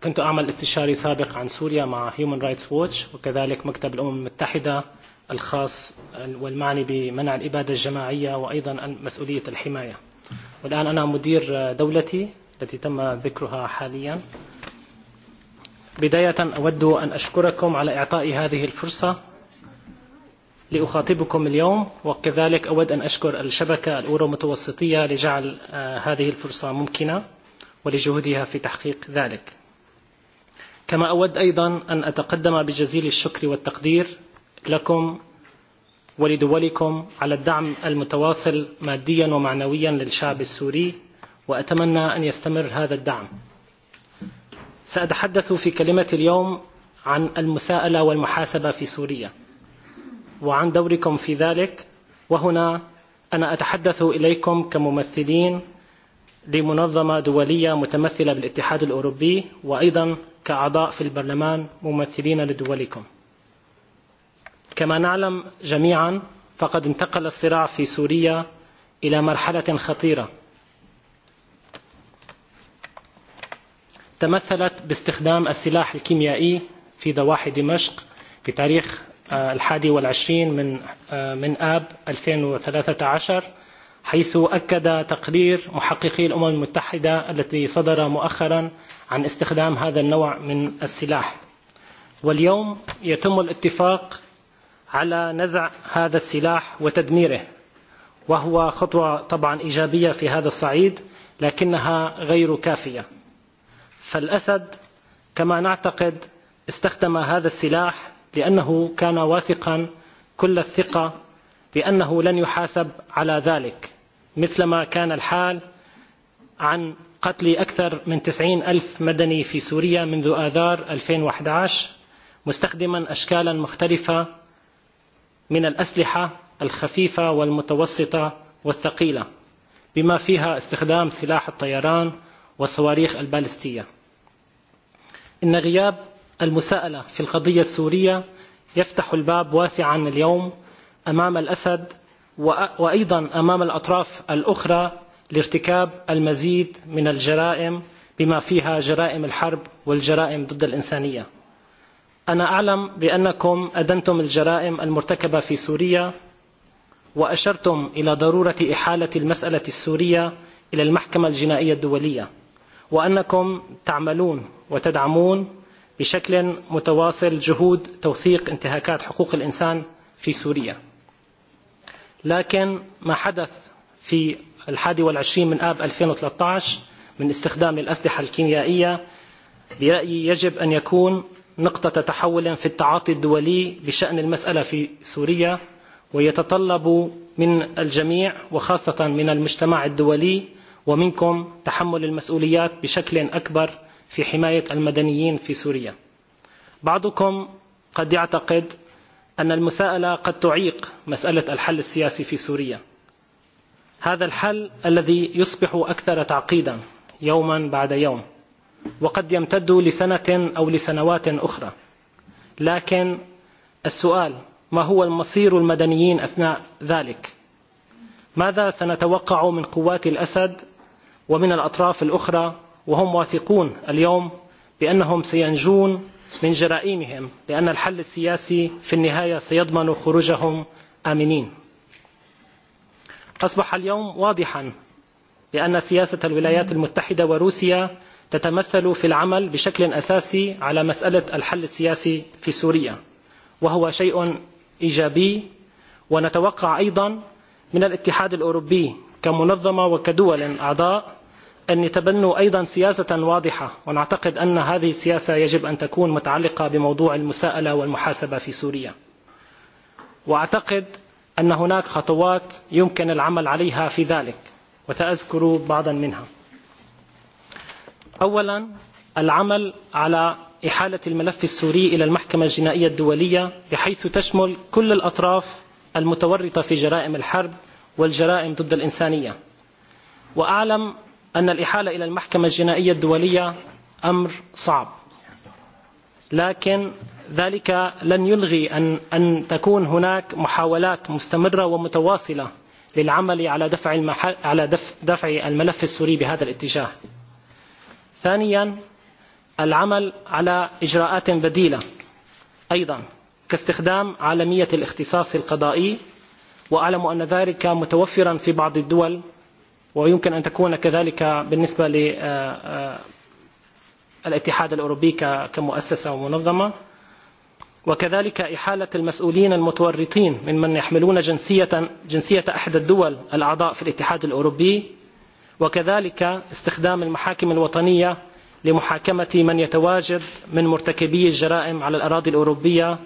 كنت أعمل استشاري سابق عن سوريا مع Human Rights Watch وكذلك مكتب الأمم المتحدة الخاص والمعني بمنع الإبادة الجماعية وأيضا مسؤولية الحماية والآن أنا مدير دولتي التي تم ذكرها حاليا بداية أود أن أشكركم على إعطائي هذه الفرصة لأخاطبكم اليوم وكذلك أود أن أشكر الشبكة الأورو متوسطية لجعل هذه الفرصة ممكنة ولجهودها في تحقيق ذلك كما أود أيضا أن أتقدم بجزيل الشكر والتقدير لكم ولدولكم على الدعم المتواصل ماديا ومعنويا للشعب السوري وأتمنى أن يستمر هذا الدعم سأتحدث في كلمة اليوم عن المساءلة والمحاسبة في سوريا وعن دوركم في ذلك وهنا أنا أتحدث إليكم كممثلين لمنظمة دولية متمثلة بالاتحاد الأوروبي وأيضا كأعضاء في البرلمان ممثلين لدولكم كما نعلم جميعا فقد انتقل الصراع في سوريا إلى مرحلة خطيرة تمثلت باستخدام السلاح الكيميائي في ضواحي دمشق في تاريخ الحادي والعشرين من من آب 2013 حيث أكد تقرير محققي الأمم المتحدة التي صدر مؤخرا عن استخدام هذا النوع من السلاح واليوم يتم الاتفاق على نزع هذا السلاح وتدميره وهو خطوة طبعا إيجابية في هذا الصعيد لكنها غير كافية فالأسد كما نعتقد استخدم هذا السلاح لأنه كان واثقا كل الثقة بأنه لن يحاسب على ذلك مثلما كان الحال عن قتل أكثر من 90 ألف مدني في سوريا منذ آذار 2011 مستخدما أشكالا مختلفة من الأسلحة الخفيفة والمتوسطة والثقيلة بما فيها استخدام سلاح الطيران والصواريخ البالستية إن غياب المساءلة في القضية السورية يفتح الباب واسعا اليوم أمام الأسد وأيضا أمام الأطراف الأخرى لارتكاب المزيد من الجرائم بما فيها جرائم الحرب والجرائم ضد الإنسانية أنا أعلم بأنكم أدنتم الجرائم المرتكبة في سوريا وأشرتم إلى ضرورة إحالة المسألة السورية إلى المحكمة الجنائية الدولية وأنكم تعملون وتدعمون بشكل متواصل جهود توثيق انتهاكات حقوق الإنسان في سوريا لكن ما حدث في الحادي والعشرين من آب 2013 من استخدام الأسلحة الكيميائية برأيي يجب أن يكون نقطة تحول في التعاطي الدولي بشأن المسألة في سوريا ويتطلب من الجميع وخاصة من المجتمع الدولي ومنكم تحمل المسؤوليات بشكل أكبر في حماية المدنيين في سوريا بعضكم قد يعتقد أن المساءلة قد تعيق مسألة الحل السياسي في سوريا هذا الحل الذي يصبح أكثر تعقيدا يوما بعد يوم وقد يمتد لسنة أو لسنوات أخرى لكن السؤال ما هو المصير المدنيين أثناء ذلك ماذا سنتوقع من قوات الأسد ومن الأطراف الأخرى وهم واثقون اليوم بأنهم سينجون من جرائمهم لأن الحل السياسي في النهاية سيضمن خروجهم آمنين أصبح اليوم واضحا بأن سياسة الولايات المتحدة وروسيا تتمثل في العمل بشكل أساسي على مسألة الحل السياسي في سوريا وهو شيء إيجابي ونتوقع أيضا من الاتحاد الأوروبي كمنظمة وكدول أعضاء أن يتبنوا أيضا سياسة واضحة ونعتقد أن هذه السياسة يجب أن تكون متعلقة بموضوع المساءلة والمحاسبة في سوريا وأعتقد أن هناك خطوات يمكن العمل عليها في ذلك وتأذكر بعضا منها أولا العمل على إحالة الملف السوري إلى المحكمة الجنائية الدولية بحيث تشمل كل الأطراف المتورطة في جرائم الحرب والجرائم ضد الإنسانية وأعلم أن الإحالة إلى المحكمة الجنائية الدولية أمر صعب لكن ذلك لن يلغي أن أن تكون هناك محاولات مستمرة ومتواصلة للعمل على دفع على دفع الملف السوري بهذا الاتجاه. ثانيا العمل على إجراءات بديلة أيضا كاستخدام عالمية الاختصاص القضائي وأعلم أن ذلك متوفرا في بعض الدول ويمكن أن تكون كذلك بالنسبة للاتحاد الأوروبي كمؤسسة ومنظمة وكذلك إحالة المسؤولين المتورطين من من يحملون جنسية, جنسية أحد الدول الأعضاء في الاتحاد الأوروبي وكذلك استخدام المحاكم الوطنية لمحاكمة من يتواجد من مرتكبي الجرائم على الأراضي الأوروبية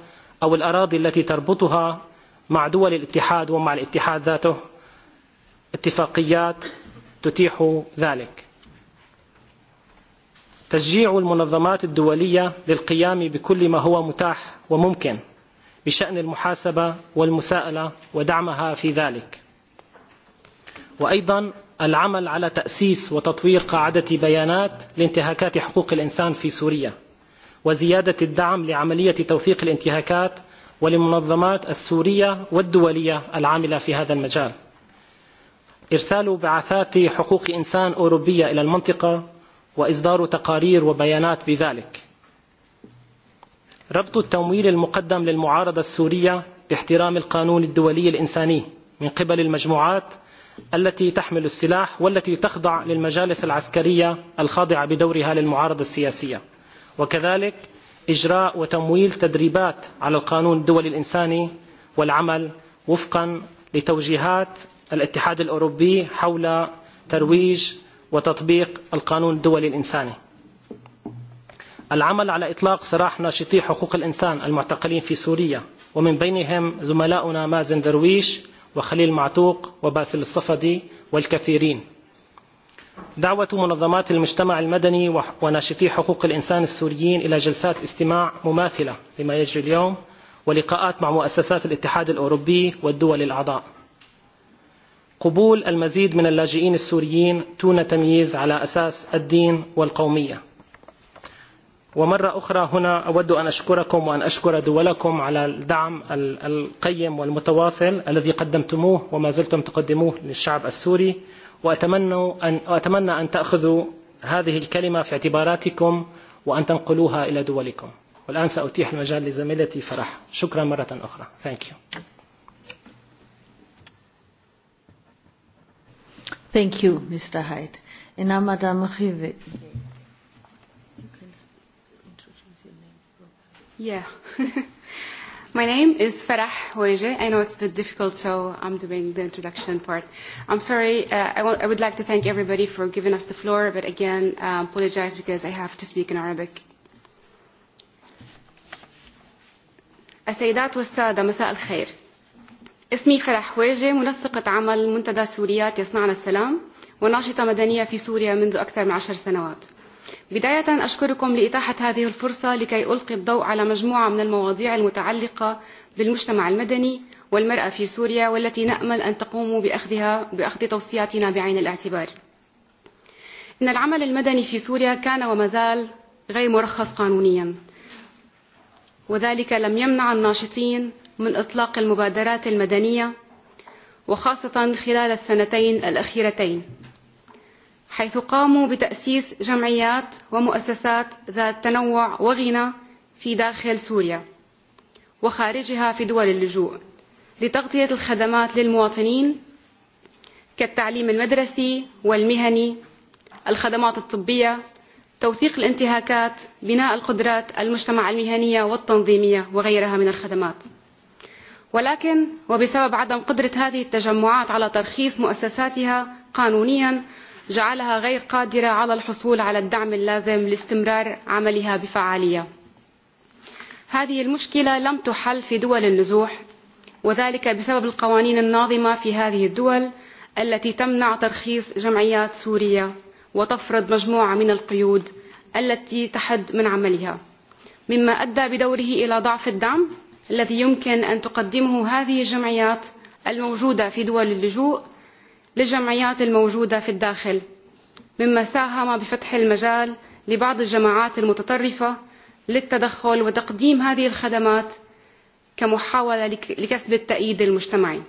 أو الأراضي التي تربطها مع دول الاتحاد ومع الاتحاد ذاته اتفاقيات تتيح ذلك تشجيع المنظمات الدولية للقيام بكل ما هو متاح وممكن بشأن المحاسبة والمساءلة ودعمها في ذلك وأيضا العمل على تأسيس وتطوير قاعدة بيانات لانتهاكات حقوق الإنسان في سوريا وزيادة الدعم لعملية توثيق الانتهاكات ولمنظمات السورية والدولية العاملة في هذا المجال إرسال بعثات حقوق إنسان أوروبية إلى المنطقة وإصدار تقارير وبيانات بذلك ربط التمويل المقدم للمعارضة السورية باحترام القانون الدولي الإنساني من قبل المجموعات التي تحمل السلاح والتي تخضع للمجالس العسكرية الخاضعة بدورها للمعارضة السياسية وكذلك إجراء وتمويل تدريبات على القانون الدولي الإنساني والعمل وفقا لتوجيهات الاتحاد الأوروبي حول ترويج وتطبيق القانون الدولي الإنساني العمل على إطلاق سراح ناشطي حقوق الإنسان المعتقلين في سوريا ومن بينهم زملاؤنا مازن درويش وخليل معتوق وباسل الصفدي والكثيرين دعوة منظمات المجتمع المدني وناشطي حقوق الإنسان السوريين إلى جلسات استماع مماثلة لما يجري اليوم ولقاءات مع مؤسسات الاتحاد الأوروبي والدول الأعضاء قبول المزيد من اللاجئين السوريين دون تمييز على أساس الدين والقومية ومرة أخرى هنا أود أن أشكركم وأن أشكر دولكم على الدعم القيم والمتواصل الذي قدمتموه وما زلتم تقدموه للشعب السوري وأتمنى أن, وأتمنى أن تأخذوا هذه الكلمة في اعتباراتكم وأن تنقلوها إلى دولكم والآن سأتيح المجال لزميلتي فرح شكرا مرة أخرى Thank you. Thank you, Mr. Hyde. And now, Madame Yeah. My name is Farah Hoije. I know it's a bit difficult, so I'm doing the introduction part. I'm sorry. I would like to thank everybody for giving us the floor, but again, I apologize because I have to speak in Arabic. السيدات والسادة مساء الخير اسمي فرح واجه منسقة عمل منتدى سوريات يصنعنا السلام وناشطة مدنية في سوريا منذ أكثر من عشر سنوات بداية أشكركم لإتاحة هذه الفرصة لكي ألقي الضوء على مجموعة من المواضيع المتعلقة بالمجتمع المدني والمرأة في سوريا والتي نأمل أن تقوموا بأخذها بأخذ توصياتنا بعين الاعتبار إن العمل المدني في سوريا كان وما زال غير مرخص قانونيا وذلك لم يمنع الناشطين من إطلاق المبادرات المدنية وخاصة خلال السنتين الأخيرتين حيث قاموا بتأسيس جمعيات ومؤسسات ذات تنوع وغنى في داخل سوريا وخارجها في دول اللجوء لتغطية الخدمات للمواطنين كالتعليم المدرسي والمهني الخدمات الطبية توثيق الانتهاكات بناء القدرات المجتمع المهنية والتنظيمية وغيرها من الخدمات ولكن وبسبب عدم قدرة هذه التجمعات على ترخيص مؤسساتها قانونيا جعلها غير قادرة على الحصول على الدعم اللازم لاستمرار عملها بفعالية هذه المشكلة لم تحل في دول النزوح وذلك بسبب القوانين الناظمة في هذه الدول التي تمنع ترخيص جمعيات سورية وتفرض مجموعة من القيود التي تحد من عملها مما أدى بدوره إلى ضعف الدعم الذي يمكن أن تقدمه هذه الجمعيات الموجودة في دول اللجوء للجمعيات الموجودة في الداخل مما ساهم بفتح المجال لبعض الجماعات المتطرفة للتدخل وتقديم هذه الخدمات كمحاولة لكسب التأييد المجتمعي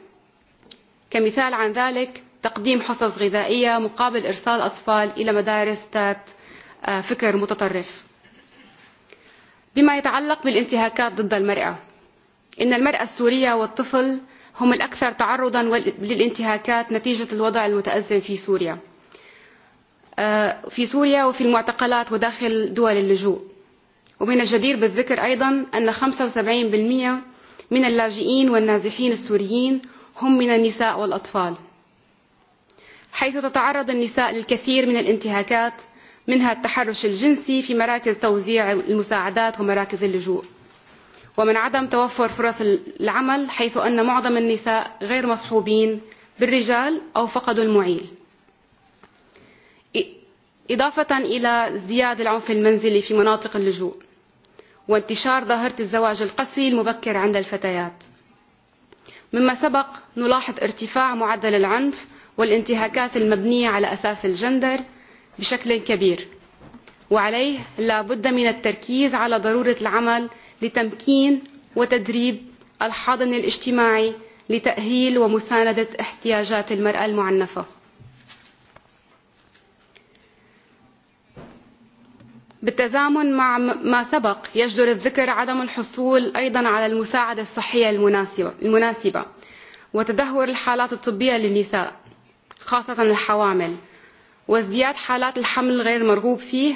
كمثال عن ذلك تقديم حصص غذائية مقابل إرسال أطفال إلى مدارس ذات فكر متطرف بما يتعلق بالانتهاكات ضد المرأة إن المراه السوريه والطفل هم الأكثر تعرضا للانتهاكات نتيجه الوضع المتأزم في سوريا في سوريا وفي المعتقلات وداخل دول اللجوء ومن الجدير بالذكر أيضا أن 75% من اللاجئين والنازحين السوريين هم من النساء والأطفال حيث تتعرض النساء للكثير من الانتهاكات منها التحرش الجنسي في مراكز توزيع المساعدات ومراكز اللجوء ومن عدم توفر فرص العمل حيث أن معظم النساء غير مصحوبين بالرجال أو فقدوا المعيل إضافة إلى ازدياد العنف المنزلي في مناطق اللجوء وانتشار ظاهرة الزواج القسري المبكر عند الفتيات مما سبق نلاحظ ارتفاع معدل العنف والانتهاكات المبنية على أساس الجندر بشكل كبير وعليه لا بد من التركيز على ضرورة العمل لتمكين وتدريب الحاضن الاجتماعي لتأهيل ومساندة احتياجات المرأة المعنفة بالتزامن مع ما سبق يجدر الذكر عدم الحصول أيضا على المساعدة الصحية المناسبة وتدهور الحالات الطبية للنساء خاصة الحوامل وازدياد حالات الحمل غير مرغوب فيه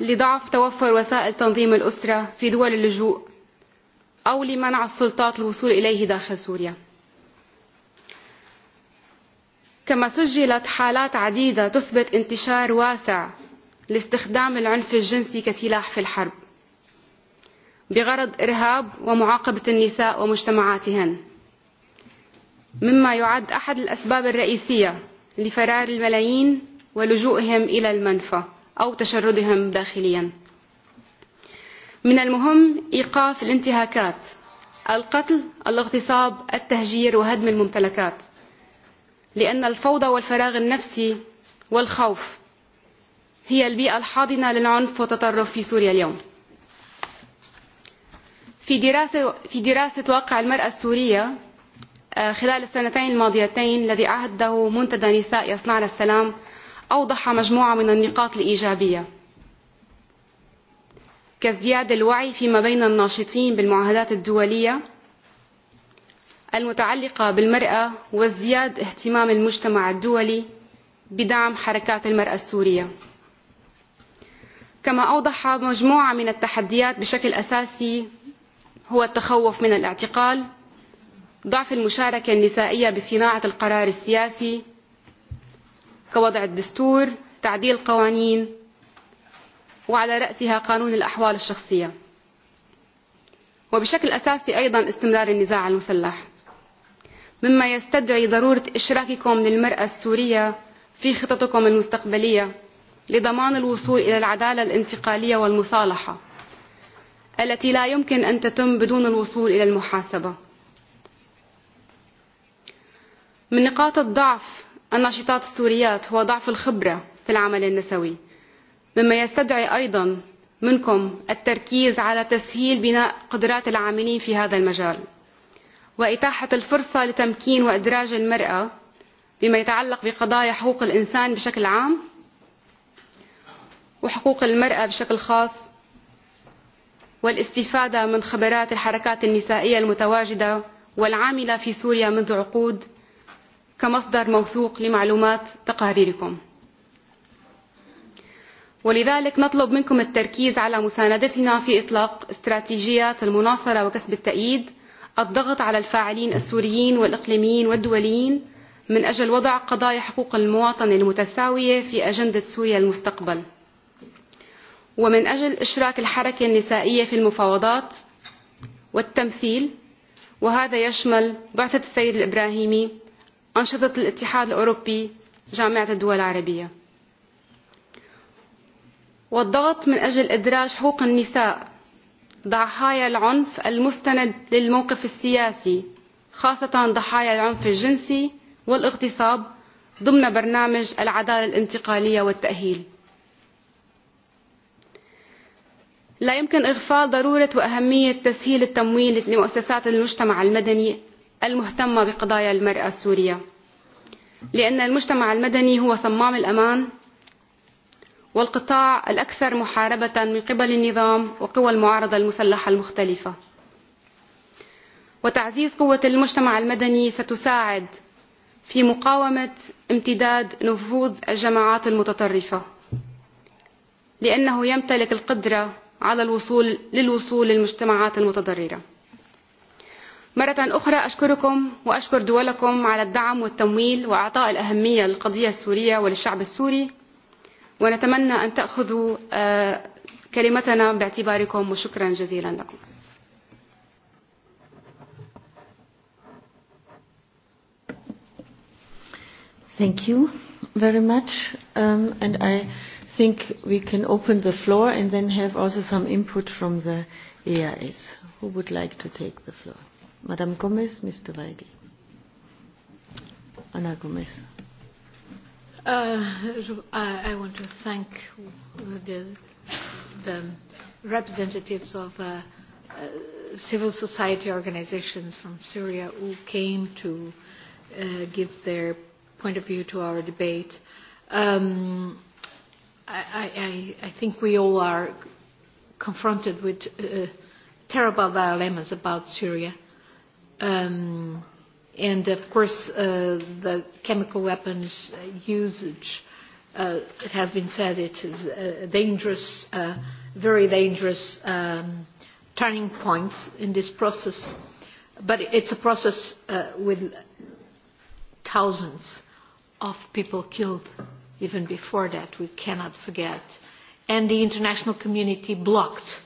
لضعف توفر وسائل تنظيم الأسرة في دول اللجوء أو لمنع السلطات الوصول إليه داخل سوريا كما سجلت حالات عديدة تثبت انتشار واسع لاستخدام العنف الجنسي كسلاح في الحرب بغرض إرهاب ومعاقبة النساء ومجتمعاتهن مما يعد أحد الأسباب الرئيسية لفرار الملايين ولجوئهم إلى المنفى أو تشردهم داخليا من المهم إيقاف الانتهاكات القتل الاغتصاب التهجير وهدم الممتلكات لأن الفوضى والفراغ النفسي والخوف هي البيئة الحاضنة للعنف والتطرف في سوريا اليوم في دراسة, في دراسة واقع المرأة السورية خلال السنتين الماضيتين الذي عهده منتدى نساء يصنعن السلام أوضح مجموعة من النقاط الإيجابية كازدياد الوعي فيما بين الناشطين بالمعاهدات الدولية المتعلقة بالمرأة وازدياد اهتمام المجتمع الدولي بدعم حركات المرأة السورية كما أوضح مجموعة من التحديات بشكل أساسي هو التخوف من الاعتقال ضعف المشاركة النسائية بصناعة القرار السياسي كوضع الدستور تعديل قوانين وعلى رأسها قانون الأحوال الشخصية وبشكل أساسي أيضا استمرار النزاع المسلح مما يستدعي ضرورة إشراككم للمرأة السورية في خططكم المستقبلية لضمان الوصول إلى العدالة الانتقالية والمصالحة التي لا يمكن أن تتم بدون الوصول إلى المحاسبة من نقاط الضعف النشطات السوريات هو ضعف الخبرة في العمل النسوي مما يستدعي أيضا منكم التركيز على تسهيل بناء قدرات العاملين في هذا المجال وإتاحة الفرصة لتمكين وإدراج المرأة بما يتعلق بقضايا حقوق الإنسان بشكل عام وحقوق المرأة بشكل خاص والاستفادة من خبرات الحركات النسائية المتواجدة والعاملة في سوريا منذ عقود كمصدر موثوق لمعلومات تقاريركم ولذلك نطلب منكم التركيز على مساندتنا في إطلاق استراتيجيات المناصرة وكسب التأييد الضغط على الفاعلين السوريين والإقليميين والدوليين من أجل وضع قضايا حقوق المواطن المتساوية في أجندة سوريا المستقبل ومن أجل إشراك الحركة النسائية في المفاوضات والتمثيل وهذا يشمل بعثة السيد الإبراهيمي أنشطة الاتحاد الأوروبي جامعة الدول العربية والضغط من أجل إدراج حقوق النساء ضحايا العنف المستند للموقف السياسي خاصة ضحايا العنف الجنسي والاغتصاب ضمن برنامج العدالة الانتقالية والتأهيل لا يمكن إغفال ضرورة وأهمية تسهيل التمويل لمؤسسات المجتمع المدني المهتمة بقضايا المرأة السورية لأن المجتمع المدني هو صمام الأمان والقطاع الأكثر محاربة من قبل النظام وقوى المعارضة المسلحة المختلفة وتعزيز قوة المجتمع المدني ستساعد في مقاومة امتداد نفوذ الجماعات المتطرفة لأنه يمتلك القدرة على الوصول للوصول للمجتمعات المتضررة مرة أخرى أشكركم وأشكر دولكم على الدعم والتمويل وإعطاء الأهمية للقضية السورية وللشعب السوري ونتمنى أن تأخذوا كلمتنا باعتباركم وشكرا جزيلا لكم Thank you very much. Um, and I think we can open the floor and then have also some input from the EAS. Who would like to take the floor? Madame Gomez, Mr. Weigel. Anna Gomez. I want to thank the representatives of civil society organizations from Syria who came to give their point of view to our debate. I think we all are confronted with terrible dilemmas about Syria And of course, the chemical weapons usage, it has been said, it is a dangerous, very dangerous turning point in this process. But it's a process with thousands of people killed even before that. We cannot forget. And the international community blocked,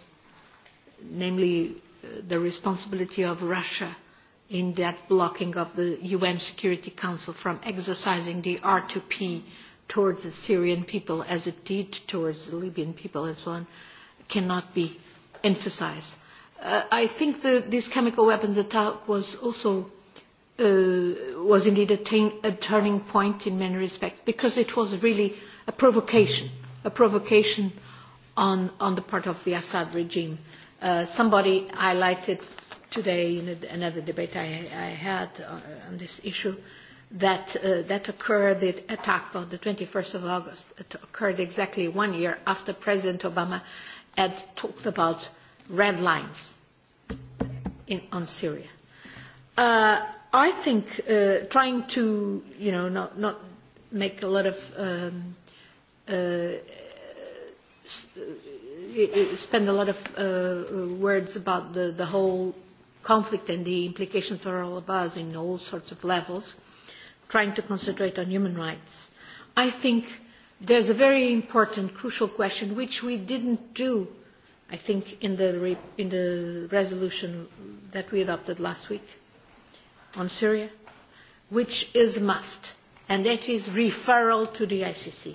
namely the responsibility of Russia in that blocking of the UN Security Council from exercising the R2P towards the Syrian people as it did towards the Libyan people and so on cannot be emphasized. I think that this chemical weapons attack was also was indeed a turning point in many respects because it was really a provocation, a provocation on the part of the Assad regime. Somebody highlighted today in another debate I had on this issue that that occurred the attack on the 21st of August. It occurred exactly one year after President Obama had talked about red lines in on Syria. I think trying to, you know, not not make a lot of spend a lot of words about the the whole conflict and the implications for all of us in all sorts of levels, trying to concentrate on human rights. I think there's a very important, crucial question, which we didn't do, I think, in the resolution that we adopted last week on Syria, which is a must, and that is referral to the ICC.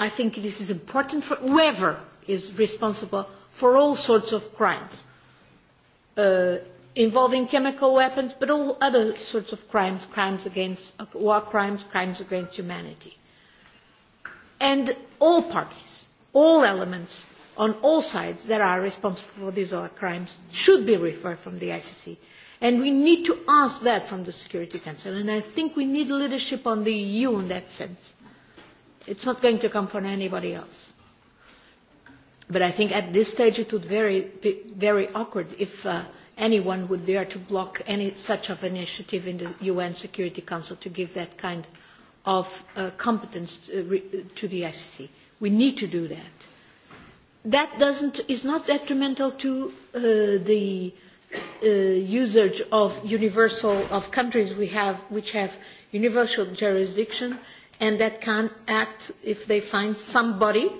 I think this is important for whoever is responsible for all sorts of crimes involving chemical weapons, but all other sorts of crimes, crimes against war crimes, crimes against humanity. And all parties, all elements on all sides that are responsible for these crimes should be referred from the ICC. And we need to ask that from the Security Council. And I think we need leadership on the EU in that sense. It's not going to come from anybody else. But I think at this stage it would be very awkward if anyone would dare to block any such of initiative in the UN Security Council to give that kind of competence to the ICC. We need to do that. That doesn't is not detrimental to the usage of universal of countries we have which have universal jurisdiction and that can act if they find somebody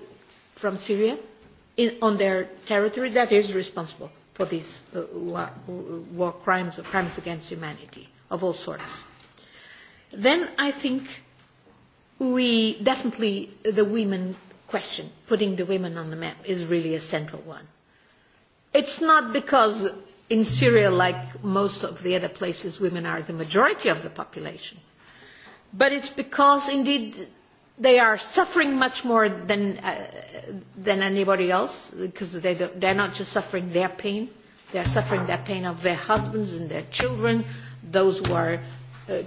from Syria on their territory that is responsible for these war crimes or crimes against humanity of all sorts. Then I think we definitely the women question, putting the women on the map, is really a central one. It's not because in Syria, like most of the other places, women are the majority of the population, but it's because indeed they are suffering much more than than anybody else because they they're not just suffering their pain they are suffering the pain of their husbands and their children those who are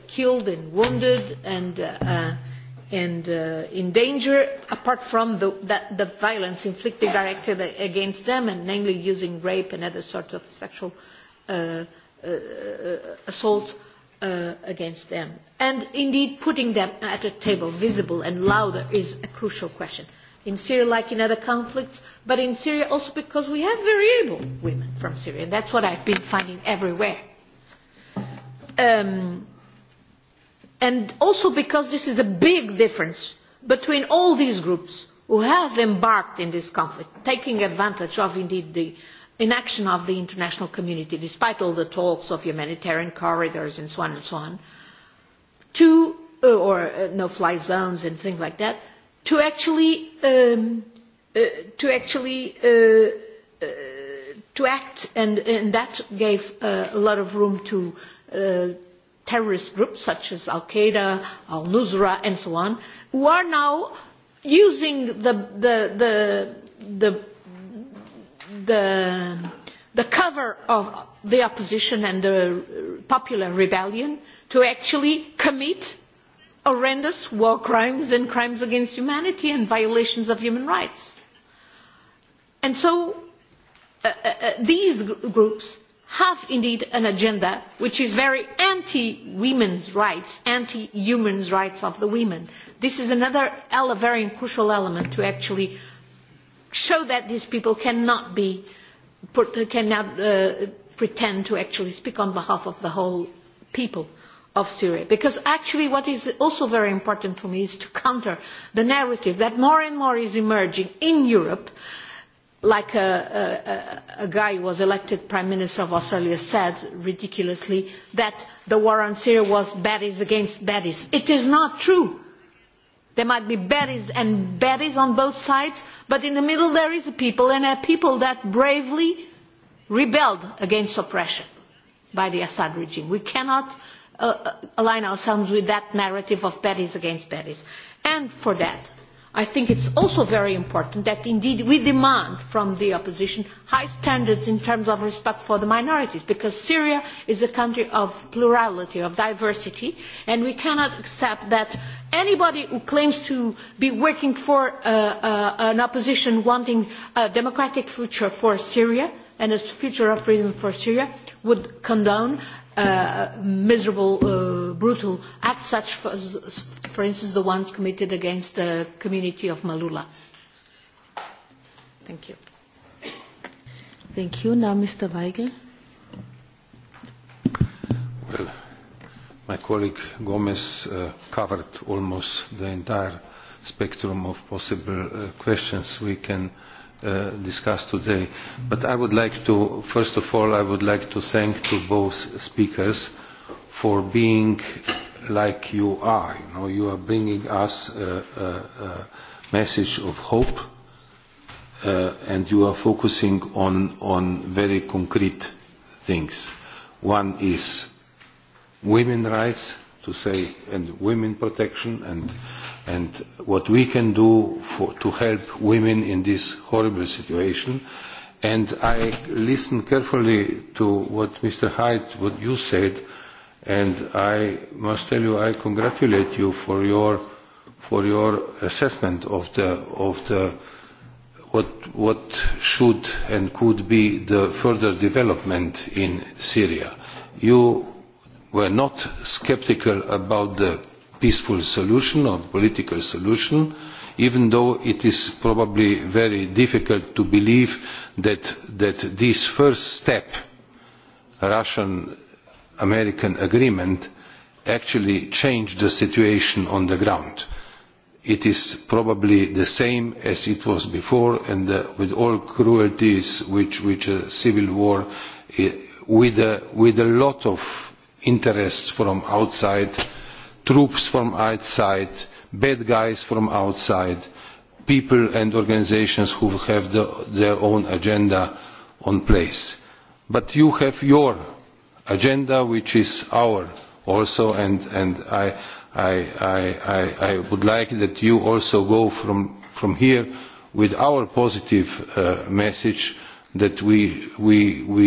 killed and wounded and and in danger apart from the violence inflicted directly against them and namely using rape and other sorts of sexual assault against them. And indeed, putting them at a table, visible and louder, is a crucial question. In Syria, like in other conflicts, but in Syria also because we have very able women from Syria. And that's what I've been finding everywhere. And also because this is a big difference between all these groups who have embarked in this conflict, taking advantage of, indeed, the inaction of the international community, despite all the talks of humanitarian corridors and so on and so on, to or no-fly zones and things like that, to actually to actually to act and that gave a lot of room to terrorist groups such as Al Qaeda, Al Nusra and so on, who are now using the the the the cover of the opposition and the popular rebellion to actually commit horrendous war crimes and crimes against humanity and violations of human rights. And so these groups have indeed an agenda which is very anti women's rights, anti human rights of the women. This is another very crucial element to actually show that these people cannot be cannot pretend to actually speak on behalf of the whole people of Syria. Because actually what is also very important for me is to counter the narrative that more and more is emerging in Europe, like a guy who was elected Prime Minister of Australia said ridiculously, that the war on Syria was baddies against baddies. It is not true There might be baddies and baddies on both sides, but in the middle there is a people and a people that bravely rebelled against oppression by the Assad regime. We cannot align ourselves with that narrative of baddies against baddies. And for that, I think it is also very important that we demand from the opposition high standards in terms of respect for the minorities because Syria is a country of plurality, of diversity and we cannot accept that anybody who claims to be working for an opposition wanting a democratic future for Syria and a future of freedom for Syria would condone miserable, brutal acts, such for instance the ones committed against the community of Malula. Thank you. Thank you. Now, Mr. Weigel. Well, my colleague Gomez covered almost the entire spectrum of possible questions we can discussed today. But I would like to, first of all, I would like to thank to both speakers for being like you are. You are bringing us a message of hope, and you are focusing on on very concrete things. One is women's rights, to say, and women protection and and what we can do to help women in this horrible situation. And I listened carefully to what Mr. Hyde, what you said, and I must tell you I congratulate you for your for your assessment of the of the what what should and could be the further development in Syria. You were not sceptical about the peaceful solution or political solution even though it is probably very difficult to believe that this first step russian american agreement actually changed the situation on the ground. it is probably the same as it was before and with all cruelties which a civil war with a lot of interest from outside troops from outside, bad guys from outside, people and organisations who have their own agenda on place. But you have your agenda, which is our also, and I would like that you also go from here with our positive message that we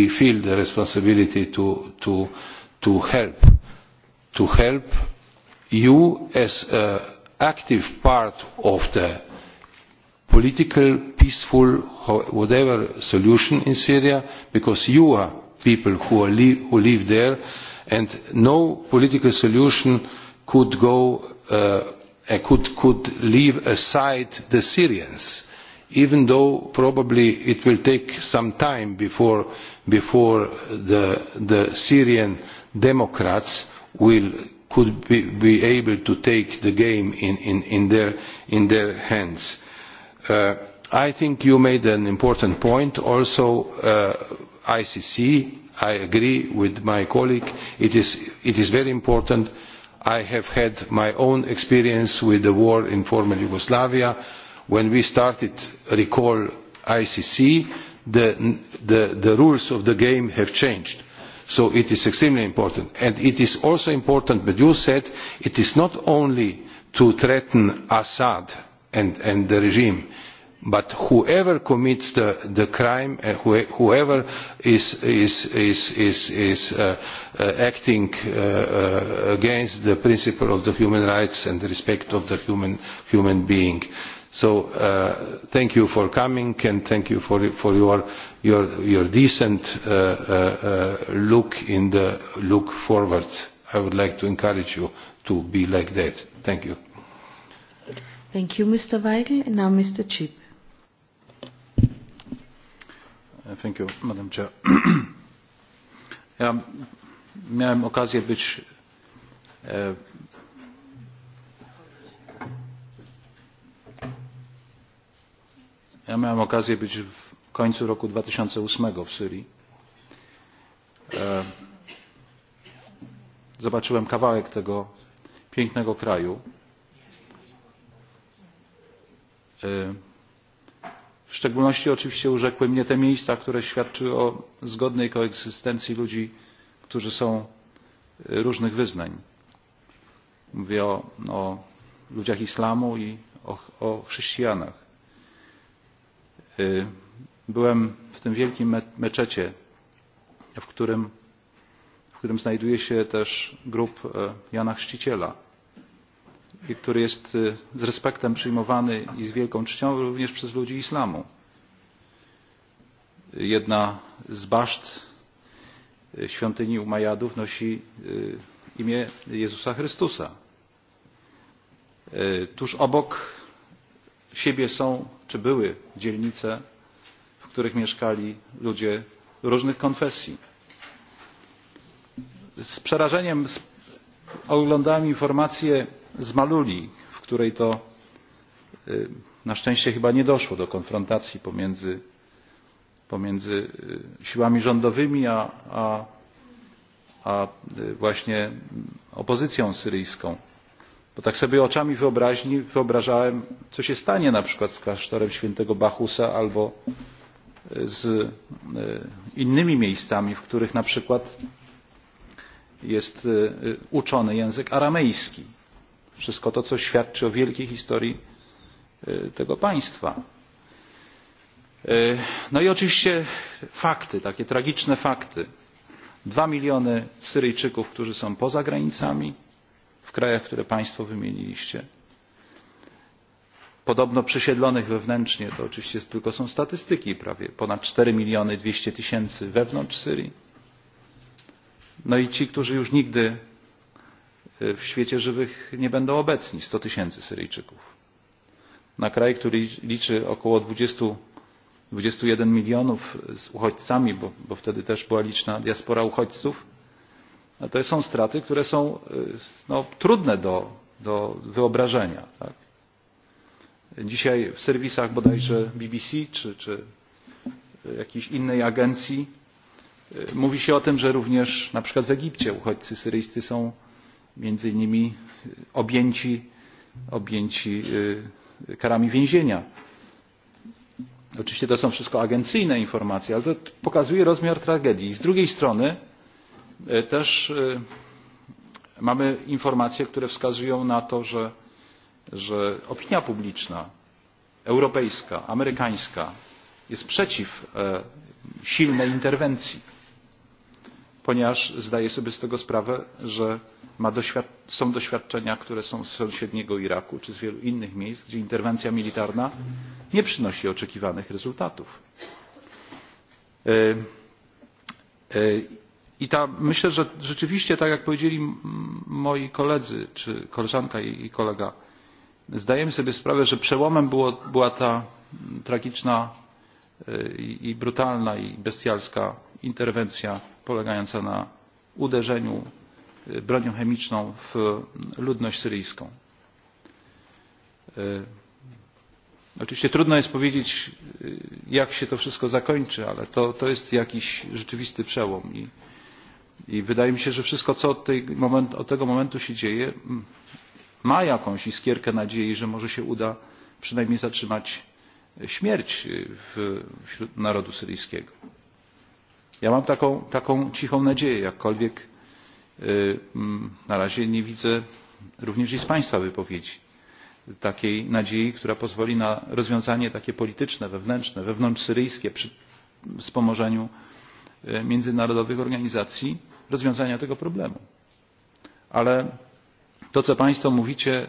feel the responsibility to help, to help you as an active part of the political, peaceful, whatever solution in Syria, because you are people who live there, and no political solution could go could leave aside the Syrians, even though probably it will take some time before the Syrian Democrats will could be able to take the game in their hands. I think you made an important point also ICC I agree with my colleague it is very important. I have had my own experience with the war in former Yugoslavia. When we started recall ICC the rules of the game have changed So it is extremely important. And it is also important, but you said, it is not only to threaten Assad and the regime, but whoever commits the crime, and whoever is acting against the principle of human rights and respect of the human being. So thank you for coming and thank you for your decent look in the look forward. I would like to encourage you to be like that. Thank you. Thank you, Mr. Weigel. And now Mr. Chip. Thank you, Madam Chair. Ja miałem okazję być Ja miałem okazję być w końcu roku 2008 w Syrii. Zobaczyłem kawałek tego pięknego kraju. W szczególności oczywiście urzekły mnie te miejsca, które świadczyły o zgodnej koegzystencji ludzi, którzy są różnych wyznań. Mówię o ludziach islamu i o chrześcijanach byłem w tym wielkim meczecie w którym znajduje się też grup jana chrzciciela i który jest z respektem przyjmowany i z wielką czcią również przez ludzi islamu. jedna z baszt świątyni umajadów nosi imię jezusa chrystusa. tuż obok siebie są czy były dzielnice, w których mieszkali ludzie różnych konfesji. Z przerażeniem oglądałem informację z Maluli, w której to na szczęście chyba nie doszło do konfrontacji pomiędzy pomiędzy siłami rządowymi a właśnie opozycją syryjską Bo tak sobie oczami wyobraźni wyobrażałem, co się stanie na przykład z klasztorem świętego Bachusa albo z innymi miejscami, w których na przykład jest uczony język aramejski. Wszystko to, co świadczy o wielkiej historii tego państwa. No i oczywiście fakty, takie tragiczne fakty. Dwa miliony Syryjczyków, którzy są poza granicami, krajach które państwo wymieniliście podobno przesiedlonych wewnętrznie to oczywiście tylko są statystyki prawie ponad cztery miliony dwieście tysięcy wewnątrz syrii no i ci którzy już nigdy w świecie żywych nie będą obecni sto tysięcy syryjczyków na kraj który liczy około dwadzieścia jeden milionów z uchodźcami bo wtedy też była liczna diaspora uchodźców to są straty, które są trudne do wyobrażenia. Dzisiaj w serwisach bodajże BBC czy jakiejś innej agencji mówi się o tym, że również na przykład w Egipcie uchodźcy syryjscy są między innymi objęci karami więzienia. Oczywiście to są wszystko agencyjne informacje, ale to pokazuje rozmiar tragedii. Z drugiej strony Też mamy informacje, które wskazują na to, że opinia publiczna europejska, amerykańska jest przeciw silnej interwencji, ponieważ zdaje sobie z tego sprawę, że są doświadczenia, które są z sąsiedniego Iraku czy z wielu innych miejsc, gdzie interwencja militarna nie przynosi oczekiwanych rezultatów. I myślę, że rzeczywiście, tak jak powiedzieli moi koledzy, czy koleżanka i kolega, zdajemy sobie sprawę, że przełomem była ta tragiczna i brutalna i bestialska interwencja polegająca na uderzeniu bronią chemiczną w ludność syryjską. Oczywiście trudno jest powiedzieć, jak się to wszystko zakończy, ale to jest jakiś rzeczywisty przełom I wydaje mi się, że wszystko, co od tego momentu się dzieje, ma jakąś iskierkę nadziei, że może się uda przynajmniej zatrzymać śmierć wśród narodu syryjskiego. Ja mam taką cichą nadzieję, jakkolwiek na razie nie widzę również i z Państwa wypowiedzi takiej nadziei, która pozwoli na rozwiązanie takie polityczne, wewnętrzne, wewnątrz syryjskie przy wspomożeniu międzynarodowych organizacji rozwiązania tego problemu. Ale to, co Państwo mówicie,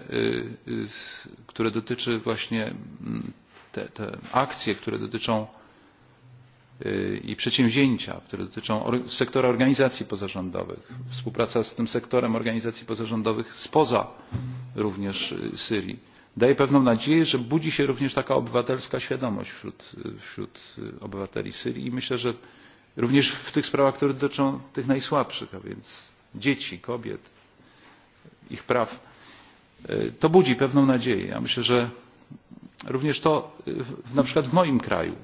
które dotyczy właśnie te akcje, które dotyczą i przedsięwzięcia, które dotyczą sektora organizacji pozarządowych, współpraca z tym sektorem organizacji pozarządowych spoza również Syrii, daje pewną nadzieję, że budzi się również taka obywatelska świadomość wśród obywateli Syrii i myślę, że również w tych sprawach, które dotyczą tych najsłabszych, a więc dzieci, kobiet, ich praw. To budzi pewną nadzieję. Ja myślę, że również to na przykład w moim kraju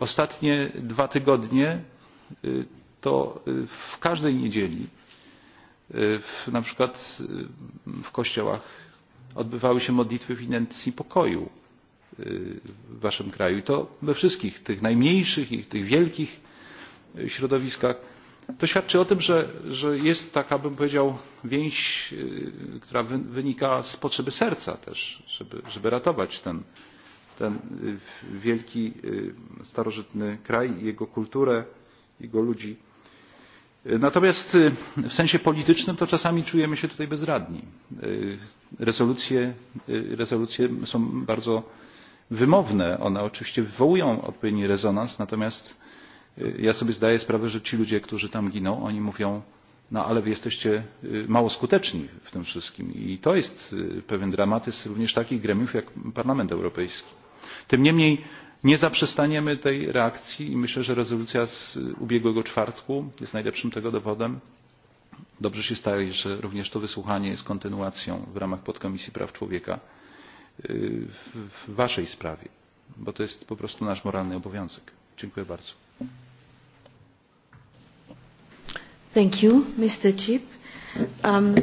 ostatnie dwa tygodnie to w każdej niedzieli na przykład w kościołach odbywały się modlitwy w intencji pokoju w waszym kraju i to we wszystkich tych najmniejszych i tych wielkich środowiskach to świadczy o tym że jest taka bym powiedział więź która wynika z potrzeby serca też żeby ratować ten wielki starożytny kraj jego kulturę jego ludzi. natomiast w sensie politycznym to czasami czujemy się tutaj bezradni. rezolucje są bardzo wymowne. One oczywiście wywołują odpowiedni rezonans, natomiast ja sobie zdaję sprawę, że ci ludzie, którzy tam giną, oni mówią, no ale wy jesteście mało skuteczni w tym wszystkim. I to jest pewien dramatyzm również takich gremiów jak Parlament Europejski. Tym niemniej nie zaprzestaniemy tej reakcji i myślę, że rezolucja z ubiegłego czwartku jest najlepszym tego dowodem. Dobrze się staje, że również to wysłuchanie jest kontynuacją w ramach Podkomisji Praw Człowieka w Waszej sprawie, bo to jest po prostu nasz moralny obowiązek. Dziękuję bardzo. Thank you, Mr. Chip. Um,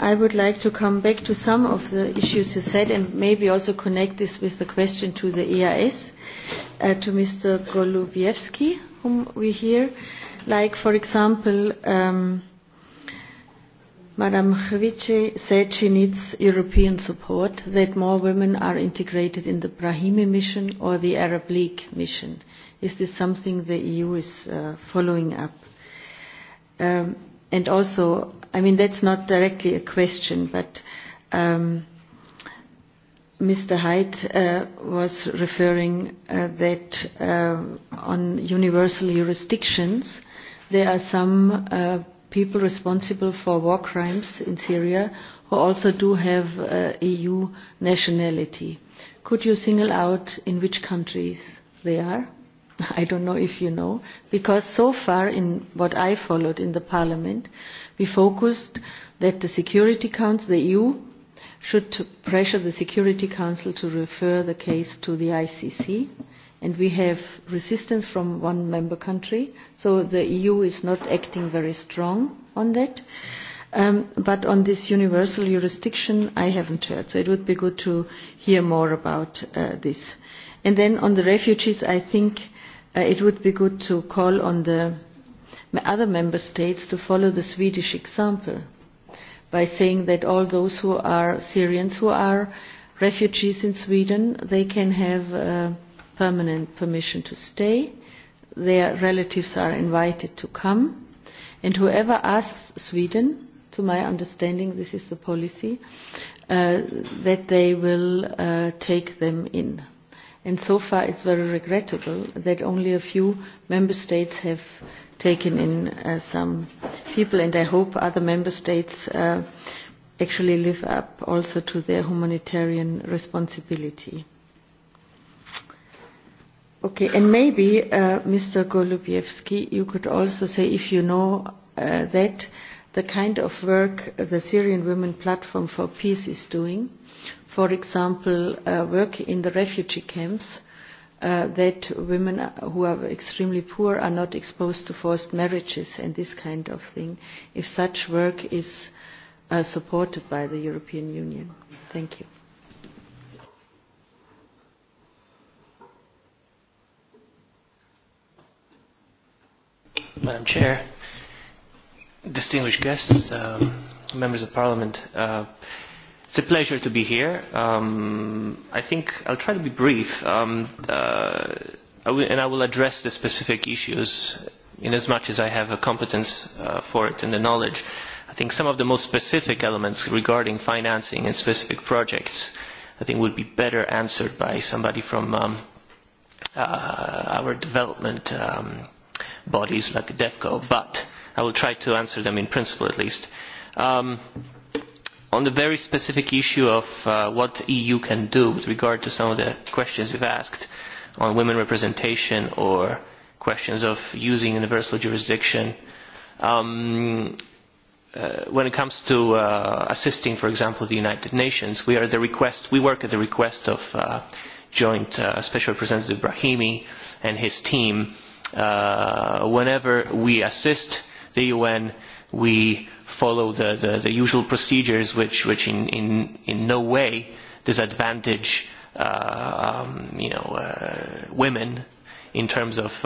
I would like to come back to some of the issues you said and maybe also connect this with the question to the EIS, uh, to Mr. Golubiewski, whom we hear. Like, for example, um, Madam Khvice said she needs European support that more women are integrated in the Brahimi mission or the Arab League mission. Is this something the EU is following up? And also, I mean, that's not directly a question, but Mr. Haidt was referring that on universal jurisdictions, there are some people responsible for war crimes in Syria who also do have EU nationality. Could you single out in which countries they are? I don't know if you know, because so far in what I followed in the Parliament, we focused that the Security Council, the EU, should pressure the Security Council to refer the case to the ICC and we have resistance from one member country, so the EU is not acting very strong on that. But on this universal jurisdiction, I haven't heard, so it would be good to hear more about this. And then on the refugees, I think it would be good to call on the other member states to follow the Swedish example by saying that all those who are Syrians who are refugees in Sweden, they can have permanent permission to stay. Their relatives are invited to come. And whoever asks Sweden, to my understanding this is the policy, that they will take them in. And so far it's very regrettable that only a few member states have taken in some people and I hope other member states actually live up also to their humanitarian responsibility. Okay, and maybe, Mr. Golubievsky, you could also say, if you know that, the kind of work the Syrian Women Platform for Peace is doing, for example, work in the refugee camps, that women who are extremely poor are not exposed to forced marriages and this kind of thing, if such work is supported by the European Union. Thank you. Madam Chair, distinguished guests, members of Parliament, it's a pleasure to be here. I think I'll try to be brief, and I will address the specific issues in as much as I have a competence for it and the knowledge. I think some of the most specific elements regarding financing and specific projects, I think would be better answered by somebody from our development bodies like DEFCO, but I will try to answer them in principle at least. On the very specific issue of what the EU can do with regard to some of the questions you've asked on women representation or questions of using universal jurisdiction, when it comes to assisting, for example, the United Nations, we are the request we work at the request of Joint Special Representative Brahimi and his team whenever we assist the UN, we follow the usual procedures which in no way disadvantage women in terms of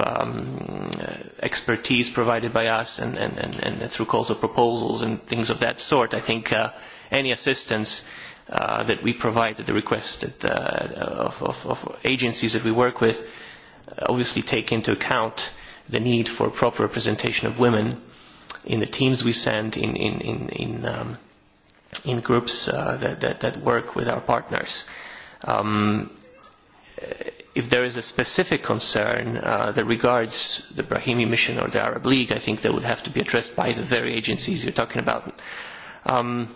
expertise provided by us and through calls of proposals and things of that sort. I think any assistance that we provide at the request of agencies that we work with obviously take into account the need for proper representation of women in the teams we send in in in in um in groups that that that work with our partners um if there is a specific concern that regards the Brahimi mission or the Arab League i think that would have to be addressed by the very agencies you're talking about um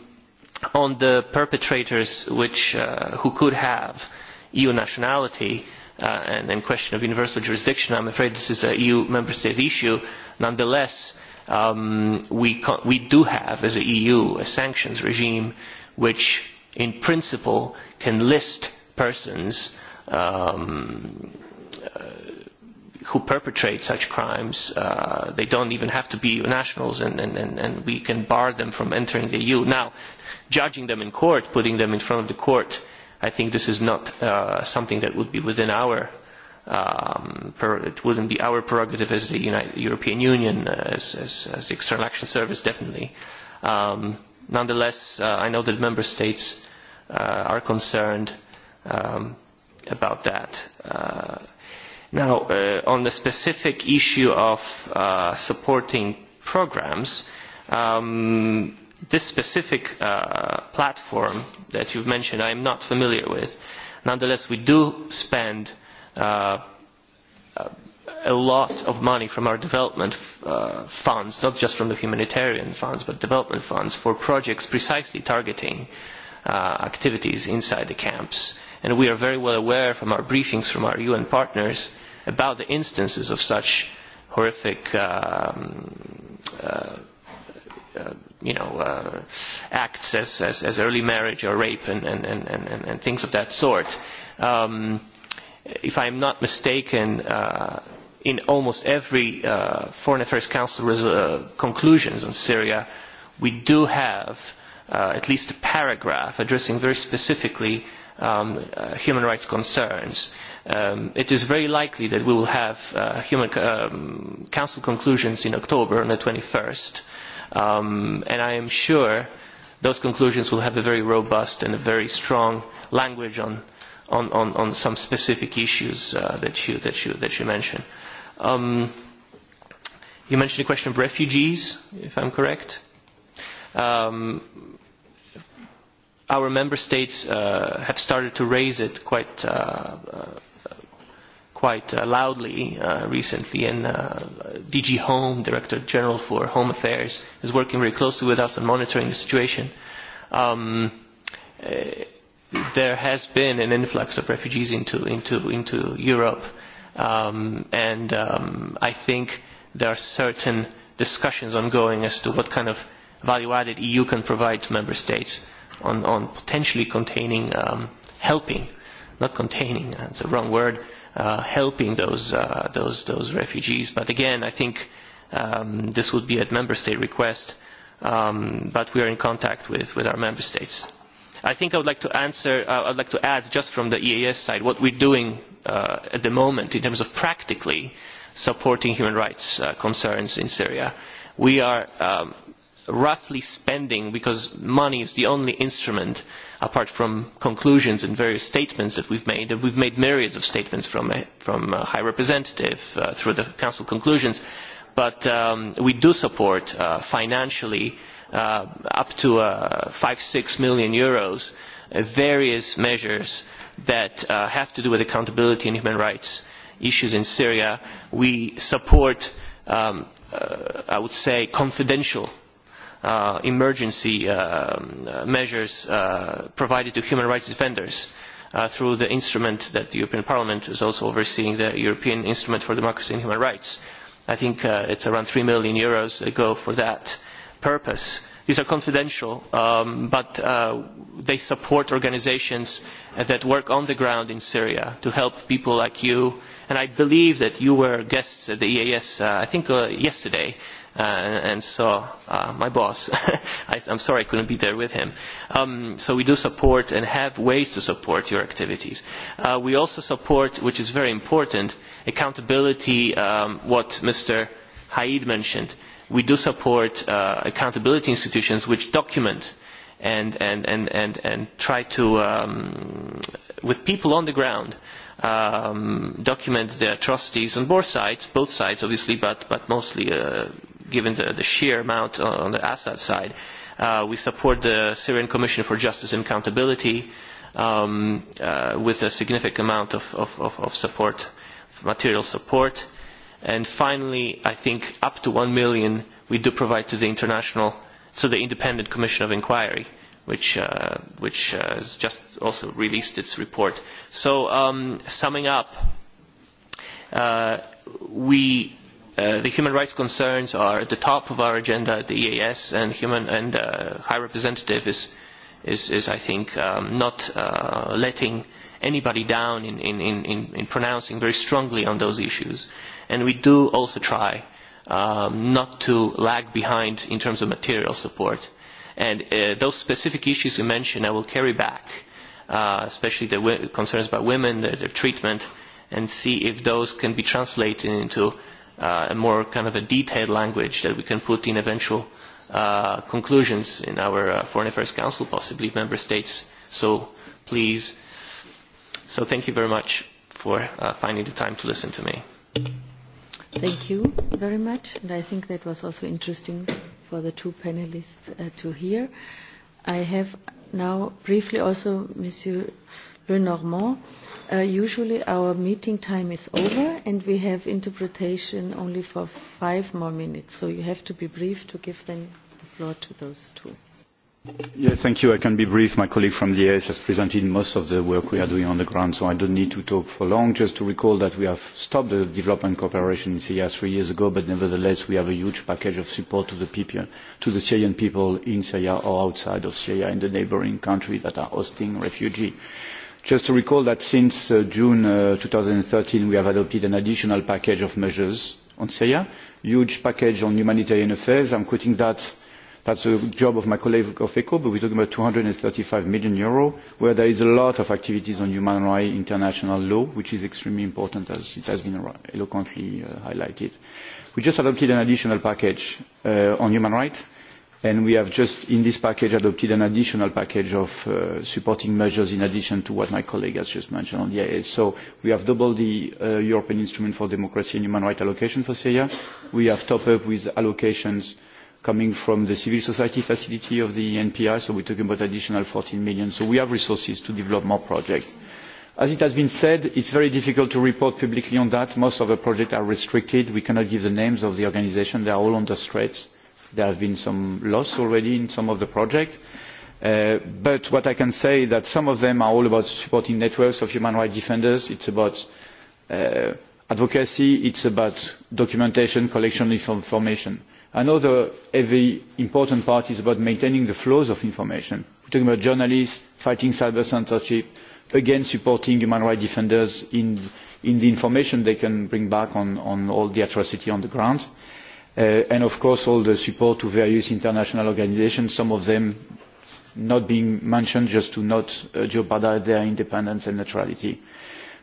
on the perpetrators which who could have eu nationality and question of universal jurisdiction. I'm afraid this is a EU member state issue. Nonetheless, we do have, as an EU, a sanctions regime which, in principle, can list persons who perpetrate such crimes. They don't even have to be EU nationals, and we can bar them from entering the EU. Now, judging them in court, putting them in front of the court, I think this is not something that would be within our it wouldn't be our prerogative as the European Union, as, as, as the External Action Service, definitely. Um, nonetheless, I know that member states are concerned um, about that. now, on the specific issue of supporting programs, um, this specific platform that you've mentioned, I am not familiar with. Nonetheless, we do spend a lot of money from our development funds, not just from the humanitarian funds, but development funds, for projects precisely targeting activities inside the camps. And we are very well aware from our briefings from our UN partners about the instances of such horrific you know, acts as, as, early marriage or rape and, and, and, things of that sort. Um, if am not mistaken, in almost every Foreign Affairs Council conclusions on Syria, we do have at least a paragraph addressing very specifically human rights concerns. it is very likely that we will have human council conclusions in October on the 21st and I am sure those conclusions will have a very robust and a very strong language on on on on some specific issues that you that you that you mentioned. You mentioned the question of refugees, if I'm correct. Our member states have started to raise it quite quite loudly recently and DG Home, Director General for Home Affairs, is working very closely with us on monitoring the situation. There has been an influx of refugees into into into Europe and I think there are certain discussions ongoing as to what kind of value added EU can provide to Member States on potentially containing helping not containing, that's a wrong word, uh helping those uh those those refugees. But again, I think this would be at member state request, um but we are in contact with with our member states. I think I would like to answer. I would like to add just from the EAS side what we're doing at the moment in terms of practically supporting human rights concerns in Syria. We are roughly spending because money is the only instrument apart from conclusions and various statements that we've made, we we've made myriads of statements from High Representative through the Council conclusions, but we do support financially up to 5-6 million euros various measures that have to do with accountability and human rights issues in Syria. We support, I would say, confidential emergency measures provided to human rights defenders through the instrument that the European Parliament is also overseeing, the European Instrument for Democracy and Human Rights. I think it's around 3 million euros that go for that purpose. These are confidential, but they support organizations that work on the ground in Syria to help people like you. And I believe that you were guests at the EAS, I think yesterday, and saw my boss. I'm sorry I couldn't be there with him. So we do support and have ways to support your activities. We also support, which is very important, accountability, what Mr. Haid mentioned. We do support accountability institutions which document and and and and and try to with people on the ground document the atrocities on both sides both sides obviously but but mostly given the sheer amount on the Assad side. We support the Syrian Commission for Justice and Accountability with a significant amount of support, material support. And finally, I think up to one million we do provide to the international, to the Independent Commission of Inquiry, which has just also released its report. So summing up, we The human rights concerns are at the top of our agenda at the EAS, and High Representative is, I think, not letting anybody down in pronouncing very strongly on those issues. And we do also try not to lag behind in terms of material support. And those specific issues you mentioned, I will carry back, especially the concerns about women, their treatment, and see if those can be translated into a more kind of a detailed language that we can put in eventual conclusions in our Foreign Affairs Council, possibly member states. So please. So thank you very much for finding the time to listen to me. Thank you very much. And I think that was also interesting for the two panelists to hear. I have now briefly also Monsieur Uh, Usually our meeting time is over and we have interpretation only for five more minutes, so you have to be brief to give then the floor to those two. Yes, thank you. I can be brief. My colleague from the EAS has presented most of the work we are doing on the ground, so I don't need to talk for long. Just to recall that we have stopped the development cooperation in Syria three years ago, but nevertheless we have a huge package of support to the people, to the Syrian people in Syria or outside of Syria in the neighbouring country that are hosting refugees. Just to recall that since June 2013 we have adopted an additional package of measures on Syria, huge package on humanitarian affairs. I'm quoting that. That's the job of my colleague of ECO, but we're talking about 235 million where there is a lot of activities on human rights, international law, which is extremely important, as it has been eloquently highlighted. We just adopted an additional package on human rights and we have just in this package adopted an additional package of supporting measures in addition to what my colleague has just mentioned on the EAS. So we have doubled the European Instrument for Democracy and Human Rights allocation for Syria. We have topped up with allocations coming from the civil society facility of the NPR. so we're talking about additional 14 million. So we have resources to develop more projects. As it has been said, it's very difficult to report publicly on that. Most of the projects are restricted. We cannot give the names of the organisations. They are all under threat. There have been some loss already in some of the projects. But what I can say is that some of them are all about supporting networks of human rights defenders. It's about advocacy. It's about documentation, collection of information. Another very important part is about maintaining the flows of information. We're talking about journalists fighting cyber censorship, again supporting human rights defenders in the information they can bring back on all the atrocity on the ground and of course all the support to various international organisations, some of them not being mentioned just to not jeopardise their independence and neutrality.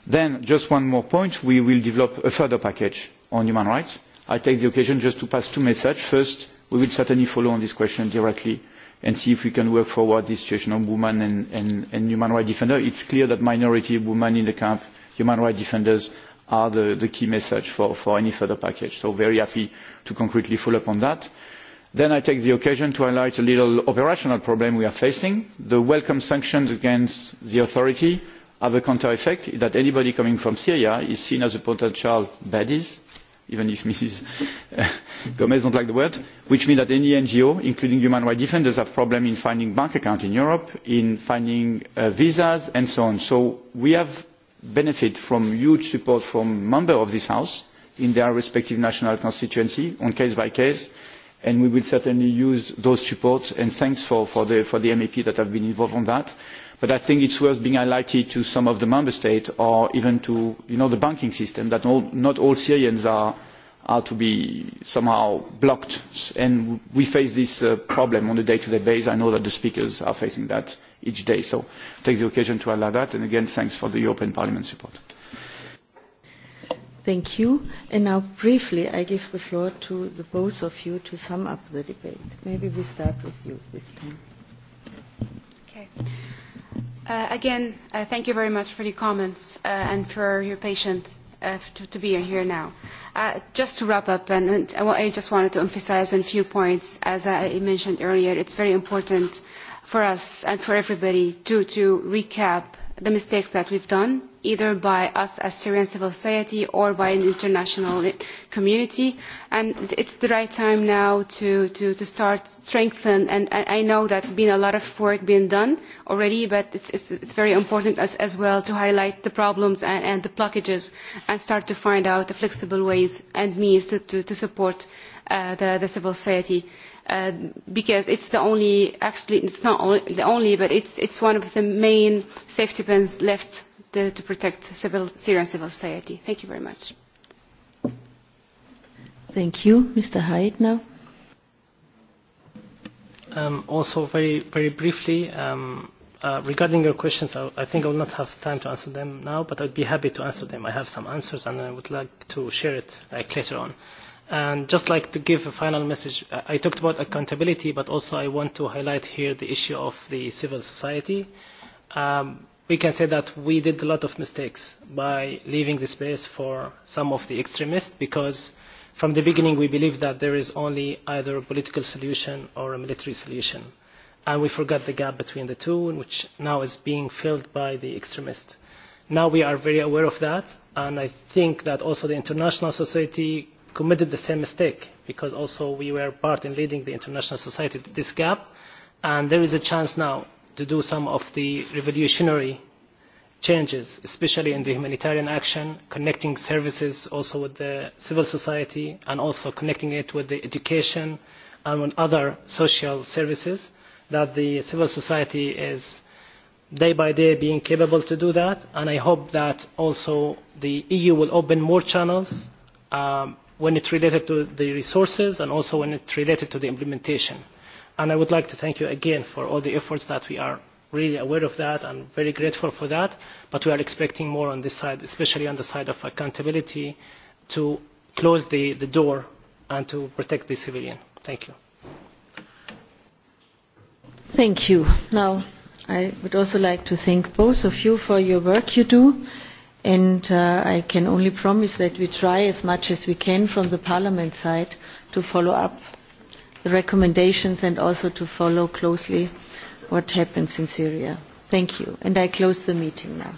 Then, just one more point, we will develop a further package on human rights. I take the occasion just to pass two messages. First, we will certainly follow on this question directly and see if we can work forward the situation of women and human rights defenders. It is clear that minority women in the camp, human rights defenders, are the key message for any further package. So very happy to concretely follow up on that. Then I take the occasion to highlight a little operational problem we are facing. The welcome sanctions against the authority have a counter effect that anybody coming from Syria is seen as a potential baddies, even if Mrs. Gomez don't like the word, which means that any NGO, including human rights defenders, have problems in finding bank accounts in Europe, in finding visas, and so on. So we have benefit from huge support from members of this House in their respective national constituency on case by case, and we will certainly use those supports and thanks for the MEPs that have been involved on that. But I think it's worth being highlighted to some of the member states or even to the banking system that not all Syrians are to be somehow blocked, and we face this problem on a day-to-day basis. I know that the speakers are facing that each day. So take the occasion to allow that. And again, thanks for the European Parliament support. Thank you. And now briefly, I give the floor to the both of you to sum up the debate. Maybe we start with you this time. Okay. Again, thank you very much for the comments and for your patience to be here now. Just to wrap up, and I just wanted to emphasize a few points. As I mentioned earlier, it's very important for us and for everybody to recap the mistakes that we've done, either by us as Syrian civil society or by an international community. And it's the right time now to start strengthen. And I know that there's been a lot of work being done already, but it's very important as well to highlight the problems and the blockages and start to find out the flexible ways and means to support the civil society because it's the only, actually it's not the only, but it's one of the main safety pins left to protect Syrian civil society. Thank you very much. Thank you. Mr. Hyde now. Also very very briefly, regarding your questions, I think I will not have time to answer them now, but I would be happy to answer them. I have some answers and I would like to share it later on. And just like to give a final message, I talked about accountability, but also I want to highlight here the issue of the civil society. We can say that we did a lot of mistakes by leaving the space for some of the extremists, because from the beginning we believed that there is only either a political solution or a military solution, and we forgot the gap between the two, which now is being filled by the extremists. Now we are very aware of that, and I think that also the international society committed the same mistake because also we were part in leading the international society to this gap and there is a chance now to do some of the revolutionary changes, especially in the humanitarian action, connecting services also with the civil society and also connecting it with the education and with other social services that the civil society is day by day being capable to do that and I hope that also the EU will open more channels when it related to the resources and also when it related to the implementation. And I would like to thank you again for all the efforts that we are really aware of that and very grateful for that, but we are expecting more on this side, especially on the side of accountability, to close the door and to protect the civilian. Thank you. Thank you. Now, I would also like to thank both of you for your work you do and I can only promise that we try as much as we can from the Parliament side to follow up the recommendations and also to follow closely what happens in Syria. Thank you, and I close the meeting now.